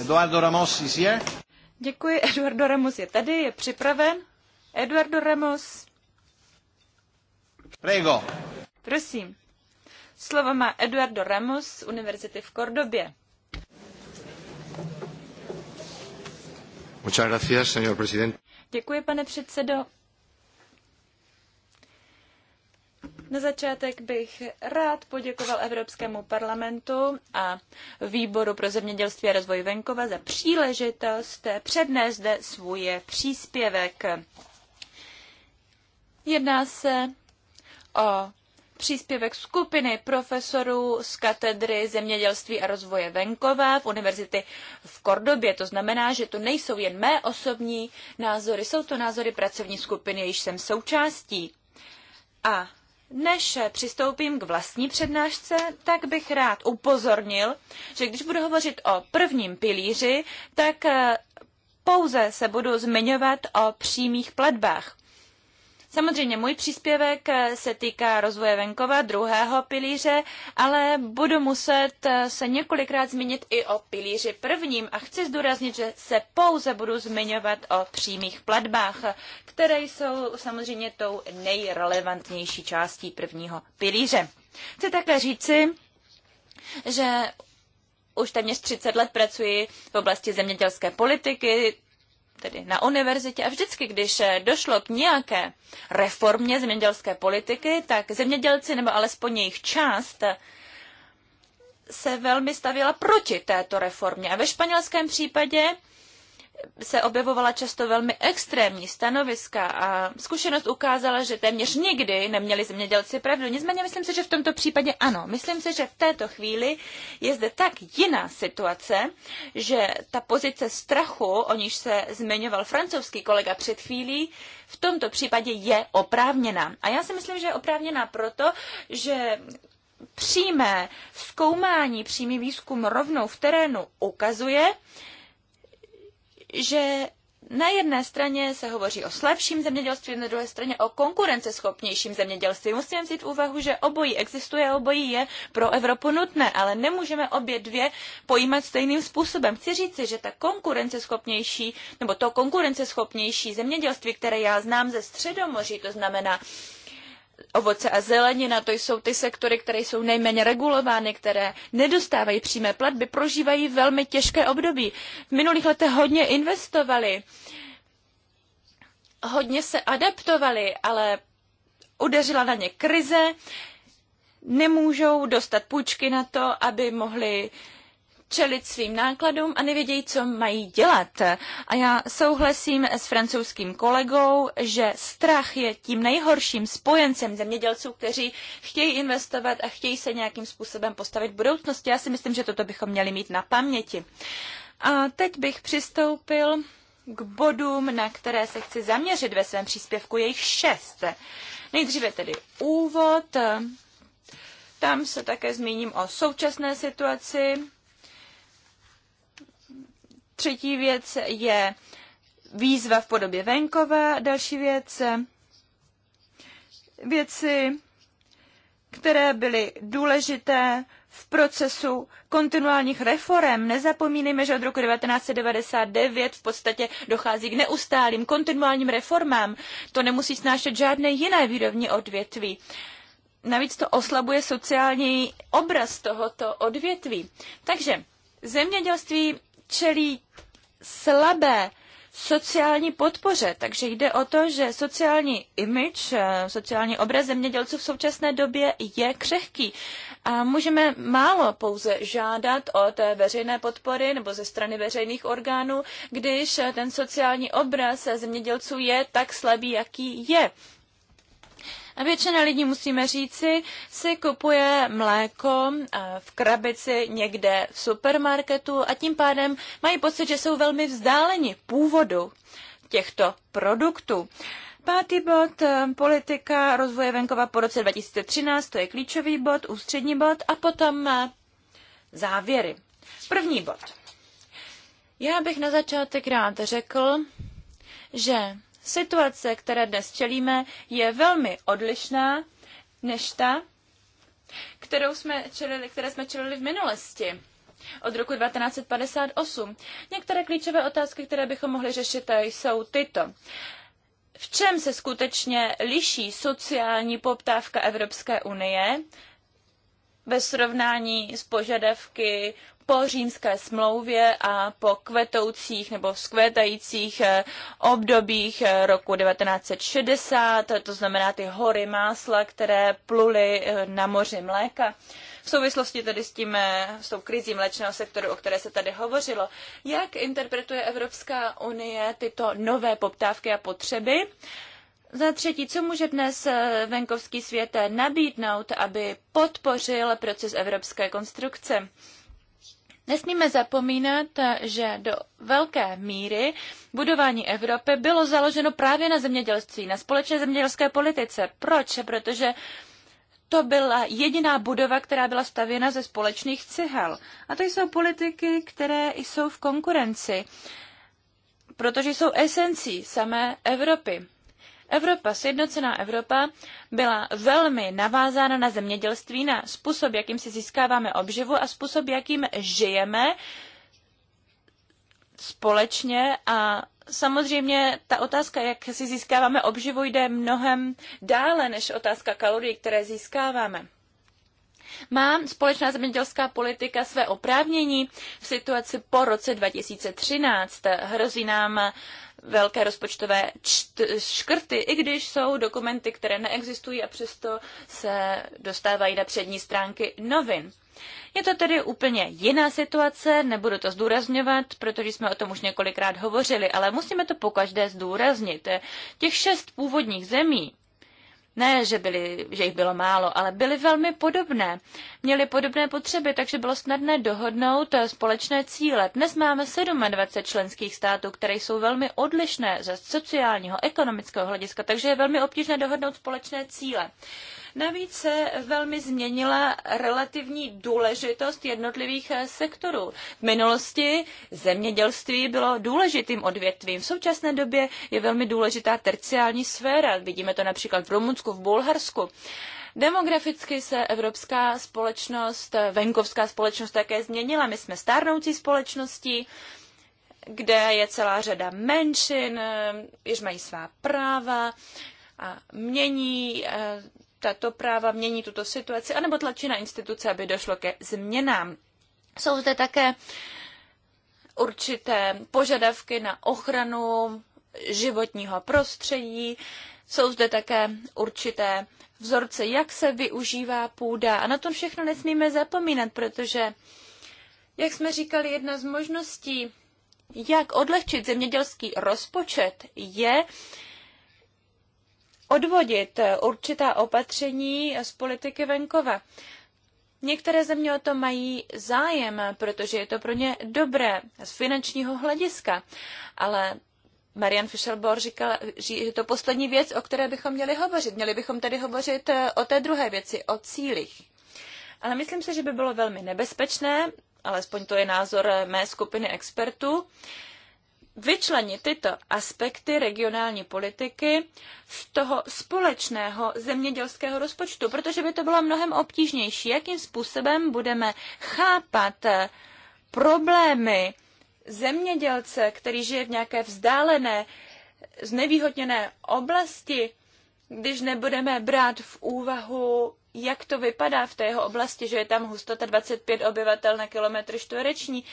Eduardo Ramos is here. Děkuji, Eduardo Ramos je tady, je připraven. Eduardo Ramos. Prego. Prosím. Slovo má Eduardo Ramos z Univerzity v Kordobě. Muchas gracias, señor presidente. Děkuji, pane předsedo. Na začátek bych rád poděkoval Evropskému parlamentu a Výboru pro zemědělství a rozvoj venkova za příležitost přednést zde svůj příspěvek. Jedná se o příspěvek skupiny profesorů z katedry zemědělství a rozvoje venkova v univerzity v Kordobě. To znamená, že to nejsou jen mé osobní názory, jsou to názory pracovní skupiny, jejíž jsem součástí. A než přistoupím k vlastní přednášce, tak bych rád upozornil, že když budu hovořit o prvním pilíři, tak eh, pouze se budu zmiňovat o přímých platbách. Samozřejmě můj příspěvek eh, se týká rozvoje venkova, druhého pilíře, ale budu muset eh, se několikrát zmínit i o pilíři prvním a chci zdůraznit, že se pouze budu zmiňovat o přímých platbách, které jsou samozřejmě tou nejrelevantnější částí prvního pilíře. Chci také říci, že už téměř 30 let pracuji v oblasti zemědělské politiky, tedy na univerzitě a vždycky, když eh, došlo k nějaké reformě zemědělské politiky, tak zemědělci nebo alespoň jejich část eh, se velmi stavěla proti této reformě. A ve španělském případě se objevovala často velmi extrémní stanoviska a zkušenost ukázala, že téměř nikdy neměli zemědělci pravdu. Nicméně myslím si, že v tomto případě ano. Myslím si, že v této chvíli je zde tak jiná situace, že ta pozice strachu, o níž se zmiňoval francouzský kolega před chvílí, v tomto případě je oprávněná. A já si myslím, že je oprávněná proto, že přímé zkoumání, přímý výzkum rovnou v terénu ukazuje, že na jedné straně se hovoří o slabším zemědělství, na druhé straně o konkurenceschopnějším zemědělství. Musíme vzít v úvahu, že obojí existuje, obojí je pro Evropu nutné, ale nemůžeme obě dvě pojímat stejným způsobem. Chci říci, že ta konkurenceschopnější, nebo to konkurenceschopnější zemědělství, které já znám ze Středomoří, to znamená ovoce a zelenina, to jsou ty sektory, které jsou nejméně regulovány, které nedostávají přímé platby, prožívají velmi těžké období. V minulých letech hodně investovali, hodně se adaptovali, ale udeřila na ně krize, nemůžou dostat půjčky na to, aby mohli uh, čelit svým nákladům a nevědějí, co mají dělat. A já souhlasím s francouzským kolegou, že strach je tím nejhorším spojencem zemědělců, kteří chtějí investovat a chtějí se nějakým způsobem postavit v budoucnosti. Já si myslím, že toto bychom měli mít na paměti. A teď bych přistoupil k bodům, na které se chci zaměřit ve svém příspěvku, jejich šest. Nejdříve tedy úvod, tam se také zmíním o současné situaci Třetí věc je výzva v podobě venkova. Další věc, věci, které byly důležité v procesu kontinuálních reform. Nezapomínejme, že od roku 1999 v podstatě dochází k neustálým kontinuálním reformám. To nemusí snášet žádné jiné výrovní odvětví. Navíc to oslabuje sociální obraz tohoto odvětví. Takže zemědělství čelí slabé sociální podpoře. Takže jde o to, že sociální image, eh, sociální obraz zemědělců v současné době je křehký. A můžeme málo pouze žádat o té veřejné podpory nebo ze strany veřejných orgánů, když eh, ten sociální obraz zemědělců je tak slabý, jaký je. A většina lidí, musíme říci, si kupuje mléko eh, v krabici někde v supermarketu a tím pádem mají pocit, že jsou velmi vzdáleni původu těchto produktů. Pátý bod, eh, politika rozvoje venkova po roce 2013, to je klíčový bod, ústřední bod a potom eh, závěry. První bod. Já bych na začátek rád řekl, že Situace, které dnes čelíme, je velmi odlišná než ta, kterou jsme čelili, které jsme čelili v minulosti od roku 1958. Některé klíčové otázky, které bychom mohli řešit, eh, jsou tyto. V čem se skutečně liší sociální poptávka Evropské unie ve srovnání s požadavky po římské smlouvě a po kvetoucích nebo vzkvétajících eh, obdobích eh, roku 1960, to znamená ty hory másla, které pluly eh, na moři mléka. V souvislosti tedy s, tím, s tou krizí mléčného sektoru, o které se tady hovořilo, jak interpretuje Evropská unie tyto nové poptávky a potřeby? Za třetí, co může dnes venkovský svět nabídnout, aby podpořil proces evropské konstrukce? Nesmíme zapomínat, že do velké míry budování Evropy bylo založeno právě na zemědělství, na společné zemědělské politice. Proč? Protože to byla jediná budova, která byla stavěna ze společných cihel. A to jsou politiky, které jsou v konkurenci, protože jsou esencí samé Evropy. Evropa, sjednocená Evropa, byla velmi navázána na zemědělství, na způsob, jakým si získáváme obživu a způsob, jakým žijeme společně a Samozřejmě ta otázka, jak si získáváme obživu, jde mnohem dále než otázka kalorií, které získáváme. Má společná zemědělská politika své oprávnění v situaci po roce 2013. Hrozí nám velké rozpočtové škrty, i když jsou dokumenty, které neexistují a přesto se dostávají na přední stránky novin. Je to tedy úplně jiná situace, nebudu to zdůrazňovat, protože jsme o tom už několikrát hovořili, ale musíme to pokaždé zdůraznit. Těch šest původních zemí, ne, že, byli, že jich bylo málo, ale byly velmi podobné. Měli podobné potřeby, takže bylo snadné dohodnout eh, společné cíle. Dnes máme 27 členských států, které jsou velmi odlišné ze sociálního, ekonomického hlediska, takže je velmi obtížné dohodnout společné cíle. Navíc se velmi změnila relativní důležitost jednotlivých eh, sektorů. V minulosti zemědělství bylo důležitým odvětvím. V současné době je velmi důležitá terciální sféra. Vidíme to například v Rumunsku, v Bulharsku. Demograficky se evropská společnost, eh, venkovská společnost také změnila. My jsme stárnoucí společností, kde je celá řada menšin, eh, jež mají svá práva a mění tato práva, mění tuto situaci, anebo tlačí na instituce, aby došlo ke změnám. Jsou zde také určité požadavky na ochranu životního prostředí, jsou zde také určité vzorce, jak se využívá půda. A na to všechno nesmíme zapomínat, protože, jak jsme říkali, jedna z možností, jak odlehčit zemědělský rozpočet, je odvodit eh, určitá opatření z politiky venkova. Některé země o to mají zájem, protože je to pro ně dobré z finančního hlediska, ale Marian Fischelbor říkal, že je to poslední věc, o které bychom měli hovořit. Měli bychom tady hovořit eh, o té druhé věci, o cílích. Ale myslím si, že by bylo velmi nebezpečné, alespoň to je názor eh, mé skupiny expertů, vyčlenit tyto aspekty regionální politiky z toho společného zemědělského rozpočtu, protože by to bylo mnohem obtížnější, jakým způsobem budeme chápat eh, problémy zemědělce, který žije v nějaké vzdálené, znevýhodněné oblasti, když nebudeme brát v úvahu, jak to vypadá v té jeho oblasti, že je tam hustota 25 obyvatel na kilometr čtvereční.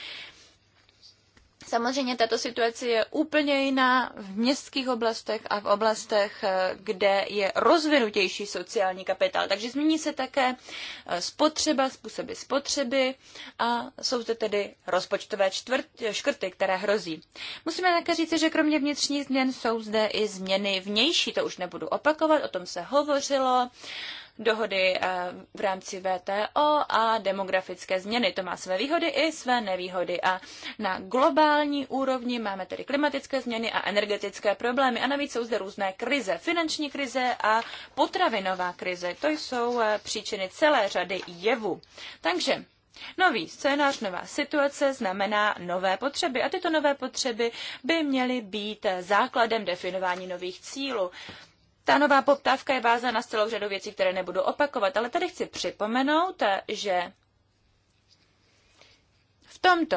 Samozřejmě tato situace je úplně jiná v městských oblastech a v oblastech, eh, kde je rozvinutější sociální kapitál. Takže změní se také eh, spotřeba, způsoby spotřeby a jsou to tedy rozpočtové čtvrt, škrty, které hrozí. Musíme také říci, že kromě vnitřních změn jsou zde i změny vnější, to už nebudu opakovat, o tom se hovořilo dohody eh, v rámci VTO a demografické změny. To má své výhody i své nevýhody. A na globální úrovni máme tedy klimatické změny a energetické problémy. A navíc jsou zde různé krize. Finanční krize a potravinová krize. To jsou eh, příčiny celé řady jevů. Takže Nový scénář, nová situace znamená nové potřeby a tyto nové potřeby by měly být eh, základem definování nových cílů ta nová poptávka je vázána na celou řadu věcí, které nebudu opakovat, ale tady chci připomenout, že v tomto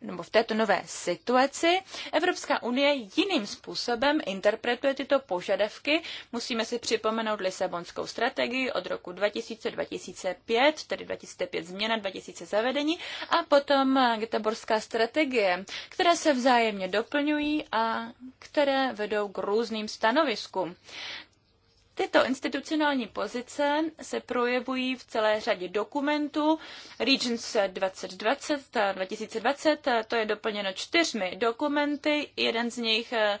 nebo v této nové situaci Evropská unie jiným způsobem interpretuje tyto požadavky. Musíme si připomenout Lisabonskou strategii od roku 2000-2005, tedy 2005 změna, 2000 zavedení a potom Göteborská strategie, které se vzájemně doplňují a které vedou k různým stanoviskům. Tyto institucionální pozice se projevují v celé řadě dokumentů. Regions 2020, 2020 to je doplněno čtyřmi dokumenty, jeden z nich eh,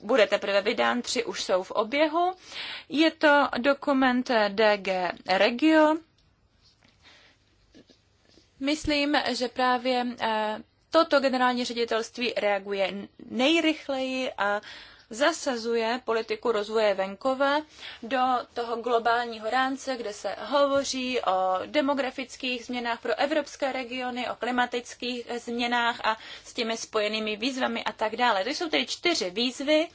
bude teprve vydán, tři už jsou v oběhu. Je to dokument eh, DG Regio. Myslím, že právě eh, toto generální ředitelství reaguje nejrychleji a zasazuje politiku rozvoje venkova do toho globálního rámce, kde se hovoří o demografických změnách pro evropské regiony, o klimatických změnách a s těmi spojenými výzvami a tak dále. To jsou tedy čtyři výzvy,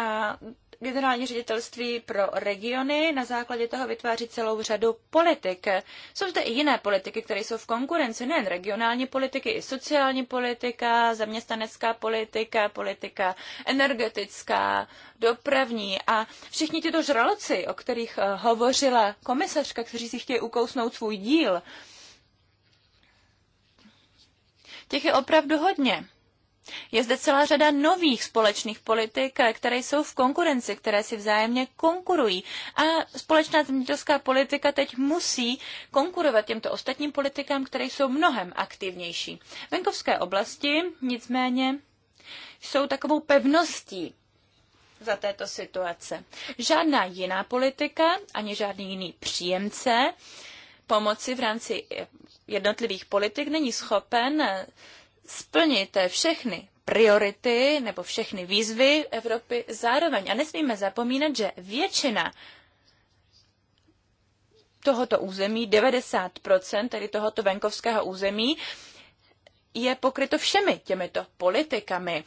a generální ředitelství pro regiony na základě toho vytváří celou řadu politik. Jsou zde i jiné politiky, které jsou v konkurenci, nejen regionální politiky, i sociální politika, zaměstnanecká politika, politika energetická, dopravní a všichni tyto žraloci, o kterých eh, hovořila komisařka, kteří si chtějí ukousnout svůj díl, těch je opravdu hodně. Je zde celá řada nových společných politik, eh, které jsou v konkurenci, které si vzájemně konkurují. A společná zemědělská politika teď musí konkurovat těmto ostatním politikám, které jsou mnohem aktivnější. Venkovské oblasti nicméně jsou takovou pevností za této situace. Žádná jiná politika, ani žádný jiný příjemce pomoci v rámci jednotlivých politik není schopen eh, splnit všechny priority nebo všechny výzvy Evropy zároveň. A nesmíme zapomínat, že většina tohoto území, 90% tedy tohoto venkovského území, je pokryto všemi těmito politikami.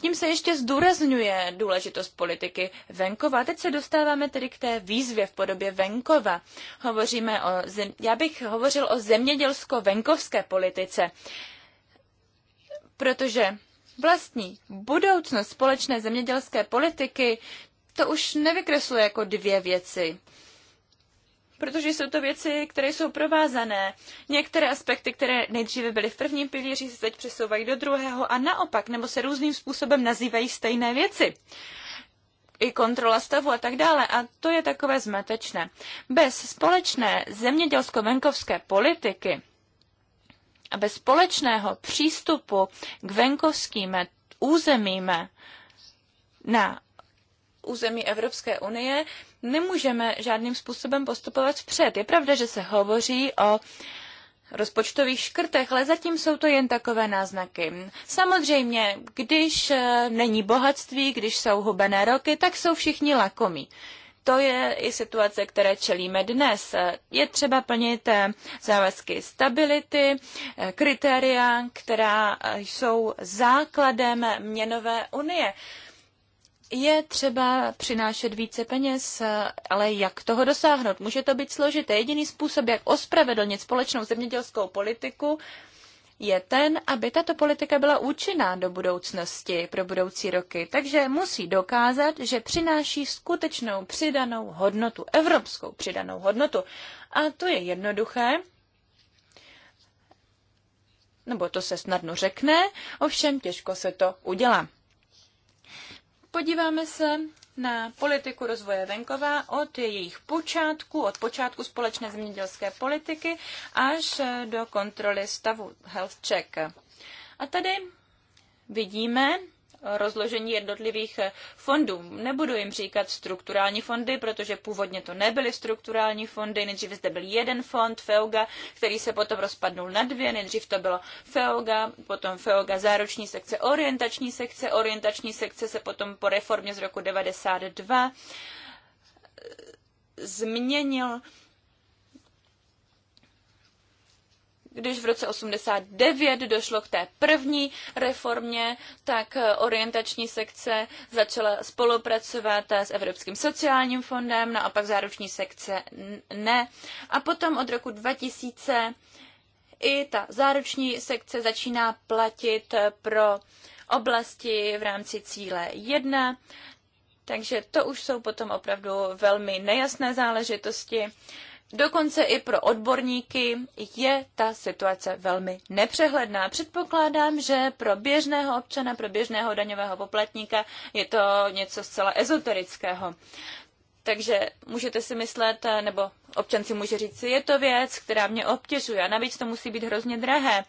Tím se ještě zdůrazňuje důležitost politiky venkova. A teď se dostáváme tedy k té výzvě v podobě venkova. Hovoříme o zem... Já bych hovořil o zemědělsko-venkovské politice protože vlastní budoucnost společné zemědělské politiky to už nevykresluje jako dvě věci. Protože jsou to věci, které jsou provázané. Některé aspekty, které nejdříve byly v prvním pilíři, se teď přesouvají do druhého a naopak, nebo se různým způsobem nazývají stejné věci i kontrola stavu a tak dále. A to je takové zmatečné. Bez společné zemědělsko-venkovské politiky a bez společného přístupu k venkovským územím na území Evropské unie nemůžeme žádným způsobem postupovat vpřed. Je pravda, že se hovoří o rozpočtových škrtech, ale zatím jsou to jen takové náznaky. Samozřejmě, když není bohatství, když jsou hubené roky, tak jsou všichni lakomí to je i situace, které čelíme dnes. Je třeba plnit eh, závazky stability, eh, kritéria, která eh, jsou základem měnové unie. Je třeba přinášet více peněz, ale jak toho dosáhnout? Může to být složité. Jediný způsob, jak ospravedlnit společnou zemědělskou politiku, je ten, aby tato politika byla účinná do budoucnosti pro budoucí roky. Takže musí dokázat, že přináší skutečnou přidanou hodnotu, evropskou přidanou hodnotu. A to je jednoduché, nebo to se snadno řekne, ovšem těžko se to udělá. Podíváme se na politiku rozvoje venkova od jejich počátku, od počátku společné zemědělské politiky až do kontroly stavu health check. A tady vidíme rozložení jednotlivých eh, fondů. Nebudu jim říkat strukturální fondy, protože původně to nebyly strukturální fondy. Nejdřív zde byl jeden fond, FEOGA, který se potom rozpadnul na dvě. Nejdřív to bylo FEOGA, potom FEOGA záruční sekce, orientační sekce. Orientační sekce se potom po reformě z roku 92 eh, změnil když v roce 89 došlo k té první reformě, tak eh, orientační sekce začala spolupracovat eh, s Evropským sociálním fondem, no a pak záruční sekce ne. A potom od roku 2000 i ta záruční sekce začíná platit eh, pro oblasti v rámci cíle 1, takže to už jsou potom opravdu velmi nejasné záležitosti dokonce i pro odborníky je ta situace velmi nepřehledná. Předpokládám, že pro běžného občana, pro běžného daňového poplatníka je to něco zcela ezoterického. Takže můžete si myslet, nebo Občan si může říct, je to věc, která mě obtěžuje a navíc to musí být hrozně drahé.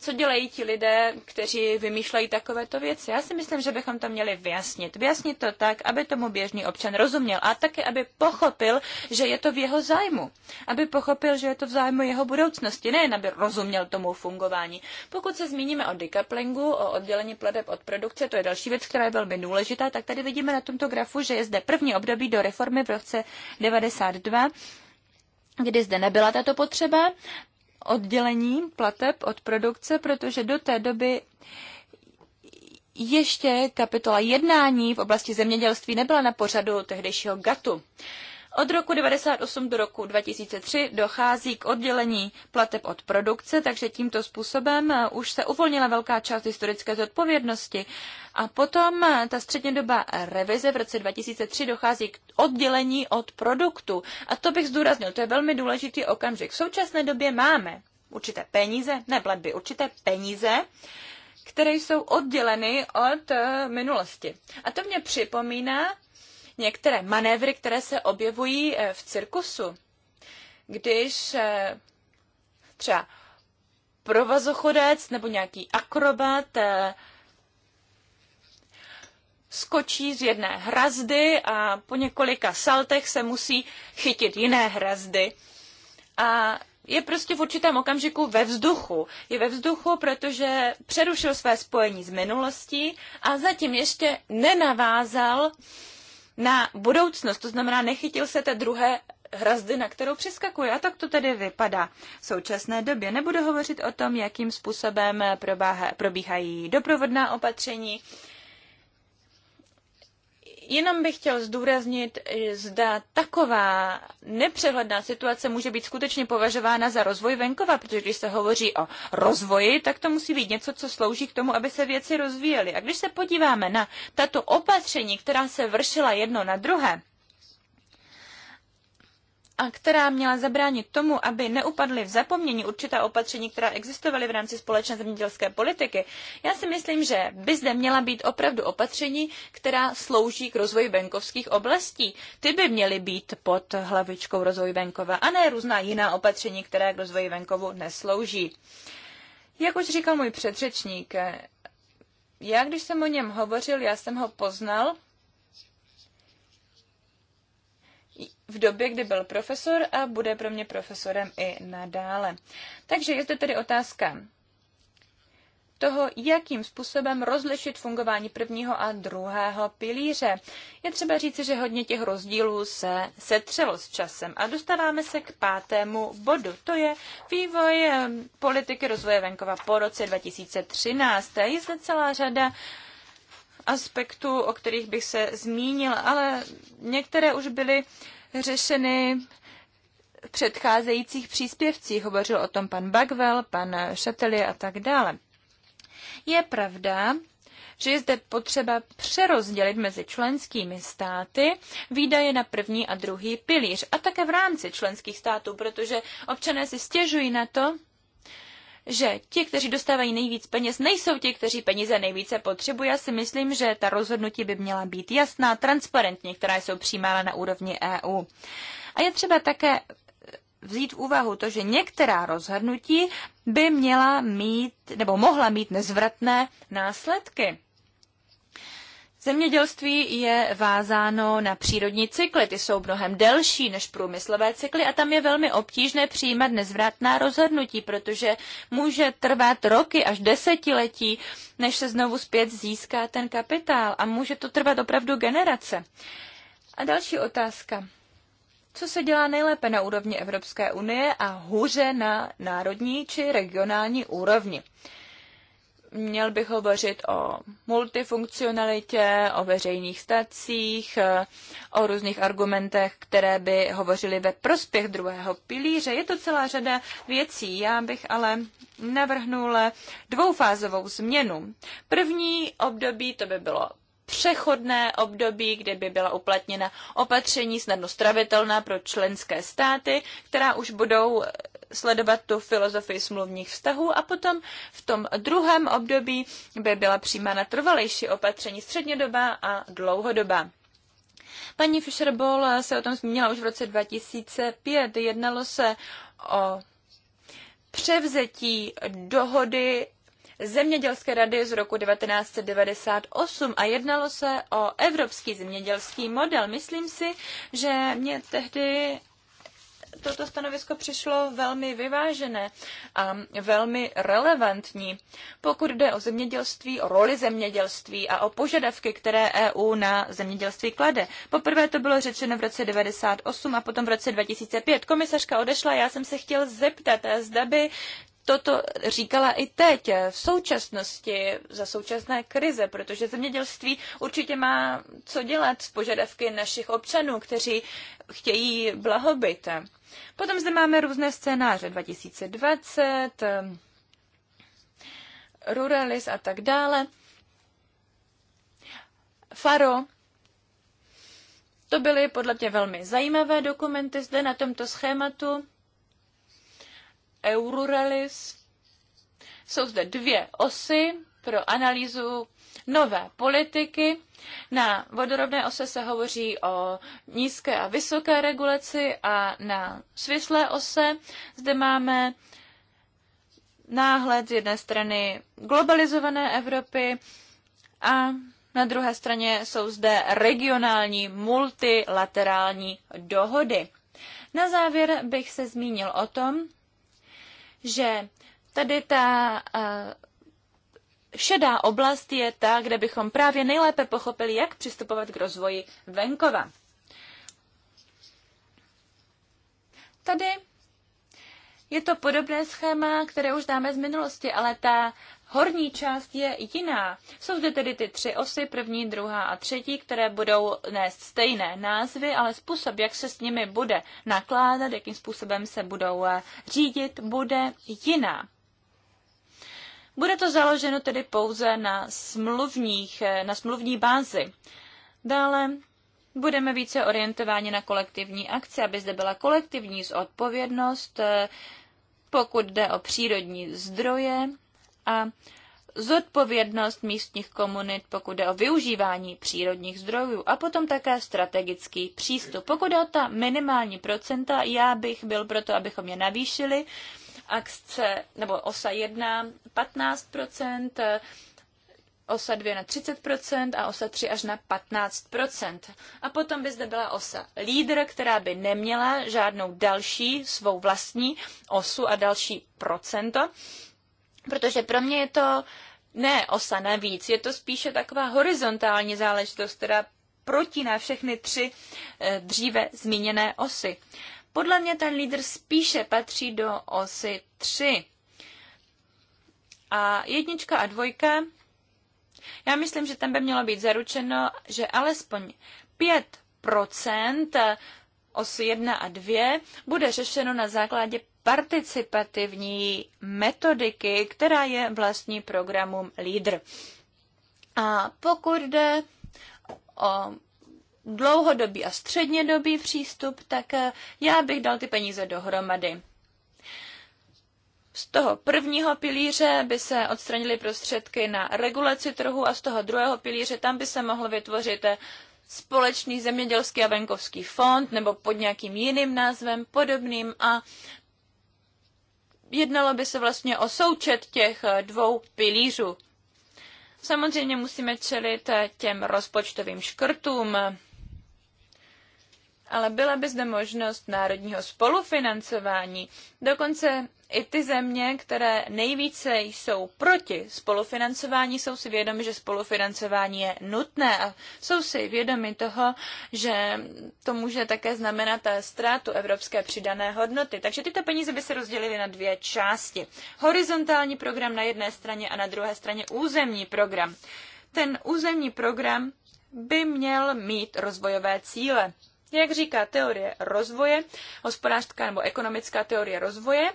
Co dělají ti lidé, kteří vymýšlejí takovéto věci? Já si myslím, že bychom to měli vyjasnit. Vyjasnit to tak, aby tomu běžný občan rozuměl a také, aby pochopil, že je to v jeho zájmu. Aby pochopil, že je to v zájmu jeho budoucnosti, nejen aby rozuměl tomu fungování. Pokud se zmíníme o decouplingu, o oddělení pladeb od produkce, to je další věc, která je velmi důležitá, tak tady vidíme na tomto grafu, že je zde první období do reformy v roce 92 kdy zde nebyla tato potřeba oddělení plateb od produkce, protože do té doby ještě kapitola jednání v oblasti zemědělství nebyla na pořadu tehdejšího GATU. Od roku 1998 do roku 2003 dochází k oddělení plateb od produkce, takže tímto způsobem eh, už se uvolnila velká část historické zodpovědnosti. A potom eh, ta střednědobá revize v roce 2003 dochází k oddělení od produktu. A to bych zdůraznil, to je velmi důležitý okamžik. V současné době máme určité peníze, ne platby, určité peníze, které jsou odděleny od eh, minulosti. A to mě připomíná některé manévry, které se objevují eh, v cirkusu. Když eh, třeba provazochodec nebo nějaký akrobat eh, skočí z jedné hrazdy a po několika saltech se musí chytit jiné hrazdy. A je prostě v určitém okamžiku ve vzduchu. Je ve vzduchu, protože přerušil své spojení s minulostí a zatím ještě nenavázal na budoucnost, to znamená, nechytil se té druhé hrazdy, na kterou přeskakuje. A tak to tedy vypadá v současné době. Nebudu hovořit o tom, jakým způsobem probíhají doprovodná opatření, Jenom bych chtěl zdůraznit, eh, zda taková nepřehledná situace může být skutečně považována za rozvoj venkova, protože když se hovoří o rozvoji, tak to musí být něco, co slouží k tomu, aby se věci rozvíjely. A když se podíváme na tato opatření, která se vršila jedno na druhé, a která měla zabránit tomu, aby neupadly v zapomnění určitá opatření, která existovaly v rámci společné zemědělské politiky. Já si myslím, že by zde měla být opravdu opatření, která slouží k rozvoji venkovských oblastí. Ty by měly být pod hlavičkou rozvoji venkova a ne různá jiná opatření, která k rozvoji venkovu neslouží. Jak už říkal můj předřečník, já když jsem o něm hovořil, já jsem ho poznal v době, kdy byl profesor a bude pro mě profesorem i nadále. Takže je zde tedy otázka toho, jakým způsobem rozlišit fungování prvního a druhého pilíře. Je třeba říci, že hodně těch rozdílů se setřelo s časem. A dostáváme se k pátému bodu. To je vývoj politiky rozvoje venkova po roce 2013. Je zde celá řada aspektů, o kterých bych se zmínil, ale některé už byly uh, řešeny v předcházejících příspěvcích. Hovořil o tom pan Bagwell, pan Šateli a tak dále. Je pravda, že je zde potřeba přerozdělit mezi členskými státy výdaje na první a druhý pilíř a také v rámci členských států, protože občané si stěžují na to, že ti, kteří dostávají nejvíc peněz, nejsou ti, kteří peníze nejvíce potřebují. Já si myslím, že ta rozhodnutí by měla být jasná, transparentní, která jsou přijímána na úrovni EU. A je třeba také vzít v úvahu to, že některá rozhodnutí by měla mít nebo mohla mít nezvratné následky. Zemědělství je vázáno na přírodní cykly, ty jsou mnohem delší než průmyslové cykly a tam je velmi obtížné přijímat nezvratná rozhodnutí, protože může trvat roky až desetiletí, než se znovu zpět získá ten kapitál a může to trvat opravdu generace. A další otázka. Co se dělá nejlépe na úrovni Evropské unie a hůře na národní či regionální úrovni? měl bych hovořit o multifunkcionalitě, o veřejných stacích, o různých argumentech, které by hovořily ve prospěch druhého pilíře. Je to celá řada věcí. Já bych ale navrhnul dvoufázovou změnu. První období to by bylo přechodné období, kde by byla uplatněna opatření snadno stravitelná pro členské státy, která už budou sledovat tu filozofii smluvních vztahů a potom v tom druhém období by byla přijímána trvalejší opatření střednědobá a dlouhodobá. Paní fischer se o tom zmínila už v roce 2005. Jednalo se o převzetí dohody Zemědělské rady z roku 1998 a jednalo se o evropský zemědělský model. Myslím si, že mě tehdy toto stanovisko přišlo velmi vyvážené a velmi relevantní, pokud jde o zemědělství, o roli zemědělství a o požadavky, které EU na zemědělství klade. Poprvé to bylo řečeno v roce 98 a potom v roce 2005. Komisařka odešla, já jsem se chtěl zeptat, zda by toto říkala i teď, eh, v současnosti, za současné krize, protože zemědělství určitě má co dělat s požadavky našich občanů, kteří chtějí blahobyt. Potom zde máme různé scénáře 2020, eh, ruralis a tak dále. Faro, to byly podle mě velmi zajímavé dokumenty zde na tomto schématu. Eurorelis. Jsou zde dvě osy pro analýzu nové politiky. Na vodorovné ose se hovoří o nízké a vysoké regulaci a na svislé ose zde máme náhled z jedné strany globalizované Evropy a na druhé straně jsou zde regionální multilaterální dohody. Na závěr bych se zmínil o tom, že tady ta eh, šedá oblast je ta, kde bychom právě nejlépe pochopili, jak přistupovat k rozvoji venkova. Tady je to podobné schéma, které už dáme z minulosti, ale ta horní část je jiná. Jsou zde tedy ty tři osy, první, druhá a třetí, které budou nést stejné názvy, ale způsob, jak se s nimi bude nakládat, jakým způsobem se budou eh, řídit, bude jiná. Bude to založeno tedy pouze na, smluvních, eh, na smluvní bázi. Dále budeme více orientováni na kolektivní akce, aby zde byla kolektivní zodpovědnost, eh, pokud jde o přírodní zdroje, a zodpovědnost místních komunit, pokud jde o využívání přírodních zdrojů a potom také strategický přístup. Pokud jde o ta minimální procenta, já bych byl proto, abychom je navýšili. Akce, nebo osa 1 15 osa 2 na 30% a osa 3 až na 15%. A potom by zde byla osa lídr, která by neměla žádnou další svou vlastní osu a další procento. Protože pro mě je to ne osa navíc, je to spíše taková horizontální záležitost, která protíná všechny tři eh, dříve zmíněné osy. Podle mě ten lídr spíše patří do osy 3. A jednička a dvojka, já myslím, že tam by mělo být zaručeno, že alespoň 5 osy 1 a 2 bude řešeno na základě participativní metodiky, která je vlastní programům LEADER. A pokud jde o dlouhodobý a střednědobý přístup, tak eh, já bych dal ty peníze dohromady. Z toho prvního pilíře by se odstranily prostředky na regulaci trhu a z toho druhého pilíře tam by se mohl vytvořit eh, společný zemědělský a venkovský fond nebo pod nějakým jiným názvem podobným a Jednalo by se vlastně o součet těch eh, dvou pilířů. Samozřejmě musíme čelit eh, těm rozpočtovým škrtům, ale byla by zde možnost národního spolufinancování. Dokonce i ty země, které nejvíce jsou proti spolufinancování, jsou si vědomi, že spolufinancování je nutné a jsou si vědomi toho, že to může také znamenat eh, ztrátu evropské přidané hodnoty. Takže tyto peníze by se rozdělily na dvě části. Horizontální program na jedné straně a na druhé straně územní program. Ten územní program by měl mít rozvojové cíle. Jak říká teorie rozvoje, hospodářská nebo ekonomická teorie rozvoje,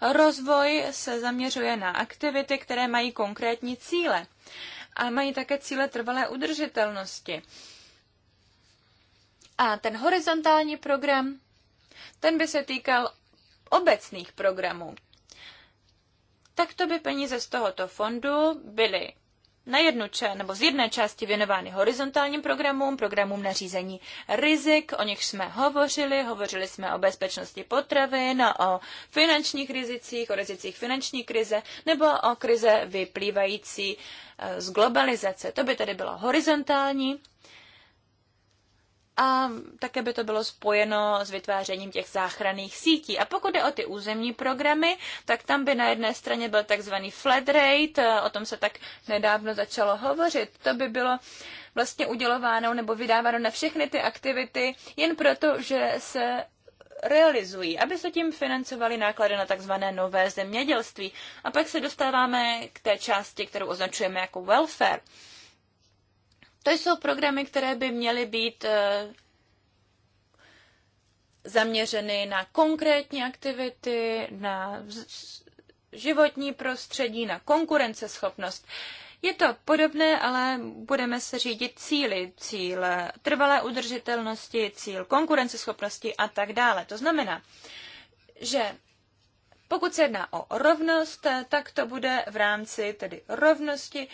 Rozvoj se zaměřuje na aktivity, které mají konkrétní cíle a mají také cíle trvalé udržitelnosti. A ten horizontální program, ten by se týkal obecných programů. Takto by peníze z tohoto fondu byly na jednu část, nebo z jedné části věnovány horizontálním programům, programům na řízení rizik, o nich jsme hovořili, hovořili jsme o bezpečnosti potravin, o finančních rizicích, o rizicích finanční krize, nebo o krize vyplývající eh, z globalizace. To by tedy bylo horizontální a také by to bylo spojeno s vytvářením těch záchranných sítí. A pokud jde o ty územní programy, tak tam by na jedné straně byl takzvaný flat rate, eh, o tom se tak nedávno začalo hovořit. To by bylo vlastně udělováno nebo vydáváno na všechny ty aktivity jen proto, že se realizují, aby se tím financovaly náklady na tzv. nové zemědělství. A pak se dostáváme k té části, kterou označujeme jako welfare. To jsou programy, které by měly být eh, zaměřeny na konkrétní aktivity, na životní prostředí, na konkurenceschopnost. Je to podobné, ale budeme se řídit cíly, cíl trvalé udržitelnosti, cíl konkurenceschopnosti a tak dále. To znamená, že pokud se jedná o rovnost, tak to bude v rámci tedy rovnosti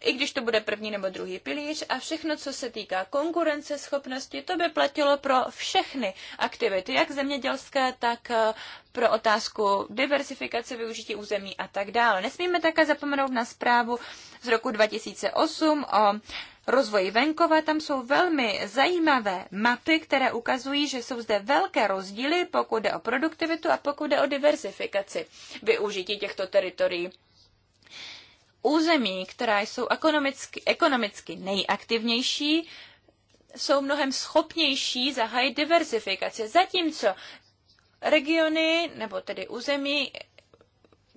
i když to bude první nebo druhý pilíř a všechno, co se týká konkurenceschopnosti, to by platilo pro všechny aktivity, jak zemědělské, tak eh, pro otázku diversifikace využití území a tak dále. Nesmíme také zapomenout na zprávu z roku 2008 o rozvoji venkova. Tam jsou velmi zajímavé mapy, které ukazují, že jsou zde velké rozdíly, pokud jde o produktivitu a pokud jde o diversifikaci využití těchto teritorií území, která jsou ekonomicky, ekonomicky nejaktivnější, jsou mnohem schopnější zahájit diverzifikaci. Zatímco regiony, nebo tedy území,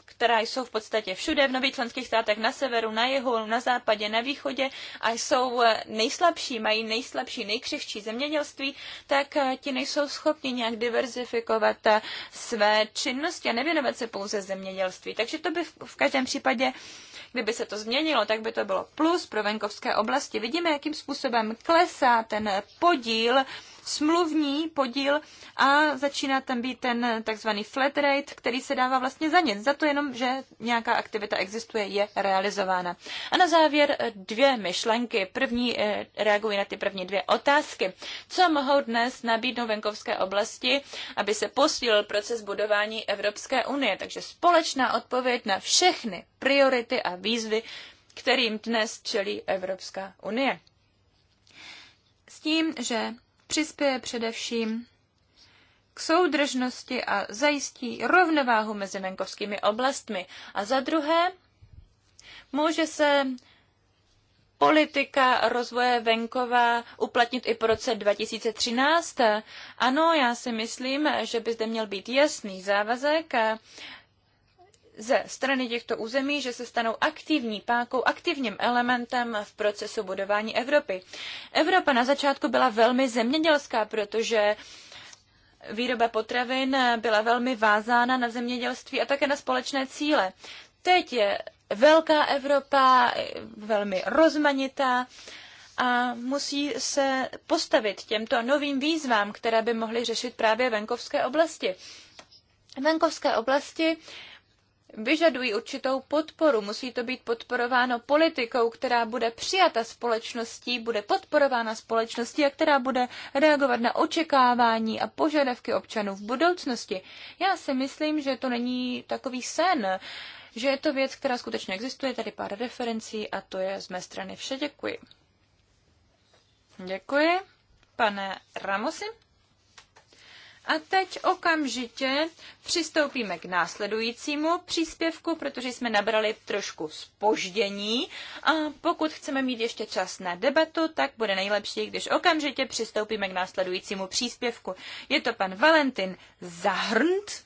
která jsou v podstatě všude v nových členských státech, na severu, na jihu, na západě, na východě a jsou eh, nejslabší, mají nejslabší, nejkřehčí zemědělství, tak eh, ti nejsou schopni nějak diverzifikovat eh, své činnosti a nevěnovat se pouze zemědělství. Takže to by v každém případě Kdyby se to změnilo, tak by to bylo plus pro venkovské oblasti. Vidíme, jakým způsobem klesá ten podíl smluvní podíl a začíná tam být ten takzvaný flat rate, který se dává vlastně za nic, za to jenom, že nějaká aktivita existuje, je realizována. A na závěr eh, dvě myšlenky. První eh, reagují na ty první dvě otázky. Co mohou dnes nabídnout venkovské oblasti, aby se posílil proces budování Evropské unie? Takže společná odpověď na všechny priority a výzvy, kterým dnes čelí Evropská unie. S tím, že přispěje především k soudržnosti a zajistí rovnováhu mezi venkovskými oblastmi. A za druhé, může se politika rozvoje venkova uplatnit i po roce 2013? Ano, já si myslím, že by zde měl být jasný závazek ze strany těchto území, že se stanou aktivní pákou, aktivním elementem v procesu budování Evropy. Evropa na začátku byla velmi zemědělská, protože výroba potravin byla velmi vázána na zemědělství a také na společné cíle. Teď je velká Evropa, velmi rozmanitá a musí se postavit těmto novým výzvám, které by mohly řešit právě venkovské oblasti. Venkovské oblasti vyžadují určitou podporu. Musí to být podporováno politikou, která bude přijata společností, bude podporována společností a která bude reagovat na očekávání a požadavky občanů v budoucnosti. Já si myslím, že to není takový sen, že je to věc, která skutečně existuje. Tady pár referencí a to je z mé strany vše. Děkuji. Děkuji, pane Ramosi. A teď okamžitě přistoupíme k následujícímu příspěvku, protože jsme nabrali trošku spoždění. A pokud chceme mít ještě čas na debatu, tak bude nejlepší, když okamžitě přistoupíme k následujícímu příspěvku. Je to pan Valentin Zahrnt,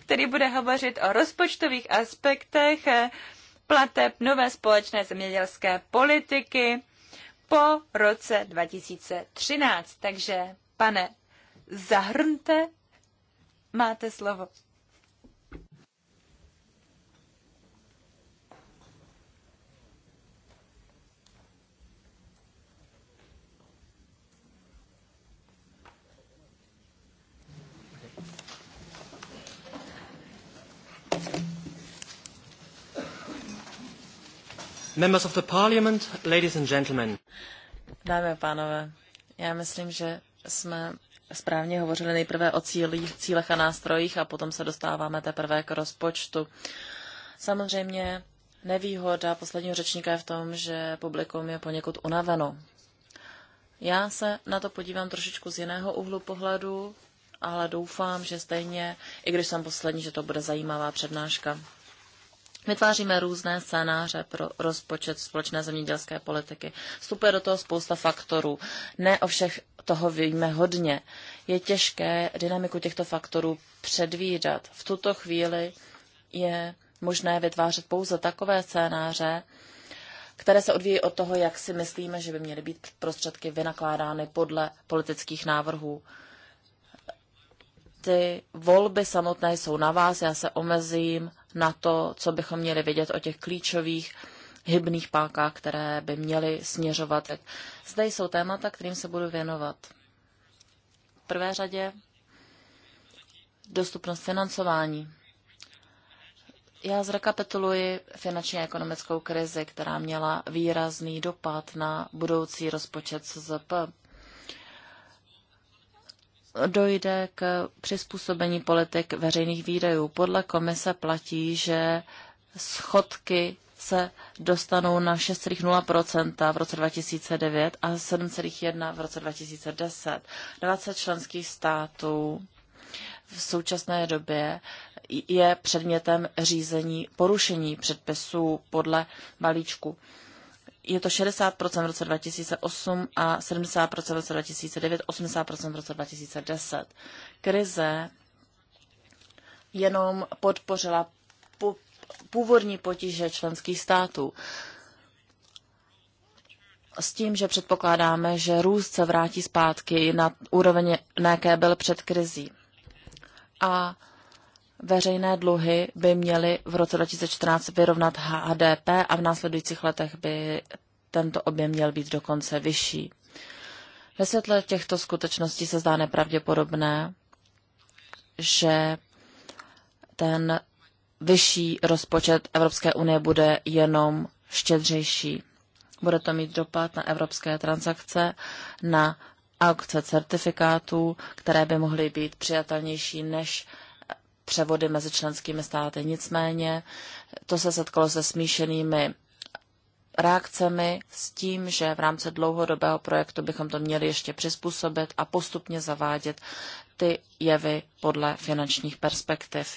který bude hovořit o rozpočtových aspektech eh, plateb nové společné zemědělské politiky po roce 2013. Takže, pane zahrnte. Máte slovo. Members of the parliament, ladies and gentlemen. Dámy a pánové, já myslím, že jsme správně hovořili nejprve o cílích, cílech a nástrojích a potom se dostáváme teprve k rozpočtu. Samozřejmě nevýhoda posledního řečníka je v tom, že publikum je poněkud unaveno. Já se na to podívám trošičku z jiného úhlu pohledu, ale doufám, že stejně, i když jsem poslední, že to bude zajímavá přednáška. Vytváříme různé scénáře pro rozpočet společné zemědělské politiky. Vstupuje do toho spousta faktorů. Ne o všech toho víme hodně. Je těžké dynamiku těchto faktorů předvídat. V tuto chvíli je možné vytvářet pouze takové scénáře, které se odvíjí od toho, jak si myslíme, že by měly být prostředky vynakládány podle politických návrhů. Ty volby samotné jsou na vás, já se omezím na to, co bychom měli vědět o těch klíčových hybných pákách, které by měly směřovat. Zde jsou témata, kterým se budu věnovat. V prvé řadě dostupnost financování. Já zrekapituluji finanční a ekonomickou krizi, která měla výrazný dopad na budoucí rozpočet SZP. Dojde k přizpůsobení politik veřejných výdajů. Podle komise platí, že schodky se dostanou na 6,0% v roce 2009 a 7,1% v roce 2010. 20 členských států v současné době je předmětem řízení porušení předpisů podle balíčku. Je to 60% v roce 2008 a 70% v roce 2009, 80% v roce 2010. Krize jenom podpořila původní potíže členských států. S tím, že předpokládáme, že růst se vrátí zpátky na úroveň, na jaké byl před krizí. A veřejné dluhy by měly v roce 2014 vyrovnat HDP a v následujících letech by tento objem měl být dokonce vyšší. Ve světle těchto skutečností se zdá nepravděpodobné, že ten vyšší rozpočet Evropské unie bude jenom štědřejší. Bude to mít dopad na evropské transakce, na aukce certifikátů, které by mohly být přijatelnější než převody mezi členskými státy. Nicméně to se setkalo se smíšenými reakcemi s tím, že v rámci dlouhodobého projektu bychom to měli ještě přizpůsobit a postupně zavádět ty jevy podle finančních perspektiv.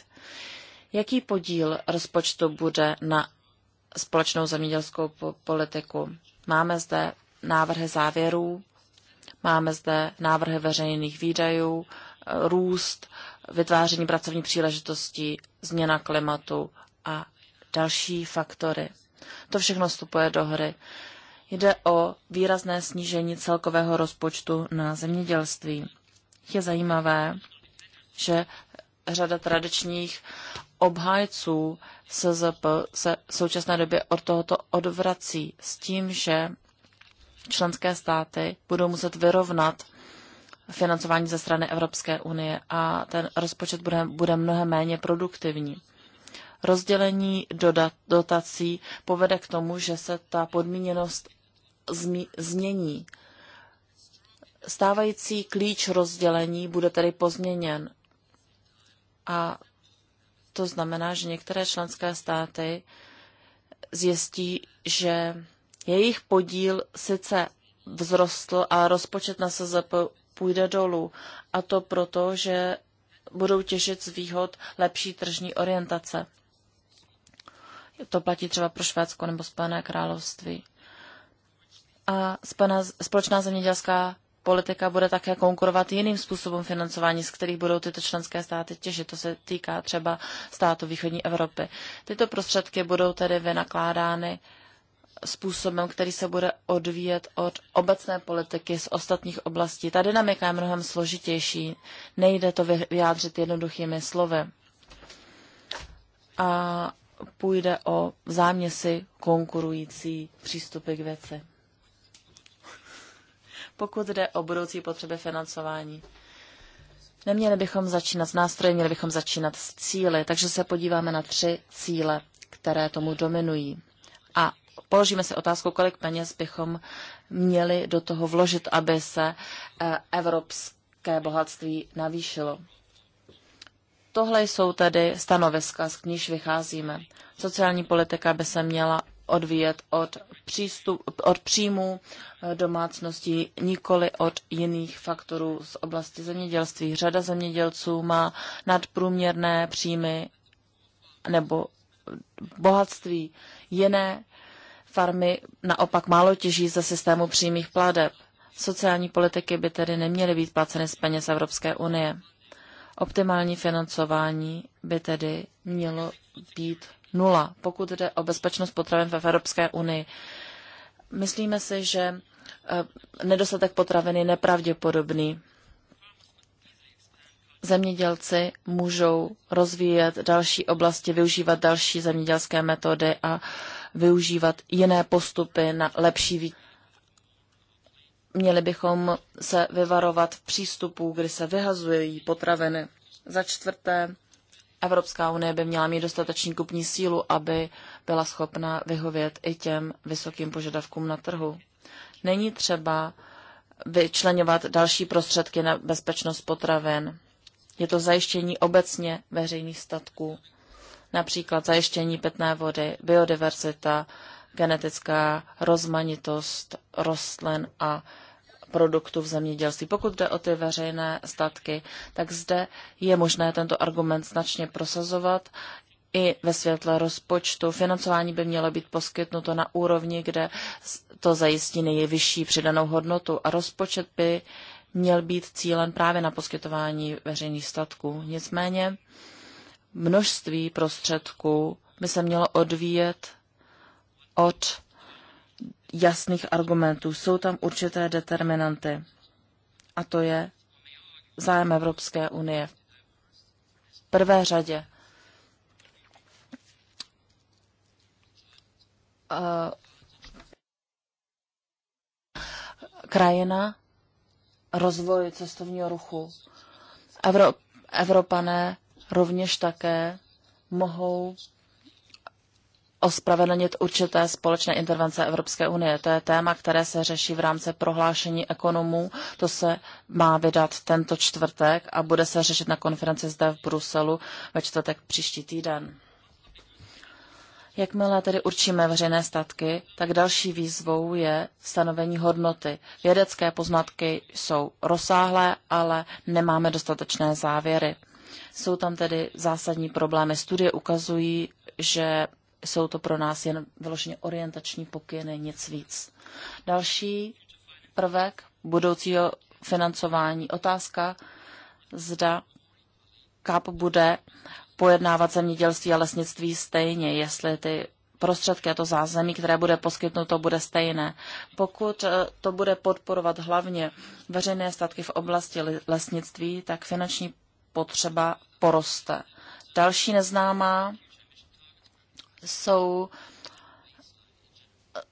Jaký podíl rozpočtu bude na společnou zemědělskou politiku? Máme zde návrhy závěrů, máme zde návrhy veřejných výdajů, růst, vytváření pracovní příležitostí, změna klimatu a další faktory. To všechno vstupuje do hry. Jde o výrazné snížení celkového rozpočtu na zemědělství. Je zajímavé, že řada tradičních obhájců SZP se v současné době od tohoto odvrací s tím, že členské státy budou muset vyrovnat financování ze strany Evropské unie a ten rozpočet bude, bude mnohem méně produktivní. Rozdělení dodat, dotací povede k tomu, že se ta podmíněnost zmi, změní. Stávající klíč rozdělení bude tedy pozměněn a to znamená, že některé členské státy zjistí, že jejich podíl sice vzrostl a rozpočet na SZP půjde dolů. A to proto, že budou těžit z výhod lepší tržní orientace. To platí třeba pro Švédsko nebo Spojené království. A společná zemědělská politika bude také konkurovat jiným způsobům financování, z kterých budou tyto členské státy těžit. To se týká třeba státu východní Evropy. Tyto prostředky budou tedy vynakládány způsobem, který se bude odvíjet od obecné politiky z ostatních oblastí. Ta dynamika je mnohem složitější. Nejde to vyjádřit jednoduchými slovy. A půjde o záměsy konkurující přístupy k věci pokud jde o budoucí potřeby financování. Neměli bychom začínat s nástroji, měli bychom začínat s cíly, takže se podíváme na tři cíle, které tomu dominují. A položíme si otázku, kolik peněz bychom měli do toho vložit, aby se eh, evropské bohatství navýšilo. Tohle jsou tedy stanoviska, z níž vycházíme. Sociální politika by se měla odvíjet od, přístup, od příjmů eh, domácností, nikoli od jiných faktorů z oblasti zemědělství. Řada zemědělců má nadprůměrné příjmy nebo bohatství. Jiné farmy naopak málo těží ze systému přímých pladeb. Sociální politiky by tedy neměly být placeny z peněz Evropské unie. Optimální financování by tedy mělo být nula, pokud jde o bezpečnost potravin v Evropské unii. Myslíme si, že eh, nedostatek potravin je nepravděpodobný. Zemědělci můžou rozvíjet další oblasti, využívat další zemědělské metody a využívat jiné postupy na lepší výkon měli bychom se vyvarovat přístupů, kdy se vyhazují potraviny. Za čtvrté, Evropská unie by měla mít dostatečný kupní sílu, aby byla schopna vyhovět i těm vysokým požadavkům na trhu. Není třeba vyčlenovat další prostředky na bezpečnost potravin. Je to zajištění obecně veřejných statků, například zajištění pitné vody, biodiverzita, genetická rozmanitost rostlin a produktů v zemědělství. Pokud jde o ty veřejné statky, tak zde je možné tento argument značně prosazovat. I ve světle rozpočtu financování by mělo být poskytnuto na úrovni, kde to zajistí nejvyšší přidanou hodnotu a rozpočet by měl být cílen právě na poskytování veřejných statků. Nicméně množství prostředků by se mělo odvíjet od jasných argumentů. Jsou tam určité determinanty. A to je zájem Evropské unie. V prvé řadě eh, krajina, rozvoj cestovního ruchu. Evropané rovněž také mohou ospravedlnit určité společné intervence Evropské unie. To je téma, které se řeší v rámci prohlášení ekonomů. To se má vydat tento čtvrtek a bude se řešit na konferenci zde v Bruselu ve čtvrtek příští týden. Jakmile tedy určíme veřejné statky, tak další výzvou je stanovení hodnoty. Vědecké poznatky jsou rozsáhlé, ale nemáme dostatečné závěry. Jsou tam tedy zásadní problémy. Studie ukazují, že jsou to pro nás jen vyloženě orientační pokyny, nic víc. Další prvek budoucího financování. Otázka, zda KAP bude pojednávat zemědělství a lesnictví stejně, jestli ty prostředky a to zázemí, které bude poskytnuto, bude stejné. Pokud eh, to bude podporovat hlavně veřejné statky v oblasti lesnictví, tak finanční potřeba poroste. Další neznámá jsou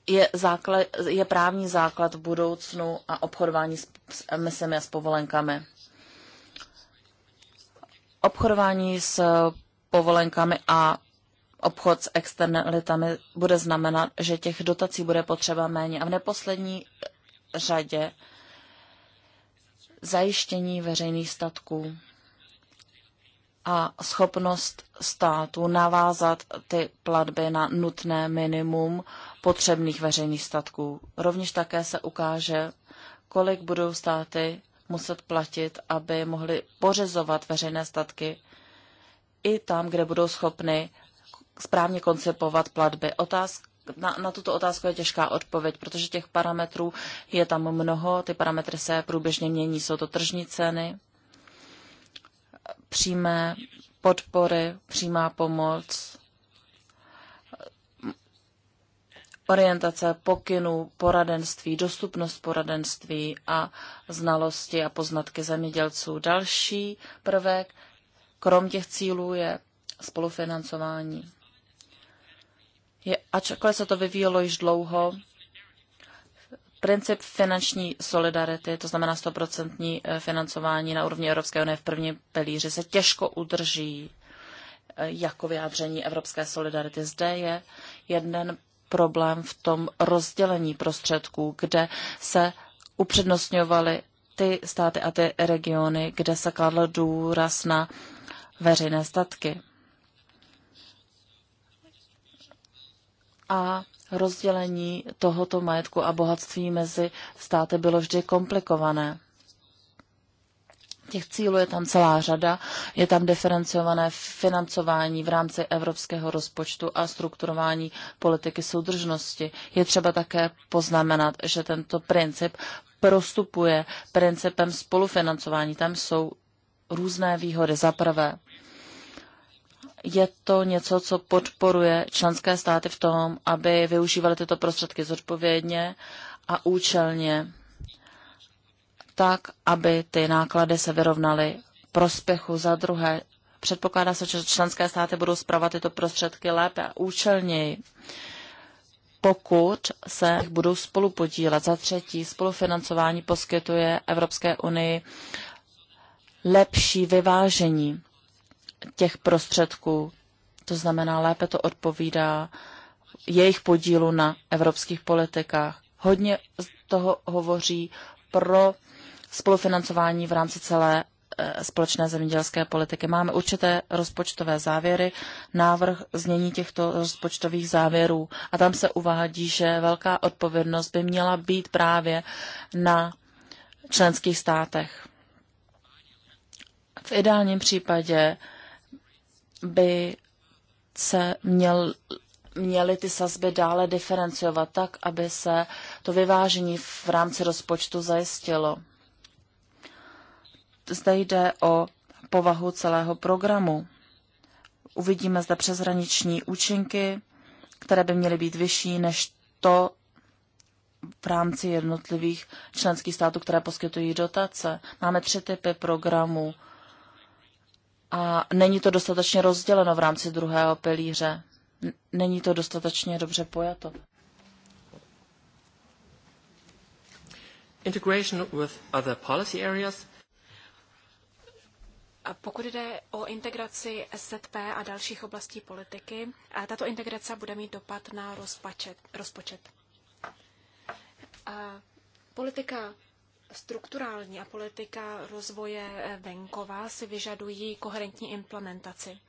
je, základ, je právní základ v budoucnu a obchodování s, s emisemi a s povolenkami. Obchodování s povolenkami a obchod s externalitami bude znamenat, že těch dotací bude potřeba méně. A v neposlední řadě zajištění veřejných statků a schopnost státu navázat ty platby na nutné minimum potřebných veřejných statků. Rovněž také se ukáže, kolik budou státy muset platit, aby mohli pořizovat veřejné statky i tam, kde budou schopny správně koncipovat platby. Otázka na, na tuto otázku je těžká odpověď, protože těch parametrů je tam mnoho, ty parametry se průběžně mění, jsou to tržní ceny, přímé podpory, přímá pomoc, orientace pokynů, poradenství, dostupnost poradenství a znalosti a poznatky zemědělců. Další prvek, krom těch cílů, je spolufinancování. Je, ačkoliv se to vyvíjelo již dlouho, Princip finanční solidarity, to znamená 100% eh, financování na úrovni Evropské unie v první pilíři, se těžko udrží eh, jako vyjádření evropské solidarity. Zde je jeden problém v tom rozdělení prostředků, kde se upřednostňovaly ty státy a ty regiony, kde se kladl důraz na veřejné statky. A rozdělení tohoto majetku a bohatství mezi státy bylo vždy komplikované. Těch cílů je tam celá řada. Je tam diferencované financování v rámci evropského rozpočtu a strukturování politiky soudržnosti. Je třeba také poznamenat, že tento princip prostupuje principem spolufinancování. Tam jsou různé výhody. Za prvé, je to něco, co podporuje členské státy v tom, aby využívaly tyto prostředky zodpovědně a účelně, tak, aby ty náklady se vyrovnaly prospěchu za druhé. Předpokládá se, že členské státy budou zpravovat tyto prostředky lépe a účelněji, pokud se budou spolupodílet. Za třetí, spolufinancování poskytuje Evropské unii lepší vyvážení těch prostředků. To znamená, lépe to odpovídá jejich podílu na evropských politikách. Hodně z toho hovoří pro spolufinancování v rámci celé eh, společné zemědělské politiky. Máme určité rozpočtové závěry, návrh změní těchto rozpočtových závěrů a tam se uvádí, že velká odpovědnost by měla být právě na členských státech. V ideálním případě by se měl, měly ty sazby dále diferenciovat tak, aby se to vyvážení v rámci rozpočtu zajistilo. Zde jde o povahu celého programu. Uvidíme zde přeshraniční účinky, které by měly být vyšší než to v rámci jednotlivých členských států, které poskytují dotace. Máme tři typy programů a není to dostatečně rozděleno v rámci druhého pilíře. Není to dostatečně dobře pojato. Integration with other policy areas. A pokud jde o integraci SZP a dalších oblastí politiky, a tato integrace bude mít dopad na rozpočet. A politika strukturální a politika rozvoje eh, venkova si vyžadují koherentní implementaci.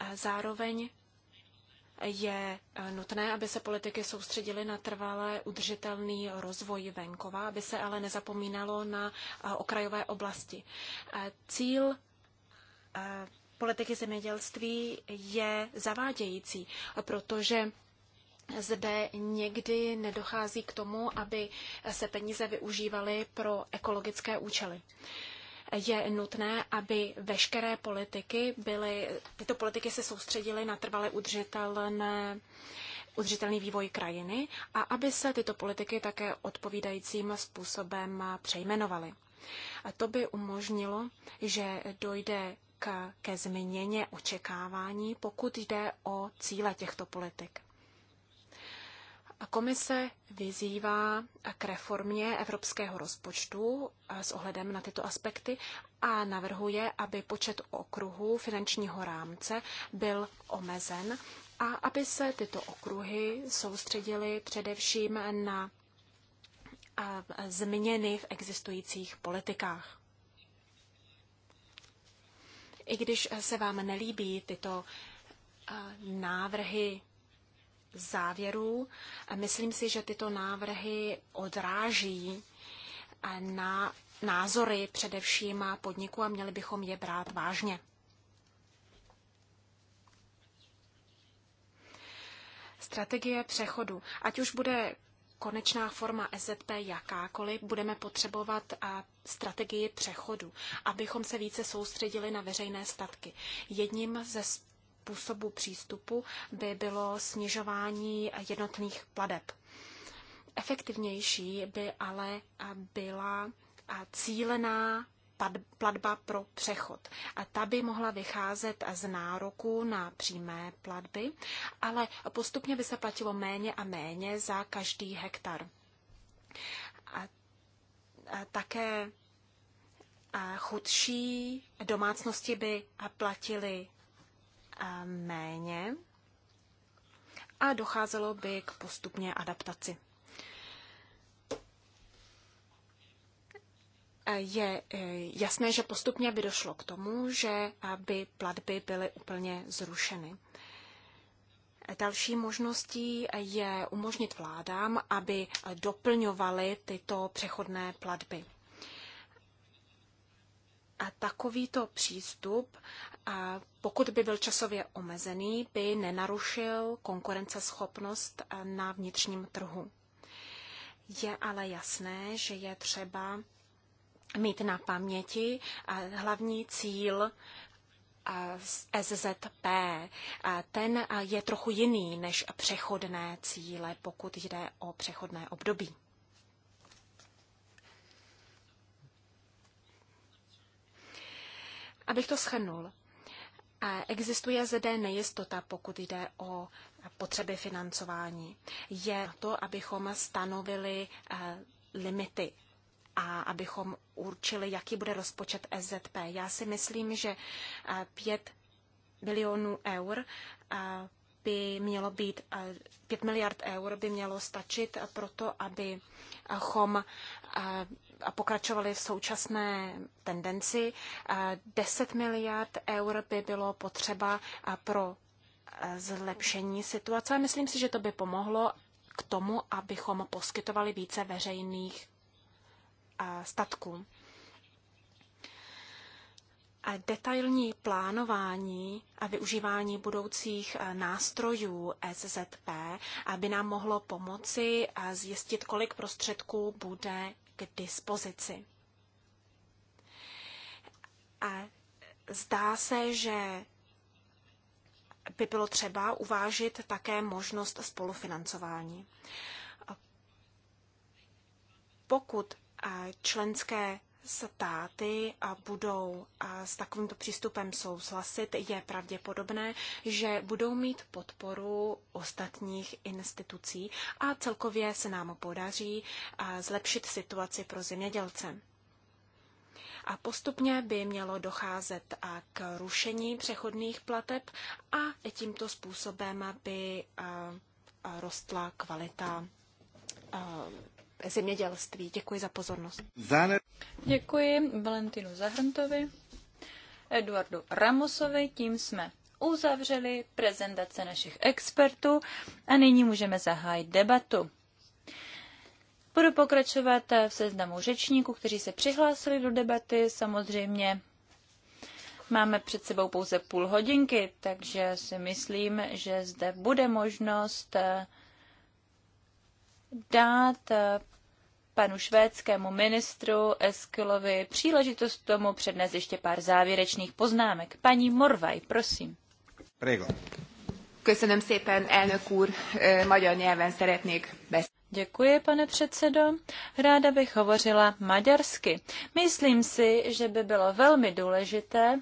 Eh, zároveň je eh, nutné, aby se politiky soustředily na trvalé udržitelný rozvoj venkova, aby se ale nezapomínalo na okrajové oblasti. Cíl politiky zemědělství je zavádějící, protože zde někdy nedochází k tomu, aby se peníze využívaly pro ekologické účely. Je nutné, aby veškeré politiky byly, tyto politiky se soustředily na trvale udržitelné udržitelný vývoj krajiny a aby se tyto politiky také odpovídajícím způsobem přejmenovaly. A to by umožnilo, že dojde k, ke změně očekávání, pokud jde o cíle těchto politik. A komise vyzývá k reformě evropského rozpočtu eh, s ohledem na tyto aspekty a navrhuje, aby počet okruhů finančního rámce byl omezen a aby se tyto okruhy soustředily především na eh, změny v existujících politikách. I když se vám nelíbí tyto eh, návrhy závěrů. Myslím si, že tyto návrhy odráží eh, na názory především podniku a měli bychom je brát vážně. Strategie přechodu. Ať už bude konečná forma SZP jakákoliv, budeme potřebovat a eh, strategii přechodu, abychom se více soustředili na veřejné statky. Jedním ze způsobu přístupu by bylo snižování jednotných pladeb. Efektivnější by ale byla cílená platba pro přechod. A ta by mohla vycházet z nároku na přímé platby, ale postupně by se platilo méně a méně za každý hektar. A, a také a chudší domácnosti by platily méně a docházelo by k postupně adaptaci. Je eh, jasné, že postupně by došlo k tomu, že by platby byly úplně zrušeny. Další možností je umožnit vládám, aby doplňovaly tyto přechodné platby. A takovýto přístup, a pokud by byl časově omezený, by nenarušil konkurenceschopnost na vnitřním trhu. Je ale jasné, že je třeba mít na paměti hlavní cíl SZP. Ten je trochu jiný než přechodné cíle, pokud jde o přechodné období. Abych to schrnul, existuje zde nejistota, pokud jde o potřeby financování. Je to, abychom stanovili eh, limity a abychom určili, jaký bude rozpočet SZP. Já si myslím, že 5 eh, milionů eur eh, by mělo být, 5 miliard eur by mělo stačit pro to, abychom a pokračovali v současné tendenci, 10 miliard eur by bylo potřeba pro zlepšení situace. Myslím si, že to by pomohlo k tomu, abychom poskytovali více veřejných statků. Detailní plánování a využívání budoucích nástrojů SZP by nám mohlo pomoci zjistit, kolik prostředků bude k dispozici. A zdá se, že by bylo třeba uvážit také možnost spolufinancování. Pokud eh, členské státy budou a s takovýmto přístupem souhlasit, je pravděpodobné, že budou mít podporu ostatních institucí a celkově se nám podaří zlepšit situaci pro zemědělce. A postupně by mělo docházet k rušení přechodných plateb a tímto způsobem by rostla kvalita zemědělství. Děkuji za pozornost. Děkuji Valentinu Zahrntovi, Eduardu Ramosovi, tím jsme uzavřeli prezentace našich expertů a nyní můžeme zahájit debatu. Budu pokračovat v seznamu řečníků, kteří se přihlásili do debaty. Samozřejmě máme před sebou pouze půl hodinky, takže si myslím, že zde bude možnost dát eh, panu švédskému ministru Eskilovi příležitost k tomu přednes ještě pár závěrečných poznámek. Paní Morvaj, prosím. Prego. Köszönöm szépen, elnök úr. Eh, magyar nyelven szeretnék beszélni. Děkuji, pane předsedo. Ráda bych hovořila maďarsky. Myslím si, že by bylo velmi důležité,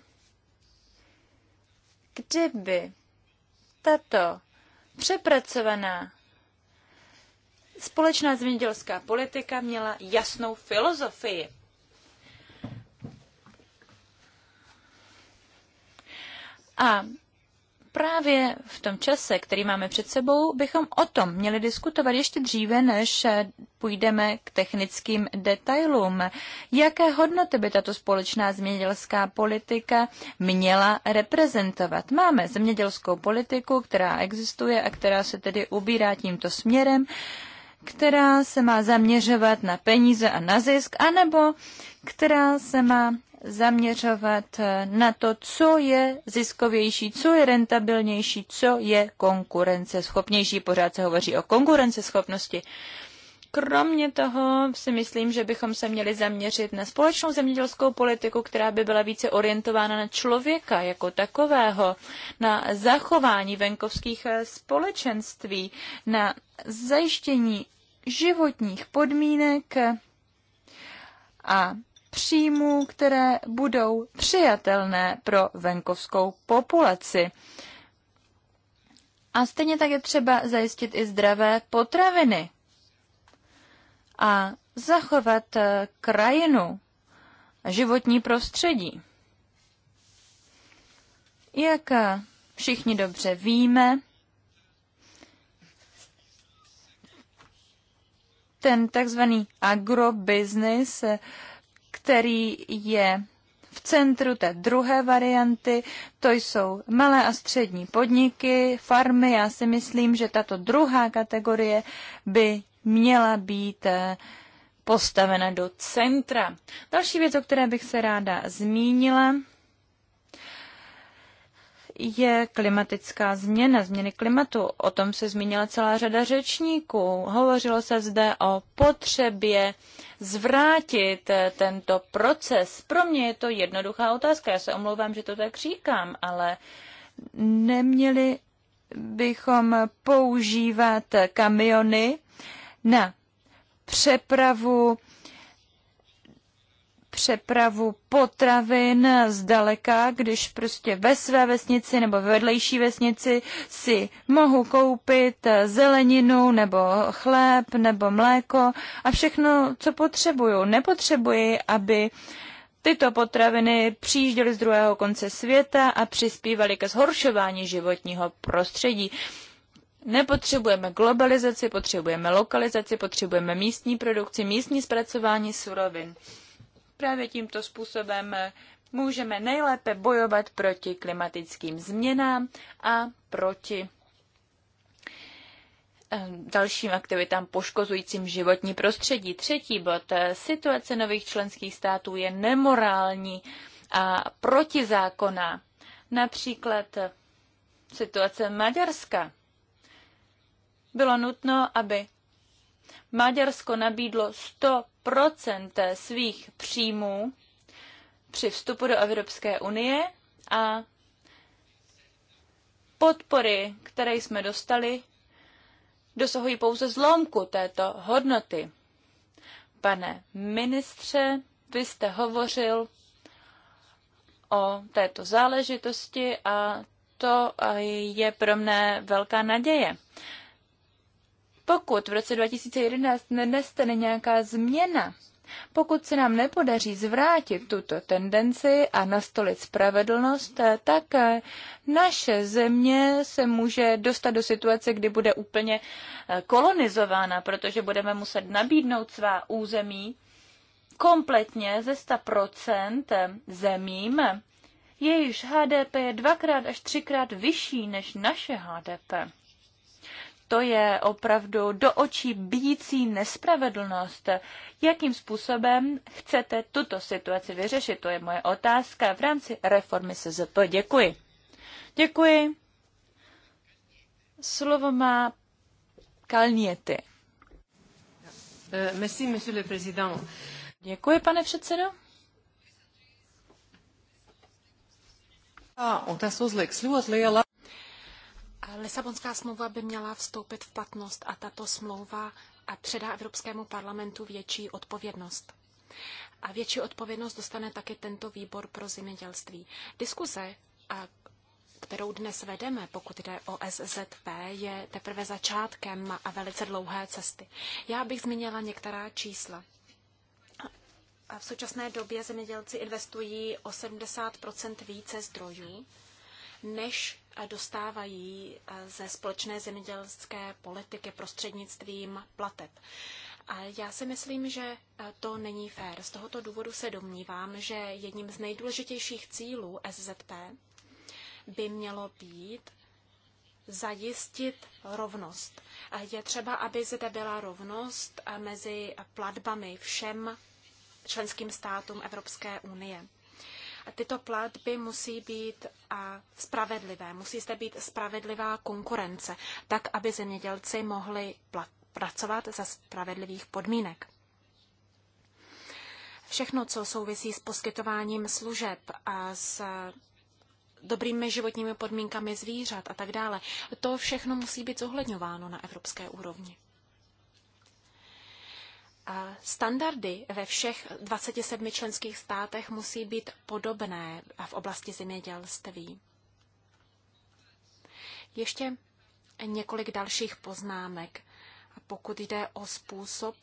kdyby tato přepracovaná Společná zemědělská politika měla jasnou filozofii. A právě v tom čase, který máme před sebou, bychom o tom měli diskutovat ještě dříve, než půjdeme k technickým detailům. Jaké hodnoty by tato společná zemědělská politika měla reprezentovat? Máme zemědělskou politiku, která existuje a která se tedy ubírá tímto směrem která se má zaměřovat na peníze a na zisk, anebo která se má zaměřovat eh, na to, co je ziskovější, co je rentabilnější, co je konkurenceschopnější. Pořád se hovoří o konkurenceschopnosti. Kromě toho si myslím, že bychom se měli zaměřit na společnou zemědělskou politiku, která by byla více orientována na člověka jako takového, na zachování venkovských eh, společenství, na zajištění životních podmínek a příjmů, které budou přijatelné pro venkovskou populaci. A stejně tak je třeba zajistit i zdravé potraviny a zachovat krajinu a životní prostředí. Jak všichni dobře víme, ten takzvaný agrobiznis, který je v centru té druhé varianty, to jsou malé a střední podniky, farmy. Já si myslím, že tato druhá kategorie by měla být eh, postavena do centra. Další věc, o které bych se ráda zmínila, je klimatická změna, změny klimatu. O tom se zmínila celá řada řečníků. Hovořilo se zde o potřebě zvrátit tento proces. Pro mě je to jednoduchá otázka. Já se omlouvám, že to tak říkám, ale neměli bychom používat kamiony na přepravu přepravu potravin zdaleka, když prostě ve své vesnici nebo ve vedlejší vesnici si mohu koupit zeleninu nebo chléb nebo mléko a všechno, co potřebuju. Nepotřebuji, aby tyto potraviny přijížděly z druhého konce světa a přispívaly ke zhoršování životního prostředí. Nepotřebujeme globalizaci, potřebujeme lokalizaci, potřebujeme místní produkci, místní zpracování surovin. Právě tímto způsobem můžeme nejlépe bojovat proti klimatickým změnám a proti eh, dalším aktivitám poškozujícím životní prostředí. Třetí bod. Situace nových členských států je nemorální a protizákonná. Například situace Maďarska. Bylo nutno, aby Maďarsko nabídlo 100 procent svých příjmů při vstupu do Evropské unie a podpory, které jsme dostali, dosahují pouze zlomku této hodnoty. Pane ministře, vy jste hovořil o této záležitosti a to je pro mne velká naděje. Pokud v roce 2011 nedestane nějaká změna, pokud se nám nepodaří zvrátit tuto tendenci a nastolit spravedlnost, tak naše země se může dostat do situace, kdy bude úplně eh, kolonizována, protože budeme muset nabídnout svá území kompletně ze 100% zemím, jejíž HDP je dvakrát až třikrát vyšší než naše HDP to je opravdu do očí bíjící nespravedlnost. Jakým způsobem chcete tuto situaci vyřešit? To je moje otázka v rámci reformy SZP. Děkuji. Děkuji. Slovo má Kalniety. Uh, merci, monsieur le président. Děkuji, pane předsedo. Un ah, on ta Lisabonská smlouva by měla vstoupit v platnost a tato smlouva předá Evropskému parlamentu větší odpovědnost. A větší odpovědnost dostane také tento výbor pro zemědělství. Diskuze, kterou dnes vedeme, pokud jde o SZP, je teprve začátkem a velice dlouhé cesty. Já bych zmínila některá čísla. A v současné době zemědělci investují o 70 více zdrojů, než dostávají eh, ze společné zemědělské politiky prostřednictvím plateb. A já si myslím, že eh, to není fér. Z tohoto důvodu se domnívám, že jedním z nejdůležitějších cílů SZP by mělo být zajistit rovnost. Je třeba, aby zde byla rovnost eh, mezi platbami všem členským státům Evropské unie tyto platby musí být spravedlivé. Musí zde být spravedlivá konkurence, tak aby zemědělci mohli pracovat za spravedlivých podmínek. Všechno, co souvisí s poskytováním služeb a s dobrými životními podmínkami zvířat a tak dále, to všechno musí být zohledňováno na evropské úrovni. Standardy ve všech 27 členských státech musí být podobné v oblasti zemědělství. Ještě několik dalších poznámek, pokud jde o způsob,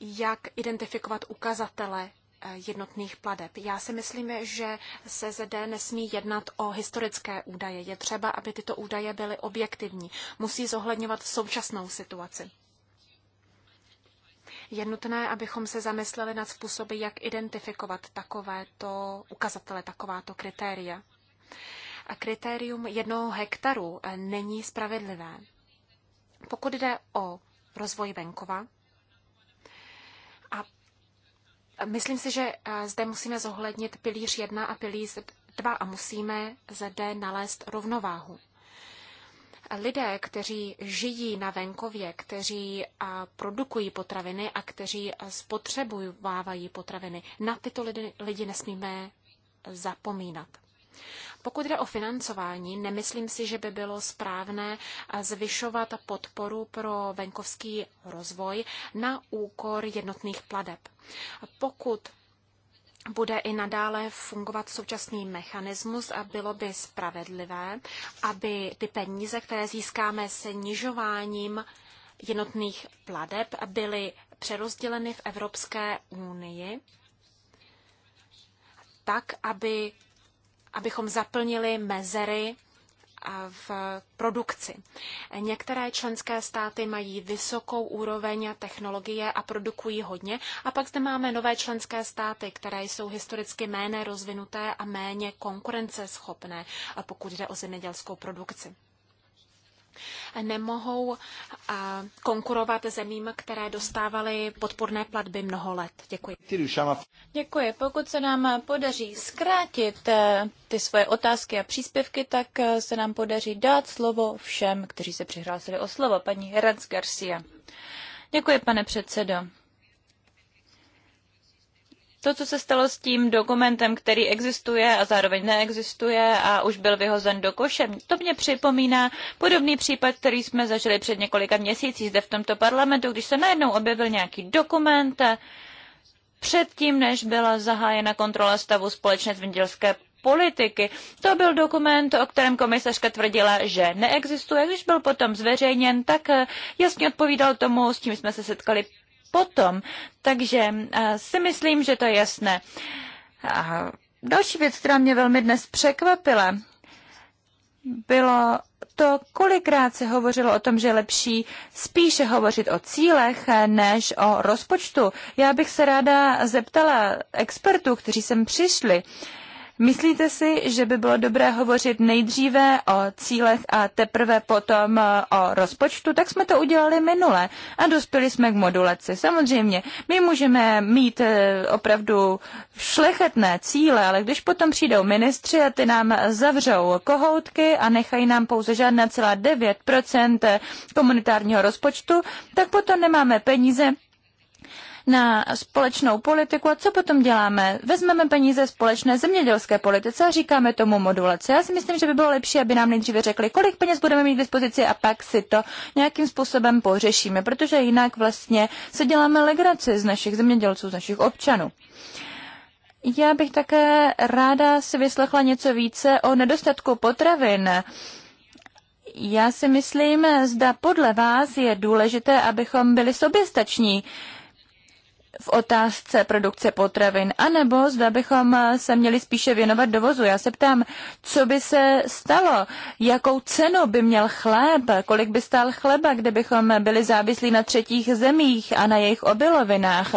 jak identifikovat ukazatele eh, jednotných pladeb. Já si myslím, že se zde nesmí jednat o historické údaje. Je třeba, aby tyto údaje byly objektivní. Musí zohledňovat současnou situaci. Je nutné, abychom se zamysleli nad způsoby, jak identifikovat takovéto ukazatele, takováto kritéria. A kritérium jednoho hektaru eh, není spravedlivé. Pokud jde o rozvoj venkova, a myslím si, že eh, zde musíme zohlednit pilíř 1 a pilíř 2 a musíme zde nalézt rovnováhu lidé, kteří žijí na venkově, kteří produkují potraviny a kteří spotřebovávají potraviny. Na tyto lidi, lidi nesmíme zapomínat. Pokud jde o financování, nemyslím si, že by bylo správné zvyšovat podporu pro venkovský rozvoj na úkor jednotných pladeb. Pokud bude i nadále fungovat současný mechanismus a bylo by spravedlivé, aby ty peníze, které získáme snižováním jednotných pladeb, byly přerozděleny v Evropské unii tak, aby, abychom zaplnili mezery v produkci. Některé členské státy mají vysokou úroveň technologie a produkují hodně a pak zde máme nové členské státy, které jsou historicky méně rozvinuté a méně konkurenceschopné, pokud jde o zemědělskou produkci nemohou konkurovat zemím, které dostávaly podporné platby mnoho let. Děkuji. Děkuji. Pokud se nám podaří zkrátit eh, ty svoje otázky a příspěvky, tak eh, se nám podaří dát slovo všem, kteří se přihlásili o slovo. Paní Herac Garcia. Děkuji, pane předsedo to, co se stalo s tím dokumentem, který existuje a zároveň neexistuje a už byl vyhozen do koše, to mě připomíná podobný případ, který jsme zažili před několika měsíci zde v tomto parlamentu, když se najednou objevil nějaký dokument předtím, než byla zahájena kontrola stavu společné zemědělské politiky. To byl dokument, o kterém komisařka tvrdila, že neexistuje. Když byl potom zveřejněn, tak jasně odpovídal tomu, s čím jsme se setkali potom. Takže eh, si myslím, že to je jasné. A další věc, která mě velmi dnes překvapila, bylo to, kolikrát se hovořilo o tom, že je lepší spíše hovořit o cílech eh, než o rozpočtu. Já bych se ráda zeptala expertů, kteří sem přišli, uh, Myslíte si, že by bylo dobré hovořit nejdříve o cílech a teprve potom e, o rozpočtu? Tak jsme to udělali minule a dospěli jsme k modulaci. Samozřejmě, my můžeme mít e, opravdu šlechetné cíle, ale když potom přijdou ministři a ty nám zavřou kohoutky a nechají nám pouze žádná celá 9 e, komunitárního rozpočtu, tak potom nemáme peníze na společnou politiku a co potom děláme? Vezmeme peníze společné zemědělské politice a říkáme tomu modulace. Já si myslím, že by bylo lepší, aby nám nejdříve řekli, kolik peněz budeme mít k dispozici a pak si to nějakým způsobem pořešíme, protože jinak vlastně se děláme legraci z našich zemědělců, z našich občanů. Já bych také ráda si vyslechla něco více o nedostatku potravin. Já si myslím, zda podle vás je důležité, abychom byli soběstační v otázce produkce potravin, anebo zda bychom se měli spíše věnovat dovozu. Já se ptám, co by se stalo, jakou cenu by měl chléb, kolik by stál chleba, kdybychom byli závislí na třetích zemích a na jejich obilovinách.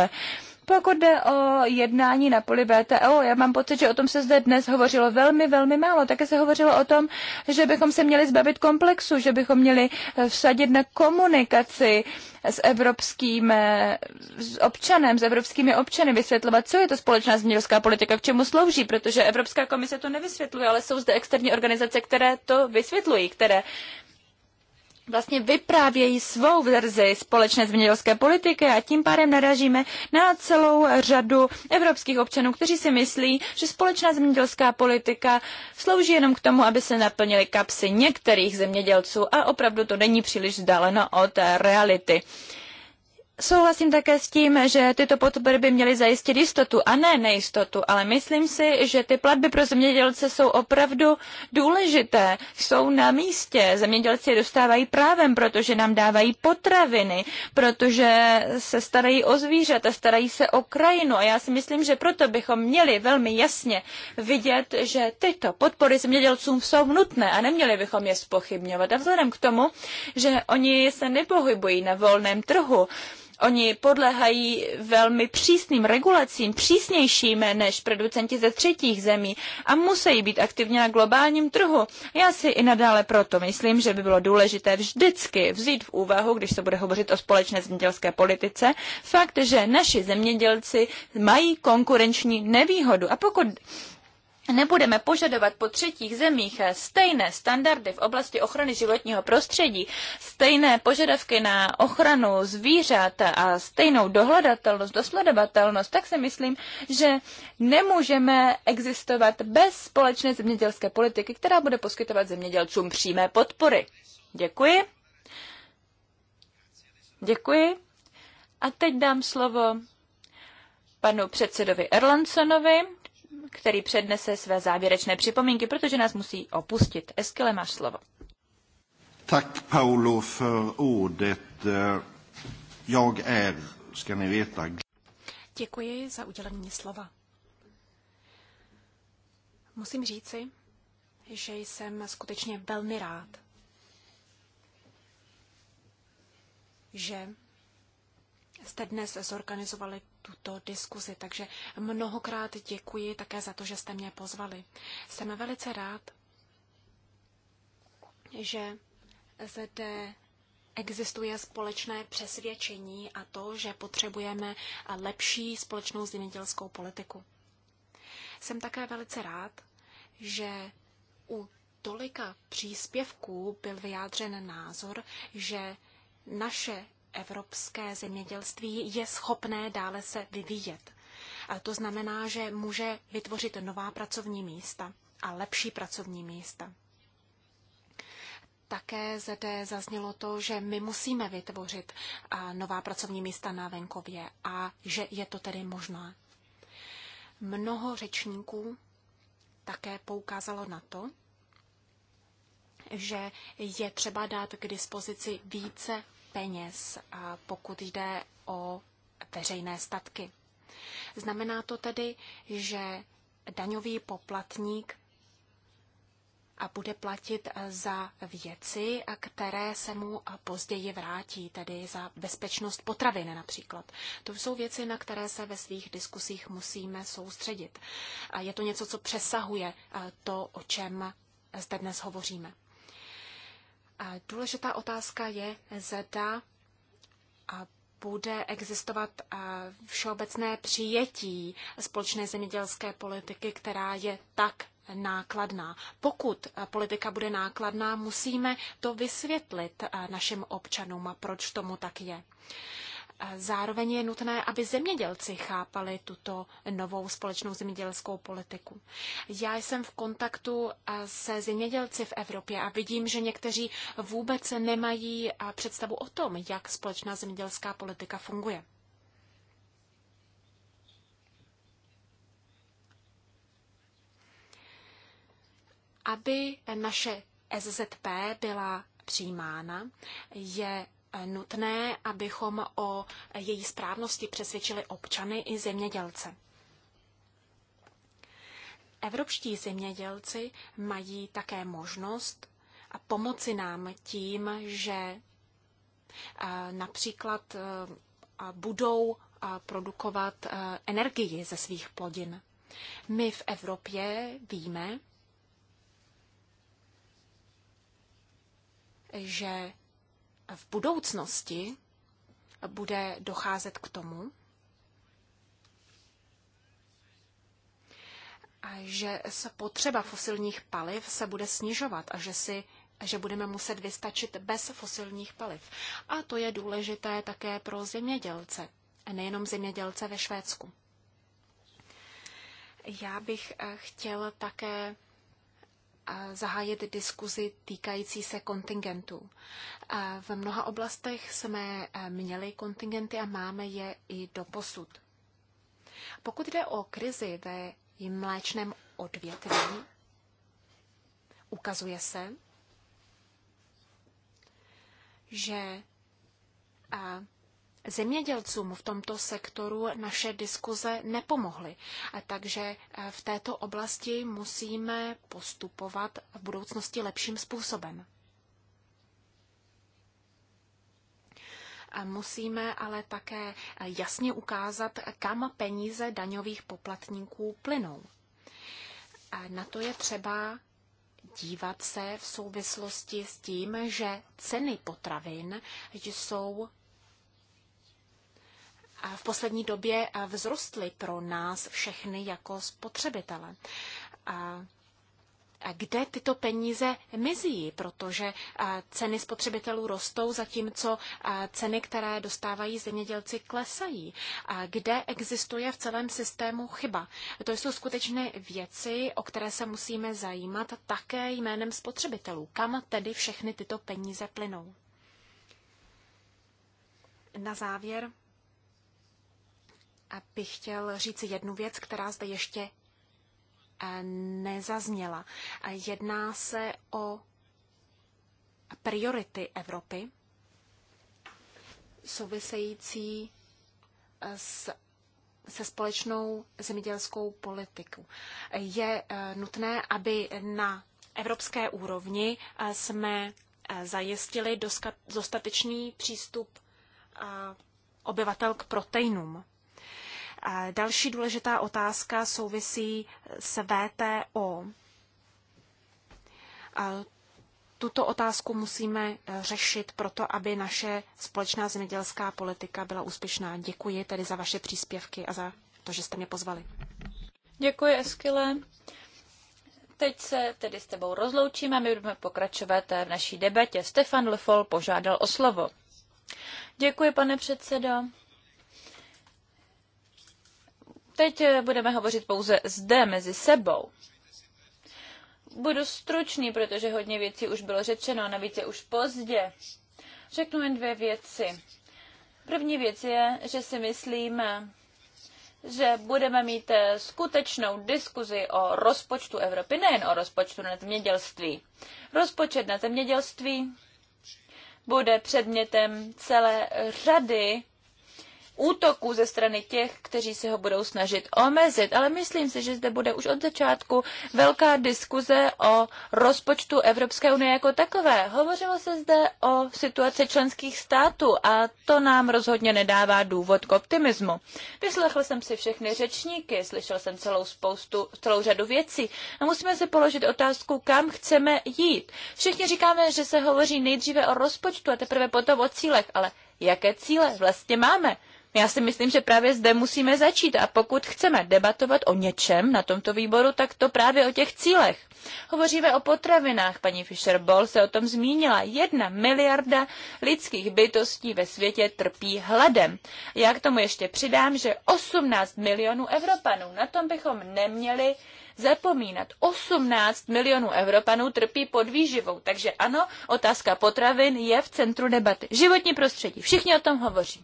Pokud jako jde o jednání na poli VTO, já mám pocit, že o tom se zde dnes hovořilo velmi, velmi málo. Také se hovořilo o tom, že bychom se měli zbavit komplexu, že bychom měli eh, vsadit na komunikaci s evropským eh, s občanem, s evropskými občany, vysvětlovat, co je to společná zemědělská politika, k čemu slouží, protože Evropská komise to nevysvětluje, ale jsou zde externí organizace, které to vysvětlují, které vlastně vyprávějí svou verzi společné zemědělské politiky a tím pádem narážíme na celou řadu evropských občanů, kteří si myslí, že společná zemědělská politika slouží jenom k tomu, aby se naplnily kapsy některých zemědělců a opravdu to není příliš vzdáleno od reality. Souhlasím také s tím, že tyto podpory by měly zajistit jistotu a ne nejistotu, ale myslím si, že ty platby pro zemědělce jsou opravdu důležité, jsou na místě. Zemědělci je dostávají právem, protože nám dávají potraviny, protože se starají o zvířata, starají se o krajinu a já si myslím, že proto bychom měli velmi jasně vidět, že tyto podpory zemědělcům jsou nutné a neměli bychom je spochybňovat. A vzhledem k tomu, že oni se nepohybují na volném trhu, Oni podléhají velmi přísným regulacím, přísnějším než producenti ze třetích zemí a musí být aktivně na globálním trhu. Já si i nadále proto myslím, že by bylo důležité vždycky vzít v úvahu, když se bude hovořit o společné zemědělské politice, fakt, že naši zemědělci mají konkurenční nevýhodu. A pokud nebudeme požadovat po třetích zemích stejné standardy v oblasti ochrany životního prostředí, stejné požadavky na ochranu zvířat a stejnou dohledatelnost, dosledovatelnost, tak si myslím, že nemůžeme existovat bez společné zemědělské politiky, která bude poskytovat zemědělcům přímé podpory. Děkuji. Děkuji. A teď dám slovo panu předsedovi Erlandsonovi který přednese své závěrečné připomínky, protože nás musí opustit. Eskile, máš slovo. Tak, Paulo, för ordet. Jag är, ska ni veta... Děkuji za udělení slova. Musím říci, že jsem skutečně velmi rád, že jste dnes zorganizovali tuto diskuzi. Takže mnohokrát děkuji také za to, že jste mě pozvali. Jsem velice rád, že zde existuje společné přesvědčení a to, že potřebujeme lepší společnou zemědělskou politiku. Jsem také velice rád, že u tolika příspěvků byl vyjádřen názor, že naše evropské zemědělství je schopné dále se vyvíjet. A to znamená, že může vytvořit nová pracovní místa a lepší pracovní místa. Také zde zaznělo to, že my musíme vytvořit nová pracovní místa na venkově a že je to tedy možné. Mnoho řečníků také poukázalo na to, že je třeba dát k dispozici více peněz, pokud jde o veřejné statky. Znamená to tedy, že daňový poplatník a bude platit za věci, které se mu později vrátí, tedy za bezpečnost potravin například. To jsou věci, na které se ve svých diskusích musíme soustředit. Je to něco, co přesahuje to, o čem zde dnes hovoříme. Důležitá otázka je, zda bude existovat všeobecné přijetí společné zemědělské politiky, která je tak nákladná. Pokud politika bude nákladná, musíme to vysvětlit našim občanům, proč tomu tak je. Zároveň je nutné, aby zemědělci chápali tuto novou společnou zemědělskou politiku. Já jsem v kontaktu se zemědělci v Evropě a vidím, že někteří vůbec nemají představu o tom, jak společná zemědělská politika funguje. Aby naše SZP byla přijímána, je nutné, abychom o její správnosti přesvědčili občany i zemědělce. Evropští zemědělci mají také možnost a pomoci nám tím, že například budou produkovat energii ze svých plodin. My v Evropě víme, že v budoucnosti bude docházet k tomu, že potřeba fosilních paliv se bude snižovat a že si že budeme muset vystačit bez fosilních paliv. A to je důležité také pro zemědělce, nejenom zemědělce ve Švédsku. Já bych eh, chtěl také zahájit diskuzi týkající se kontingentů. V mnoha oblastech jsme eh, měli kontingenty a máme je i do posud. Pokud jde o krizi ve mléčném odvětví, ukazuje se, že Zemědělcům v tomto sektoru naše diskuze nepomohly, takže e, v této oblasti musíme postupovat v budoucnosti lepším způsobem. Musíme ale také e, jasně ukázat, kam peníze daňových poplatníků plynou. Na to je třeba dívat se v souvislosti s tím, že ceny potravin jsou v poslední době vzrostly pro nás všechny jako spotřebitele. A kde tyto peníze mizí, protože ceny spotřebitelů rostou, zatímco ceny, které dostávají zemědělci, klesají. A kde existuje v celém systému chyba? To jsou skutečné věci, o které se musíme zajímat také jménem spotřebitelů. Kam tedy všechny tyto peníze plynou? Na závěr bych chtěl říct jednu věc, která zde ještě eh, nezazněla. Eh, jedná se o priority Evropy související eh, s, se společnou zemědělskou politikou. Je nutné, aby na evropské úrovni jsme zajistili dostatečný přístup obyvatel k proteinům. Další důležitá otázka souvisí s VTO. Tuto otázku musíme eh, řešit proto, aby naše společná zemědělská politika byla úspěšná. Děkuji tedy za vaše příspěvky a za to, že jste mě pozvali. Děkuji, Eskile. Teď se tedy s tebou rozloučíme a my budeme pokračovat v naší debatě. Stefan Lefol požádal o slovo. Děkuji, pane předsedo. Teď eh, budeme hovořit pouze zde mezi sebou. Budu stručný, protože hodně věcí už bylo řečeno, navíc je už pozdě. Řeknu jen dvě věci. První věc je, že si myslíme, že budeme mít eh, skutečnou diskuzi o rozpočtu Evropy, nejen o rozpočtu na zemědělství. Rozpočet na zemědělství bude předmětem celé řady útoků ze strany těch, kteří se ho budou snažit omezit. Ale myslím si, že zde bude už od začátku velká diskuze o rozpočtu Evropské unie jako takové. Hovořilo se zde o situaci členských států a to nám rozhodně nedává důvod k optimismu. Vyslechl jsem si všechny řečníky, slyšel jsem celou spoustu, celou řadu věcí a musíme si položit otázku, kam chceme jít. Všichni říkáme, že se hovoří nejdříve o rozpočtu a teprve potom o cílech, ale jaké cíle vlastně máme? Já si myslím, že právě zde musíme začít a pokud chceme debatovat o něčem na tomto výboru, tak to právě o těch cílech. Hovoříme o potravinách, paní fischer Ball se o tom zmínila. Jedna miliarda lidských bytostí ve světě trpí hladem. Já k tomu ještě přidám, že 18 milionů Evropanů, na tom bychom neměli zapomínat. 18 milionů Evropanů trpí podvýživou, takže ano, otázka potravin je v centru debaty. Životní prostředí, všichni o tom hovoří.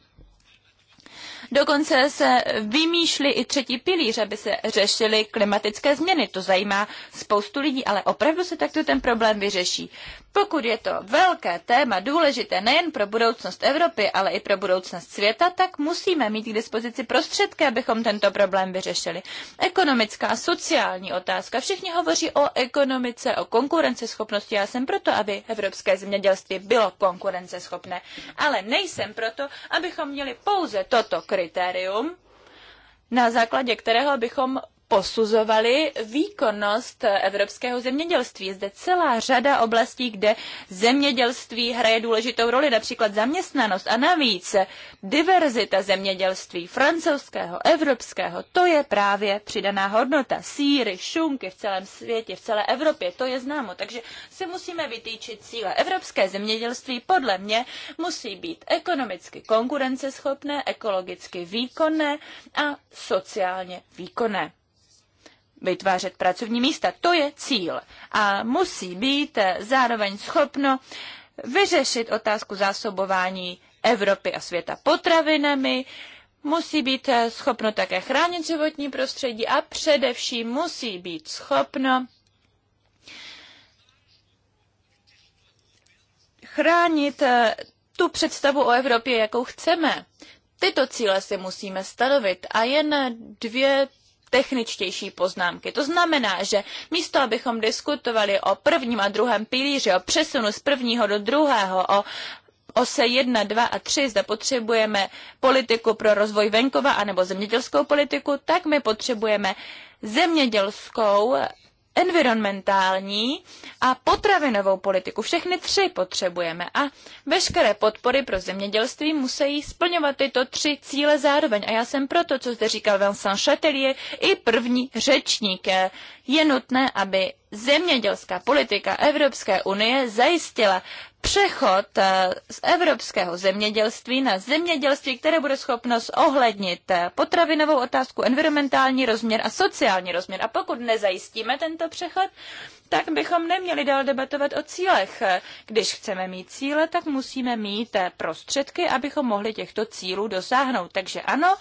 Dokonce se vymýšlí i třetí pilíř, aby se řešily klimatické změny. To zajímá spoustu lidí, ale opravdu se takto ten problém vyřeší. Pokud je to velké téma, důležité nejen pro budoucnost Evropy, ale i pro budoucnost světa, tak musíme mít k dispozici prostředky, abychom tento problém vyřešili. Ekonomická, sociální otázka. Všichni hovoří o ekonomice, o konkurenceschopnosti. Já jsem proto, aby evropské zemědělství bylo konkurenceschopné. Ale nejsem proto, abychom měli pouze toto kritérium, na základě kterého bychom posuzovali výkonnost evropského zemědělství. Zde celá řada oblastí, kde zemědělství hraje důležitou roli, například zaměstnanost a navíc diverzita zemědělství francouzského, evropského, to je právě přidaná hodnota. Síry, šunky v celém světě, v celé Evropě, to je známo. Takže si musíme vytýčit cíle. Evropské zemědělství podle mě musí být ekonomicky konkurenceschopné, ekologicky výkonné a sociálně výkonné vytvářet pracovní místa. To je cíl. A musí být zároveň schopno vyřešit otázku zásobování Evropy a světa potravinami, musí být schopno také chránit životní prostředí a především musí být schopno chránit eh, tu představu o Evropě, jakou chceme. Tyto cíle si musíme stanovit a jen dvě, techničtější poznámky. To znamená, že místo, abychom diskutovali o prvním a druhém pilíři, o přesunu z prvního do druhého, o ose 1, 2 a 3, zda potřebujeme politiku pro rozvoj venkova anebo zemědělskou politiku, tak my potřebujeme zemědělskou environmentální a potravinovou politiku. Všechny tři potřebujeme a veškeré podpory pro zemědělství musí splňovat tyto tři cíle zároveň. A já jsem proto, co zde říkal Vincent Chatelier, i první řečník. Je nutné, aby zemědělská politika Evropské unie zajistila přechod eh, z evropského zemědělství na zemědělství, které bude schopno zohlednit eh, potravinovou otázku, environmentální rozměr a sociální rozměr. A pokud nezajistíme tento přechod, tak bychom neměli dál debatovat o cílech. Když chceme mít cíle, tak musíme mít eh, prostředky, abychom mohli těchto cílů dosáhnout. Takže ano,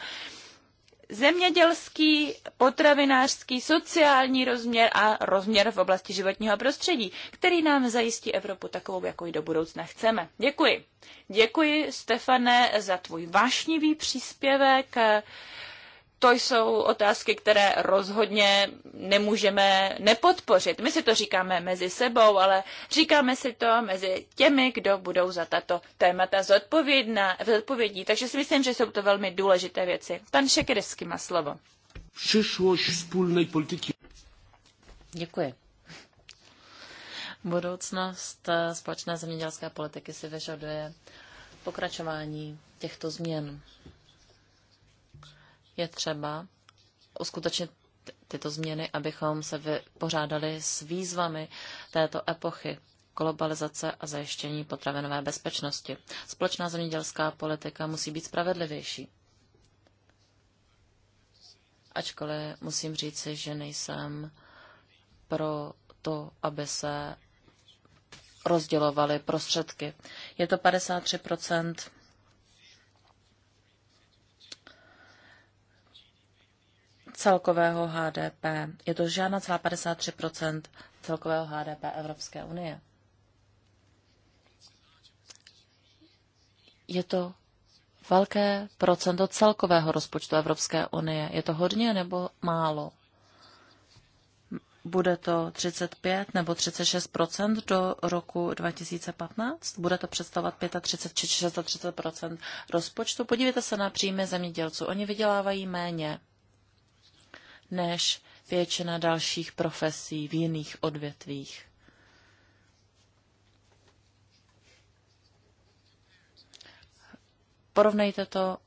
zemědělský, potravinářský, sociální rozměr a rozměr v oblasti životního prostředí, který nám zajistí Evropu takovou, jakou ji do budoucna chceme. Děkuji. Děkuji, Stefane, za tvůj vášnivý příspěvek to jsou otázky, které rozhodně nemůžeme nepodpořit. My si to říkáme mezi sebou, ale říkáme si to mezi těmi, kdo budou za tato témata zodpovědní. Takže si myslím, že jsou to velmi důležité věci. Pan Šekeresky má slovo. politiky. Děkuji. Budoucnost společné zemědělské politiky si vyžaduje pokračování těchto změn je třeba uskutečnit tyto změny, abychom se vypořádali s výzvami této epochy globalizace a zajištění potravinové bezpečnosti. Společná zemědělská politika musí být spravedlivější. Ačkoliv musím říci, že nejsem pro to, aby se rozdělovaly prostředky. Je to 53 celkového HDP. Je to žádná celá 53 celkového HDP Evropské unie. Je to velké procento celkového rozpočtu Evropské unie. Je to hodně nebo málo? Bude to 35 nebo 36 do roku 2015? Bude to představovat 35 či 36 rozpočtu? Podívejte se na příjmy zemědělců. Oni vydělávají méně než většina dalších profesí v jiných odvětvích. Porovnejte to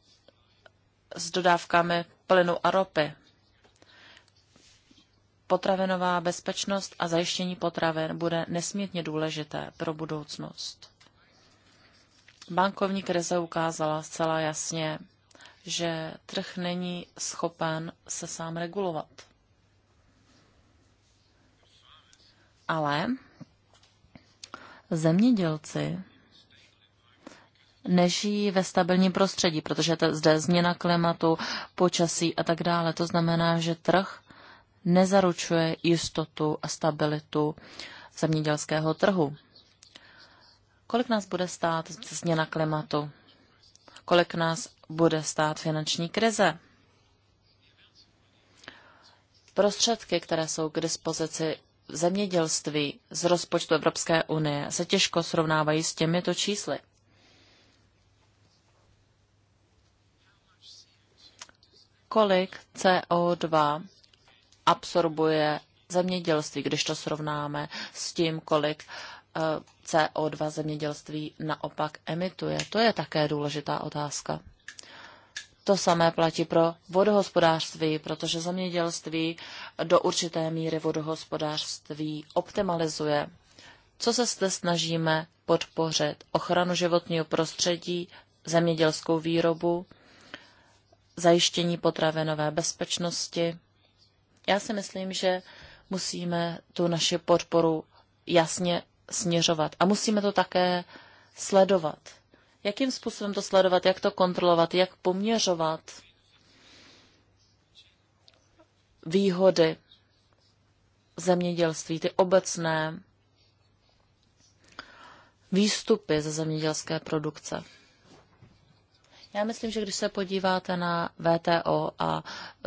s dodávkami plynu a ropy. Potravinová bezpečnost a zajištění potravin bude nesmírně důležité pro budoucnost. Bankovní krize ukázala zcela jasně, že trh není schopen se sám regulovat. Ale zemědělci nežijí ve stabilním prostředí, protože je zde změna klimatu, počasí a tak dále. To znamená, že trh nezaručuje jistotu a stabilitu zemědělského trhu. Kolik nás bude stát změna klimatu? kolik nás bude stát finanční krize. Prostředky, které jsou k dispozici v zemědělství z rozpočtu Evropské unie, se těžko srovnávají s těmito čísly. Kolik CO2 absorbuje zemědělství, když to srovnáme s tím, kolik uh, CO2 zemědělství naopak emituje? To je také důležitá otázka. To samé platí pro vodohospodářství, protože zemědělství do určité míry vodohospodářství optimalizuje. Co se zde snažíme podpořit? Ochranu životního prostředí, zemědělskou výrobu, zajištění potravinové bezpečnosti. Já si myslím, že musíme tu naši podporu jasně směřovat. A musíme to také sledovat. Jakým způsobem to sledovat, jak to kontrolovat, jak poměřovat výhody zemědělství, ty obecné výstupy ze zemědělské produkce. Já myslím, že když se podíváte na VTO a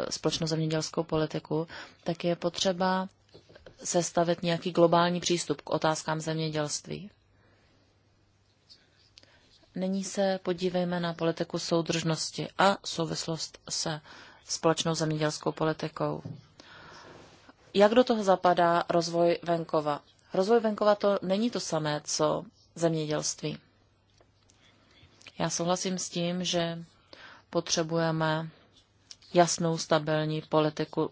e, společnou zemědělskou politiku, tak je potřeba sestavit nějaký globální přístup k otázkám zemědělství. Nyní se podívejme na politiku soudržnosti a souvislost se společnou zemědělskou politikou. Jak do toho zapadá rozvoj venkova? Rozvoj venkova to není to samé, co zemědělství. Já souhlasím s tím, že potřebujeme jasnou, stabilní politiku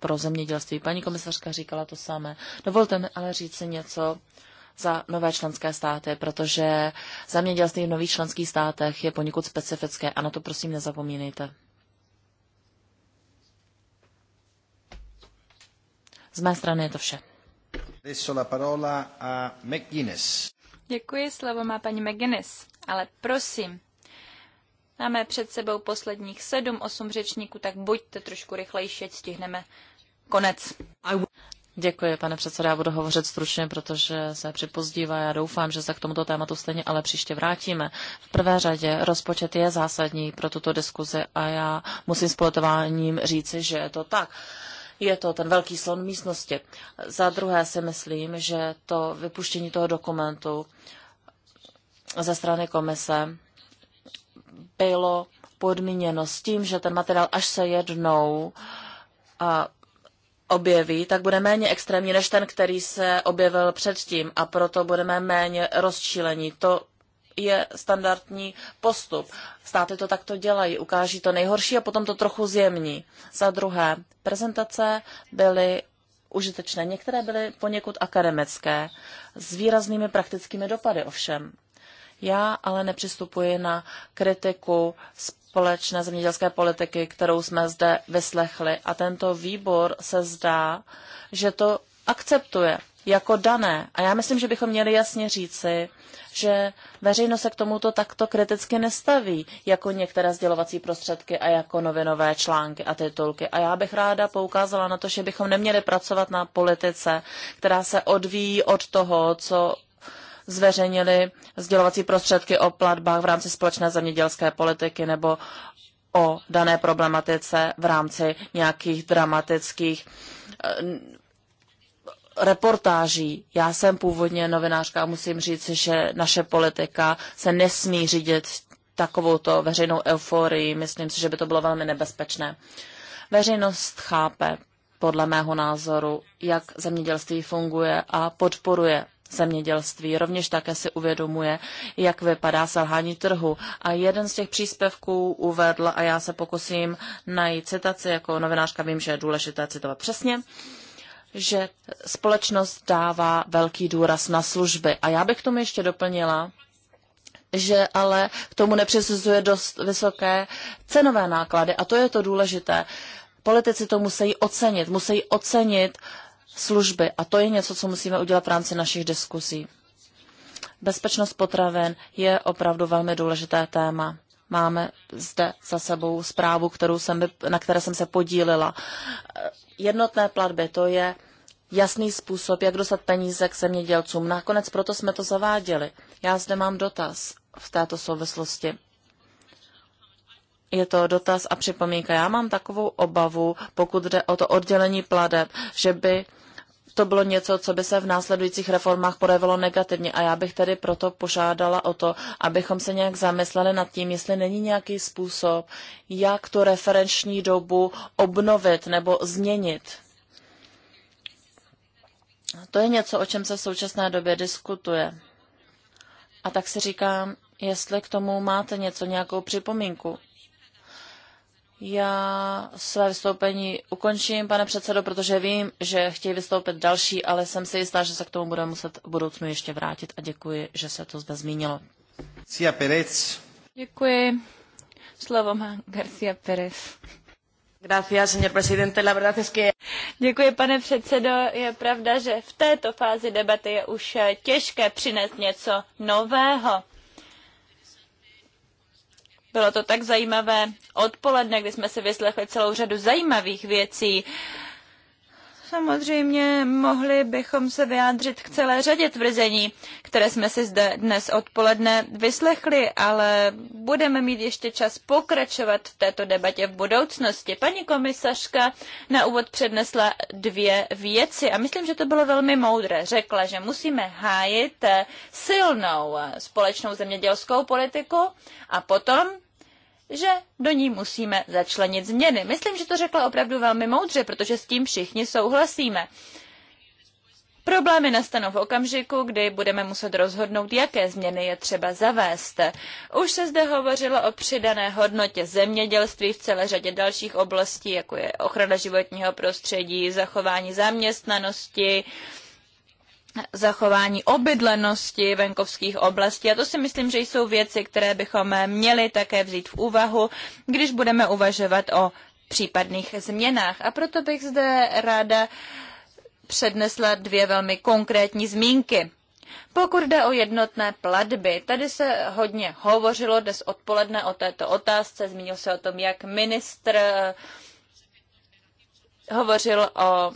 pro zemědělství. Paní komisařka říkala to samé. Dovolte mi ale říct si něco za nové členské státy, protože zemědělství v nových členských státech je poněkud specifické a na to prosím nezapomínejte. Z mé strany je to vše. Děkuji, slovo má paní McGuinness, ale prosím, máme před sebou posledních sedm, osm řečníků, tak buďte trošku rychlejší, ať stihneme Konec. Děkuji, pane předsedo. Já budu hovořit stručně, protože se připozdívá. Já doufám, že se k tomuto tématu stejně ale příště vrátíme. V prvé řadě rozpočet je zásadní pro tuto diskuzi a já musím s politováním říci, že je to tak. Je to ten velký slon místnosti. Za druhé si myslím, že to vypuštění toho dokumentu ze strany komise bylo podmíněno s tím, že ten materiál až se jednou a objeví, tak bude méně extrémní než ten, který se objevil předtím a proto budeme méně rozčílení. To je standardní postup. Státy to takto dělají, ukáží to nejhorší a potom to trochu zjemní. Za druhé, prezentace byly užitečné, některé byly poněkud akademické, s výraznými praktickými dopady ovšem. Já ale nepřistupuji na kritiku z společné zemědělské politiky, kterou jsme zde vyslechli. A tento výbor se zdá, že to akceptuje jako dané. A já myslím, že bychom měli jasně říci, že veřejnost se k tomuto takto kriticky nestaví, jako některé sdělovací prostředky a jako novinové články a titulky. A já bych ráda poukázala na to, že bychom neměli pracovat na politice, která se odvíjí od toho, co zveřejnili sdělovací prostředky o platbách v rámci společné zemědělské politiky nebo o dané problematice v rámci nějakých dramatických eh, reportáží. Já jsem původně novinářka a musím říct, že naše politika se nesmí řídit takovouto veřejnou euforii. Myslím si, že by to bylo velmi nebezpečné. Veřejnost chápe, podle mého názoru, jak zemědělství funguje a podporuje zemědělství. Rovněž také si uvědomuje, jak vypadá selhání trhu. A jeden z těch příspěvků uvedl, a já se pokusím najít citaci, jako novinářka vím, že je důležité citovat přesně, že společnost dává velký důraz na služby. A já bych k tomu ještě doplnila, že ale k tomu nepřisuzuje dost vysoké cenové náklady. A to je to důležité. Politici to musí ocenit. Musí ocenit uh, služby. A to je něco, co musíme udělat v rámci našich diskuzí. Bezpečnost potravin je opravdu velmi důležité téma. Máme zde za sebou zprávu, kterou jsem, na které jsem se podílila. Jednotné platby, to je jasný způsob, jak dostat peníze k zemědělcům. Nakonec proto jsme to zaváděli. Já zde mám dotaz v této souvislosti. Je to dotaz a připomínka. Já mám takovou obavu, pokud jde o to oddělení pladeb, že by to bylo něco, co by se v následujících reformách projevilo negativně a já bych tedy proto požádala o to, abychom se nějak zamysleli nad tím, jestli není nějaký způsob, jak tu referenční dobu obnovit nebo změnit. To je něco, o čem se v současné době diskutuje. A tak si říkám, jestli k tomu máte něco, nějakou připomínku. Já své vystoupení ukončím, pane předsedo, protože vím, že chtějí vystoupit další, ale jsem si jistá, že se k tomu budeme muset v budoucnu ještě vrátit a děkuji, že se to zde zmínilo. Cia Perez. Děkuji. Slovo má Garcia Perez. Gracias, señor presidente. La verdad es que... Děkuji, pane předsedo. Je pravda, že v této fázi debaty je už těžké přinést něco nového bylo to tak zajímavé odpoledne, kdy jsme si vyslechli celou řadu zajímavých věcí. Samozřejmě mohli bychom se vyjádřit k celé řadě tvrzení, které jsme si zde dnes odpoledne vyslechli, ale budeme mít ještě čas pokračovat v této debatě v budoucnosti. Paní komisařka na úvod přednesla dvě věci a myslím, že to bylo velmi moudré. Řekla, že musíme hájit silnou společnou zemědělskou politiku a potom že do ní musíme začlenit změny. Myslím, že to řekla opravdu velmi moudře, protože s tím všichni souhlasíme. Problémy nastanou v okamžiku, kdy budeme muset rozhodnout, jaké změny je třeba zavést. Už se zde hovořilo o přidané hodnotě zemědělství v celé řadě dalších oblastí, jako je ochrana životního prostředí, zachování zaměstnanosti, zachování obydlenosti venkovských oblastí. A to si myslím, že jsou věci, které bychom měli také vzít v úvahu, když budeme uvažovat o případných změnách. A proto bych zde ráda přednesla dvě velmi konkrétní zmínky. Pokud jde o jednotné platby, tady se hodně hovořilo dnes odpoledne o této otázce, zmínil se o tom, jak ministr hovořil o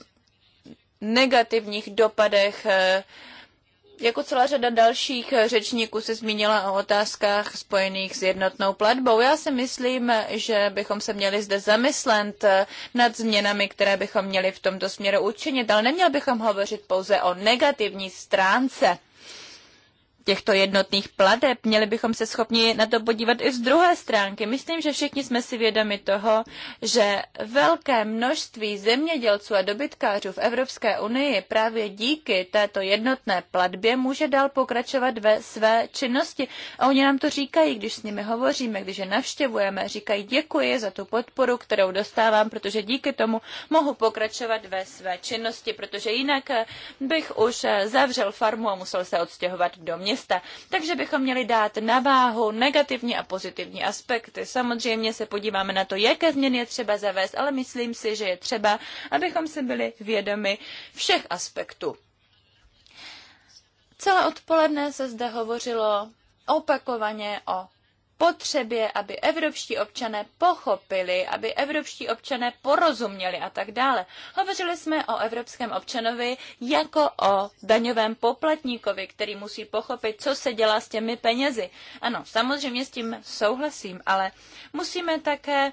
negativních dopadech. Eh, jako celá řada dalších eh, řečníků se zmínila o otázkách spojených s jednotnou platbou. Já si myslím, že bychom se měli zde zamyslet eh, nad změnami, které bychom měli v tomto směru učinit, ale neměl bychom hovořit pouze o negativní stránce těchto jednotných plateb. Měli bychom se schopni na to podívat i z druhé stránky. Myslím, že všichni jsme si vědomi toho, že velké množství zemědělců a dobytkářů v Evropské unii právě díky této jednotné platbě může dál pokračovat ve své činnosti. A oni nám to říkají, když s nimi hovoříme, když je navštěvujeme, říkají děkuji za tu podporu, kterou dostávám, protože díky tomu mohu pokračovat ve své činnosti, protože jinak bych už eh, zavřel farmu a musel se odstěhovat do města města. Takže bychom měli dát na váhu negativní a pozitivní aspekty. Samozřejmě se podíváme na to, jaké změny je třeba zavést, ale myslím si, že je třeba, abychom si byli vědomi všech aspektů. Celé odpoledne se zde hovořilo opakovaně o potřebě, aby evropští občané pochopili, aby evropští občané porozuměli a tak dále. Hovořili jsme o evropském občanovi jako o daňovém poplatníkovi, který musí pochopit, co se dělá s těmi penězi. Ano, samozřejmě s tím souhlasím, ale musíme také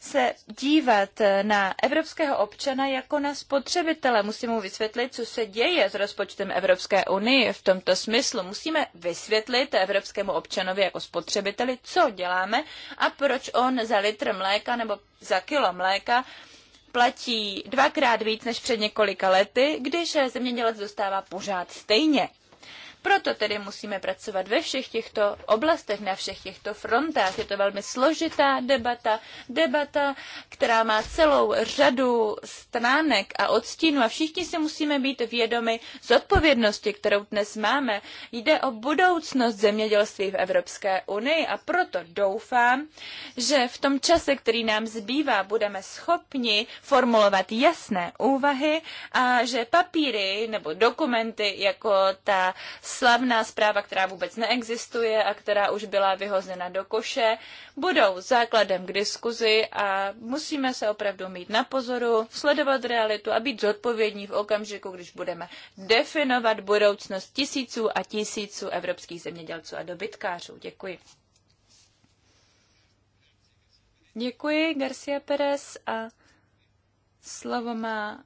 se dívat na evropského občana jako na spotřebitele. Musíme mu vysvětlit, co se děje s rozpočtem Evropské unie v tomto smyslu. Musíme vysvětlit evropskému občanovi jako spotřebiteli, co děláme a proč on za litr mléka nebo za kilo mléka platí dvakrát víc než před několika lety, když zemědělec dostává pořád stejně. Proto tedy musíme pracovat ve všech těchto oblastech, na všech těchto frontách. Je to velmi složitá debata, debata, která má celou řadu stránek a odstínů a všichni si musíme být vědomi z odpovědnosti, kterou dnes máme. Jde o budoucnost zemědělství v Evropské unii a proto doufám, že v tom čase, který nám zbývá, budeme schopni formulovat jasné úvahy a že papíry nebo dokumenty jako ta slavná zpráva, která vůbec neexistuje a která už byla vyhozena do koše, budou základem k diskuzi a musíme se opravdu mít na pozoru, sledovat realitu a být zodpovědní v okamžiku, když budeme definovat budoucnost tisíců a tisíců evropských zemědělců a dobytkářů. Děkuji. Děkuji, Garcia Perez, a slovo má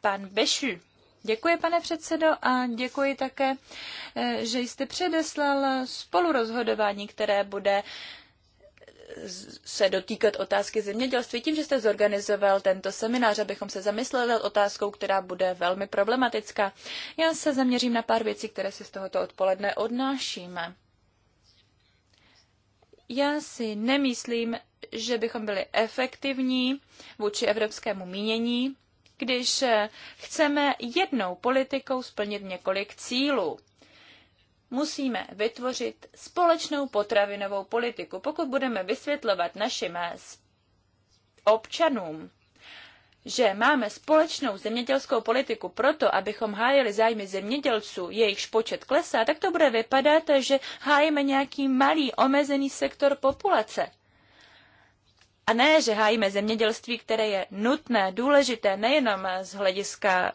pan Bešu. Děkuji, pane předsedo, a děkuji také, eh, že jste předeslal spolurozhodování, které bude eh, se dotýkat otázky zemědělství tím, že jste zorganizoval tento seminář, abychom se zamysleli nad otázkou, která bude velmi problematická. Já se zaměřím na pár věcí, které si z tohoto odpoledne odnášíme. Já si nemyslím, že bychom byli efektivní vůči evropskému mínění, když chceme jednou politikou splnit několik cílů. Musíme vytvořit společnou potravinovou politiku. Pokud budeme vysvětlovat našim občanům, že máme společnou zemědělskou politiku proto, abychom hájili zájmy zemědělců, jejichž počet klesá, tak to bude vypadat, že hájíme nějaký malý omezený sektor populace. A ne, že hájíme zemědělství, které je nutné, důležité nejenom z hlediska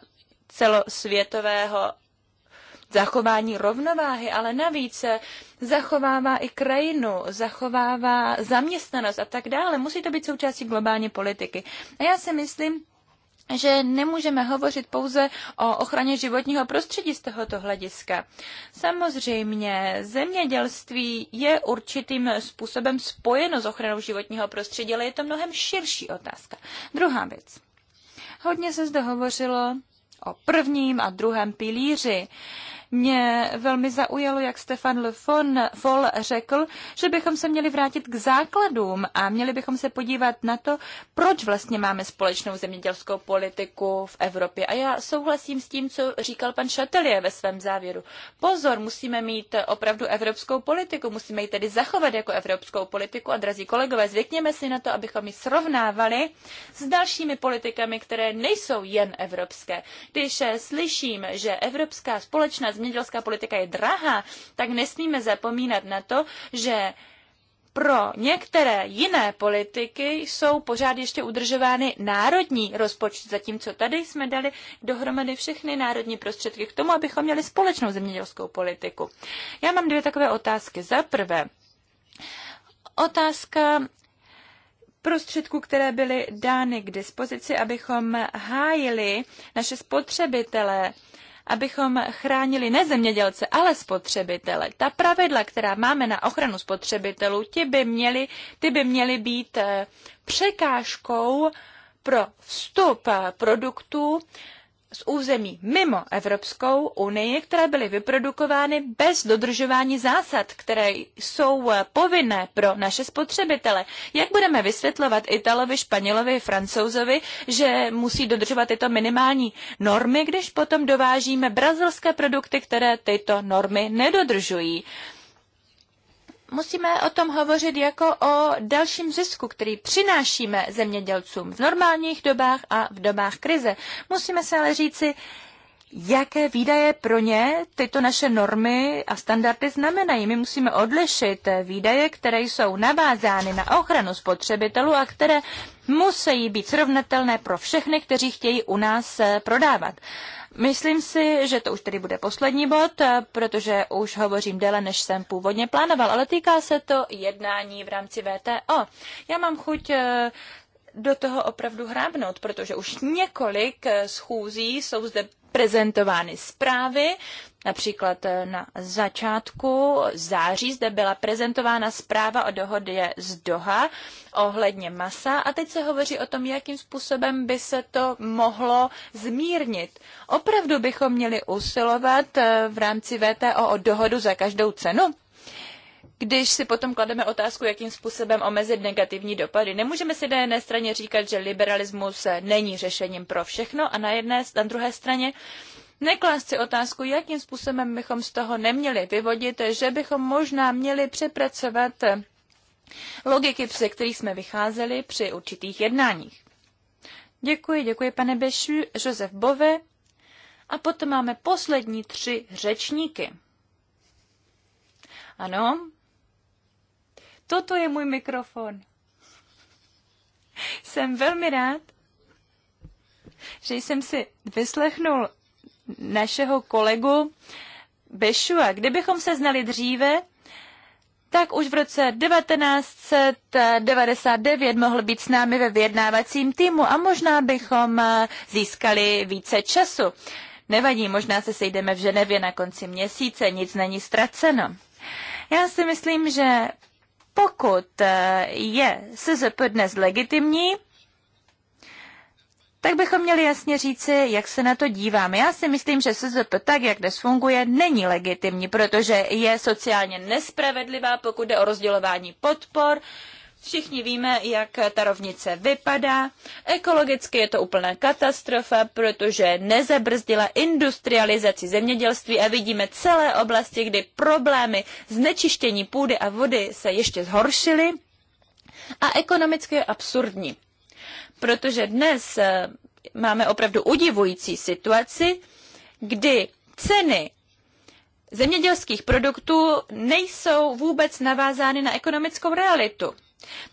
celosvětového zachování rovnováhy, ale navíc zachovává i krajinu, zachovává zaměstnanost a tak dále. Musí to být součástí globální politiky. A já si myslím, že nemůžeme hovořit pouze o ochraně životního prostředí z tohoto hlediska. Samozřejmě, zemědělství je určitým způsobem spojeno s ochranou životního prostředí, ale je to mnohem širší otázka. Druhá věc. Hodně se zde hovořilo o prvním a druhém pilíři. Mě velmi zaujalo, jak Stefan Le Foll řekl, že bychom se měli vrátit k základům a měli bychom se podívat na to, proč vlastně máme společnou zemědělskou politiku v Evropě. A já souhlasím s tím, co říkal pan Chatelier ve svém závěru. Pozor, musíme mít opravdu evropskou politiku, musíme ji tedy zachovat jako evropskou politiku a drazí kolegové, zvykněme si na to, abychom ji srovnávali s dalšími politikami, které nejsou jen evropské. Když slyším, že evropská společná zemědělská zemědělská politika je drahá, tak nesmíme zapomínat na to, že pro některé jiné politiky jsou pořád ještě udržovány národní rozpočty, zatímco tady jsme dali dohromady všechny národní prostředky k tomu, abychom měli společnou zemědělskou politiku. Já mám dvě takové otázky. Za prvé, otázka prostředků, které byly dány k dispozici, abychom hájili naše spotřebitele abychom chránili ne zemědělce, ale spotřebitele. Ta pravidla, která máme na ochranu spotřebitelů, ty by měly, ty by měly být eh, překážkou pro vstup eh, produktů z území mimo Evropskou unii, které byly vyprodukovány bez dodržování zásad, které jsou eh, povinné pro naše spotřebitele. Jak budeme vysvětlovat Italovi, Španělovi, Francouzovi, že musí dodržovat tyto minimální normy, když potom dovážíme brazilské produkty, které tyto normy nedodržují? musíme o tom hovořit jako o dalším zisku, který přinášíme zemědělcům v normálních dobách a v dobách krize. Musíme se ale říci, jaké výdaje pro ně tyto naše normy a standardy znamenají. My musíme odlišit výdaje, které jsou navázány na ochranu spotřebitelů a které musí být srovnatelné pro všechny, kteří chtějí u nás eh, prodávat. Myslím si, že to už tedy bude poslední bod, eh, protože už hovořím déle, než jsem původně plánoval, ale týká se to jednání v rámci VTO. Já mám chuť eh, do toho opravdu hrábnout, protože už několik schůzí jsou zde prezentovány zprávy, Například eh, na začátku září zde byla prezentována zpráva o dohodě z Doha ohledně masa a teď se hovoří o tom, jakým způsobem by se to mohlo zmírnit. Opravdu bychom měli usilovat eh, v rámci VTO o dohodu za každou cenu? když si potom klademe otázku, jakým způsobem omezit negativní dopady. Nemůžeme si na jedné straně říkat, že liberalismus není řešením pro všechno a na, jedné, na druhé straně neklást si otázku, jakým způsobem bychom z toho neměli vyvodit, že bychom možná měli přepracovat logiky, ze kterých jsme vycházeli při určitých jednáních. Děkuji, děkuji pane Bešu, Josef Bove. A potom máme poslední tři řečníky. Ano, Toto je můj mikrofon. Jsem velmi rád, že jsem si vyslechnul našeho kolegu Bešua. Kdybychom se znali dříve, tak už v roce 1999 mohl být s námi ve vyjednávacím týmu a možná bychom eh, získali více času. Nevadí, možná se sejdeme v Ženevě na konci měsíce, nic není ztraceno. Já si myslím, že pokud eh, je SZP dnes legitimní, tak bychom měli jasně říci, jak se na to díváme. Já si myslím, že SZP tak, jak dnes funguje, není legitimní, protože je sociálně nespravedlivá, pokud jde o rozdělování podpor, Všichni víme, jak ta rovnice vypadá. Ekologicky je to úplná katastrofa, protože nezabrzdila industrializaci zemědělství a vidíme celé oblasti, kdy problémy znečištění půdy a vody se ještě zhoršily. A ekonomicky je absurdní, protože dnes eh, máme opravdu udivující situaci, kdy ceny zemědělských produktů nejsou vůbec navázány na ekonomickou realitu.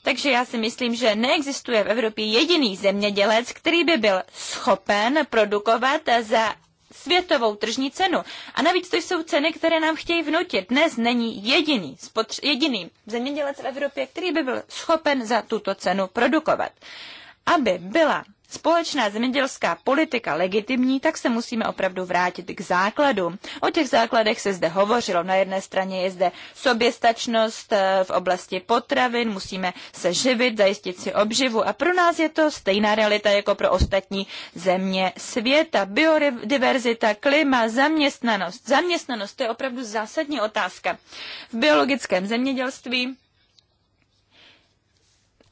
Takže já si myslím, že neexistuje v Evropě jediný zemědělec, který by byl schopen produkovat za světovou tržní cenu. A navíc to jsou ceny, které nám chtějí vnutit. Dnes není jediný, spotř- jediný zemědělec v Evropě, který by byl schopen za tuto cenu produkovat. Aby byla společná zemědělská politika legitimní, tak se musíme opravdu vrátit k základu. O těch základech se zde hovořilo. Na jedné straně je zde soběstačnost eh, v oblasti potravin, musíme se živit, zajistit si obživu a pro nás je to stejná realita jako pro ostatní země světa. Biodiverzita, klima, zaměstnanost. Zaměstnanost to je opravdu zásadní otázka. V biologickém zemědělství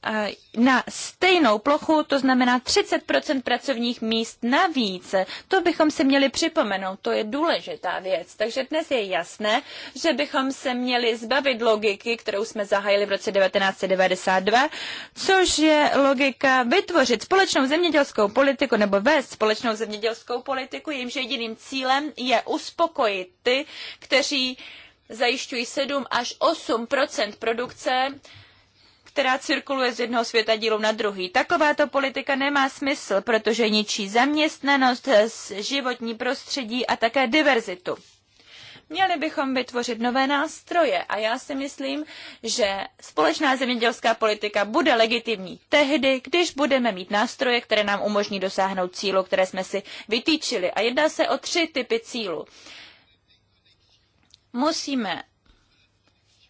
Eh, na stejnou plochu, to znamená 30 pracovních míst navíc. To bychom si měli připomenout, to je důležitá věc. Takže dnes je jasné, že bychom se měli zbavit logiky, kterou jsme zahájili v roce 1992, což je logika vytvořit společnou zemědělskou politiku nebo vést společnou zemědělskou politiku, jejímž jediným cílem je uspokojit ty, kteří zajišťují 7 až 8 produkce která cirkuluje z jednoho světa dílu na druhý. Takováto politika nemá smysl, protože ničí zaměstnanost, životní prostředí a také diverzitu. Měli bychom vytvořit nové nástroje a já si myslím, že společná zemědělská politika bude legitimní tehdy, když budeme mít nástroje, které nám umožní dosáhnout cílu, které jsme si vytýčili. A jedná se o tři typy cílů. Musíme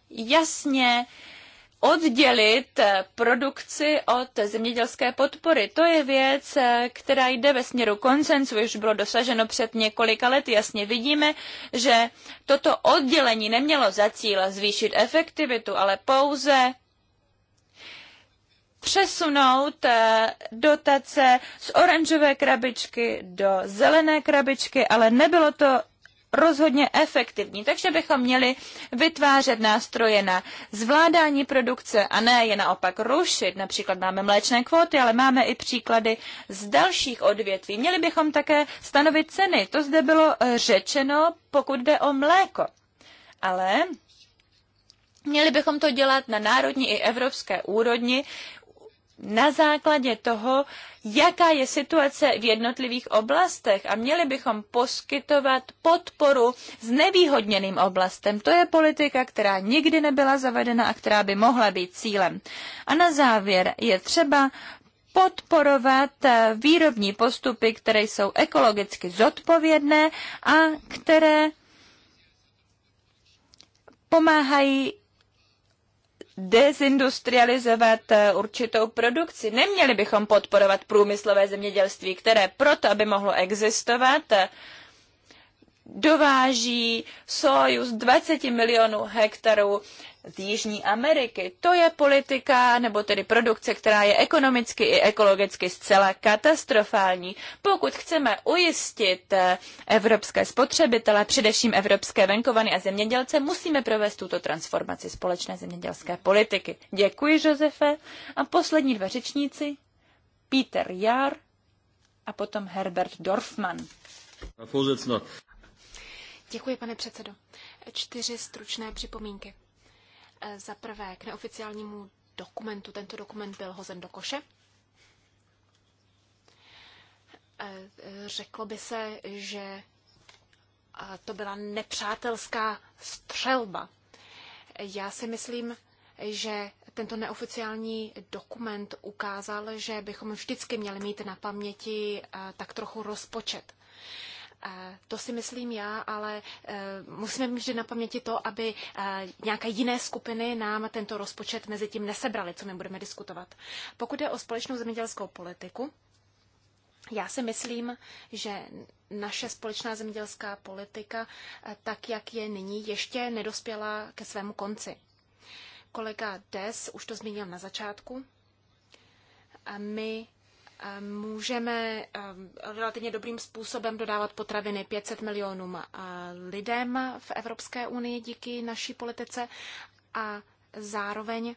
jasně uh, oddělit eh, produkci od zemědělské podpory. To je věc, eh, která jde ve směru koncensu, už bylo dosaženo před několika lety. Jasně vidíme, že toto oddělení nemělo za cíl zvýšit efektivitu, ale pouze přesunout eh, dotace z oranžové krabičky do zelené krabičky, ale nebylo to rozhodně efektivní, takže bychom měli vytvářet nástroje na zvládání produkce a ne je naopak rušit. Například máme mléčné kvóty, ale máme i příklady z dalších odvětví. Měli bychom také stanovit ceny. To zde bylo eh, řečeno, pokud jde o mléko. Ale Měli bychom to dělat na národní i evropské úrovni, na základě toho, jaká je situace v jednotlivých oblastech a měli bychom poskytovat podporu znevýhodněným oblastem. To je politika, která nikdy nebyla zavedena a která by mohla být cílem. A na závěr je třeba podporovat eh, výrobní postupy, které jsou ekologicky zodpovědné a které pomáhají dezindustrializovat eh, určitou produkci. Neměli bychom podporovat průmyslové zemědělství, které proto, aby mohlo existovat, eh, dováží soju z 20 milionů hektarů z Jižní Ameriky. To je politika, nebo tedy produkce, která je ekonomicky i ekologicky zcela katastrofální. Pokud chceme ujistit eh, evropské spotřebitele, především evropské venkovany a zemědělce, musíme provést tuto transformaci společné zemědělské politiky. Děkuji, Josefe. A poslední dva řečníci, Peter Jar a potom Herbert Dorfman. Děkuji, pane předsedo. Čtyři stručné připomínky. Eh, za prvé k neoficiálnímu dokumentu. Tento dokument byl hozen do koše. Eh, řeklo by se, že to byla nepřátelská střelba. Já si myslím, že tento neoficiální dokument ukázal, že bychom vždycky měli mít na paměti eh, tak trochu rozpočet. To si myslím já, ale e, musíme mít vždy na paměti to, aby e, nějaké jiné skupiny nám tento rozpočet mezi tím nesebrali, co my budeme diskutovat. Pokud je o společnou zemědělskou politiku, já si myslím, že naše společná zemědělská politika, e, tak jak je nyní, ještě nedospěla ke svému konci. Kolega Des už to zmínil na začátku. A my můžeme ehm, relativně dobrým způsobem dodávat potraviny 500 milionům eh, lidem v Evropské unii díky naší politice a zároveň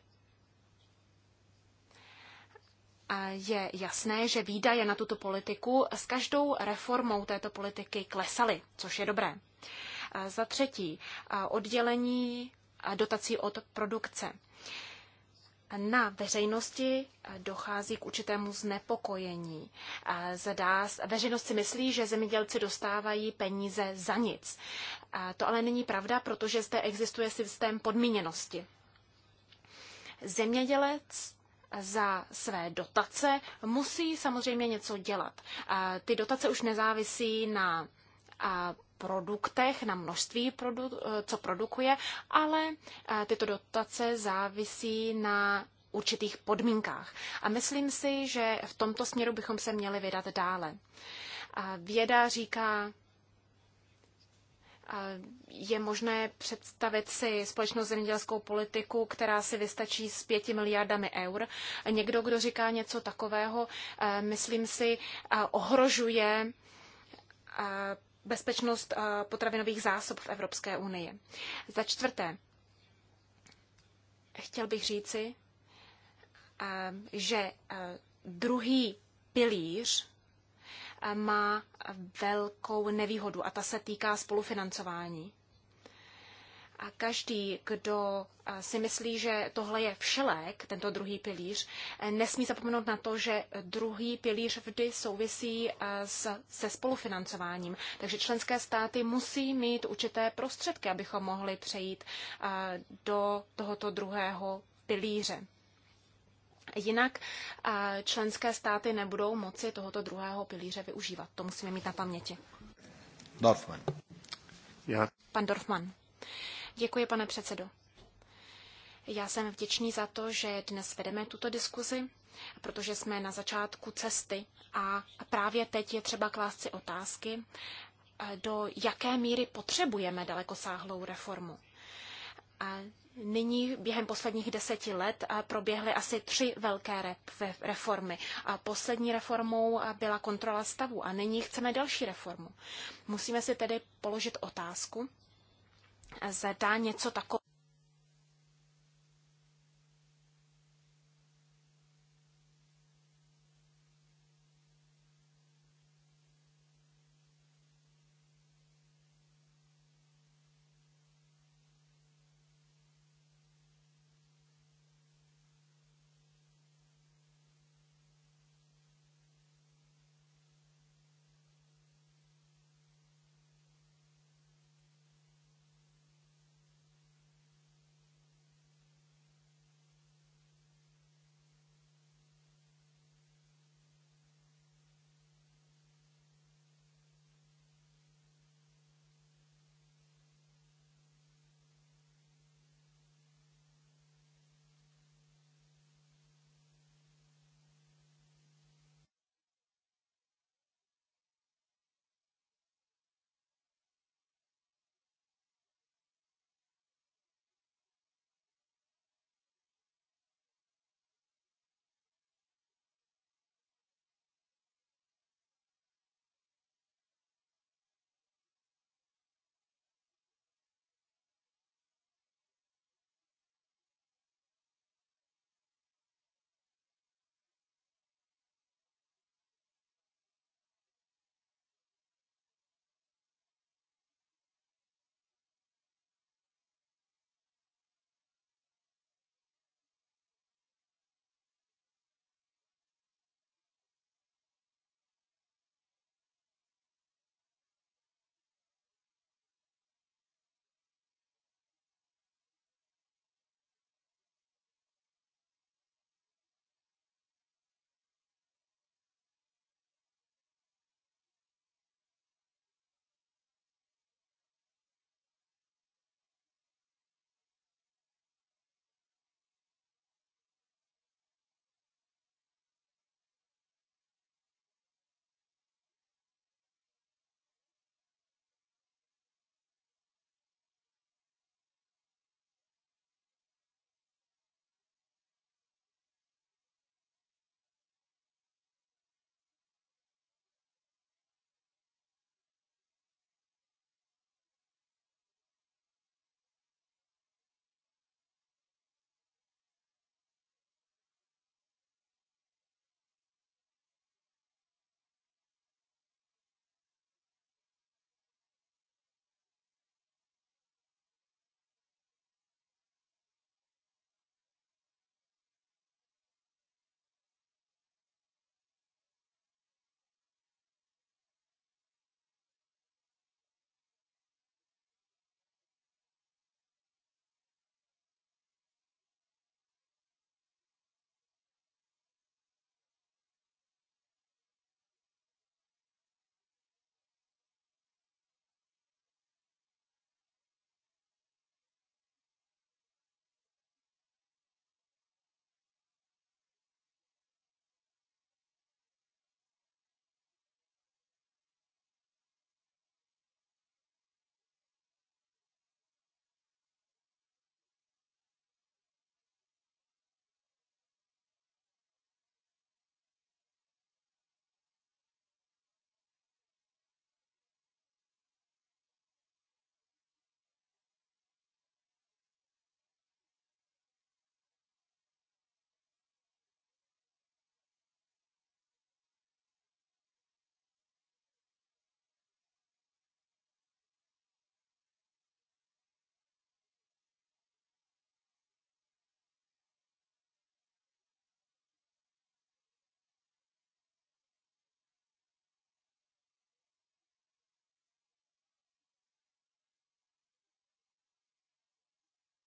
je jasné, že výdaje na tuto politiku s každou reformou této politiky klesaly, což je dobré. Eh, za třetí, eh, oddělení dotací od produkce na veřejnosti eh, dochází k určitému znepokojení. Eh, Zdá, veřejnost si myslí, že zemědělci dostávají peníze za nic. Eh, to ale není pravda, protože zde existuje systém podmíněnosti. Zemědělec za své dotace musí samozřejmě něco dělat. Ty dotace už nezávisí na produktech, na množství, produ- co produkuje, ale eh, tyto dotace závisí na určitých podmínkách. A myslím si, že v tomto směru bychom se měli vydat dále. Věda říká, eh, je možné představit si společnou zemědělskou politiku, která si vystačí s pěti miliardami eur. Někdo, kdo říká něco takového, eh, myslím si, ohrožuje bezpečnost potravinových zásob v Evropské unii. Za čtvrté, chtěl bych říci, eh, že eh, druhý pilíř eh, má velkou nevýhodu a ta se týká spolufinancování. A každý, kdo eh, si myslí, že tohle je všelék, tento druhý pilíř, eh, nesmí zapomenout na to, že druhý pilíř vždy souvisí eh, s, se spolufinancováním. Takže členské státy musí mít určité prostředky, abychom mohli přejít do tohoto druhého pilíře. Jinak členské státy nebudou moci tohoto druhého pilíře využívat. To musíme mít na paměti. Dorfman. Já. Pan Dorfman. Děkuji, pane předsedo. Já jsem vděčný za to, že dnes vedeme tuto diskuzi, protože jsme na začátku cesty a právě teď je třeba klást si otázky, eh, do jaké míry potřebujeme dalekosáhlou reformu. A nyní během posledních deseti let eh, proběhly asi tři velké reformy. A poslední reformou eh, byla kontrola stavu a nyní chceme další reformu. Musíme si tedy položit otázku, zda něco takového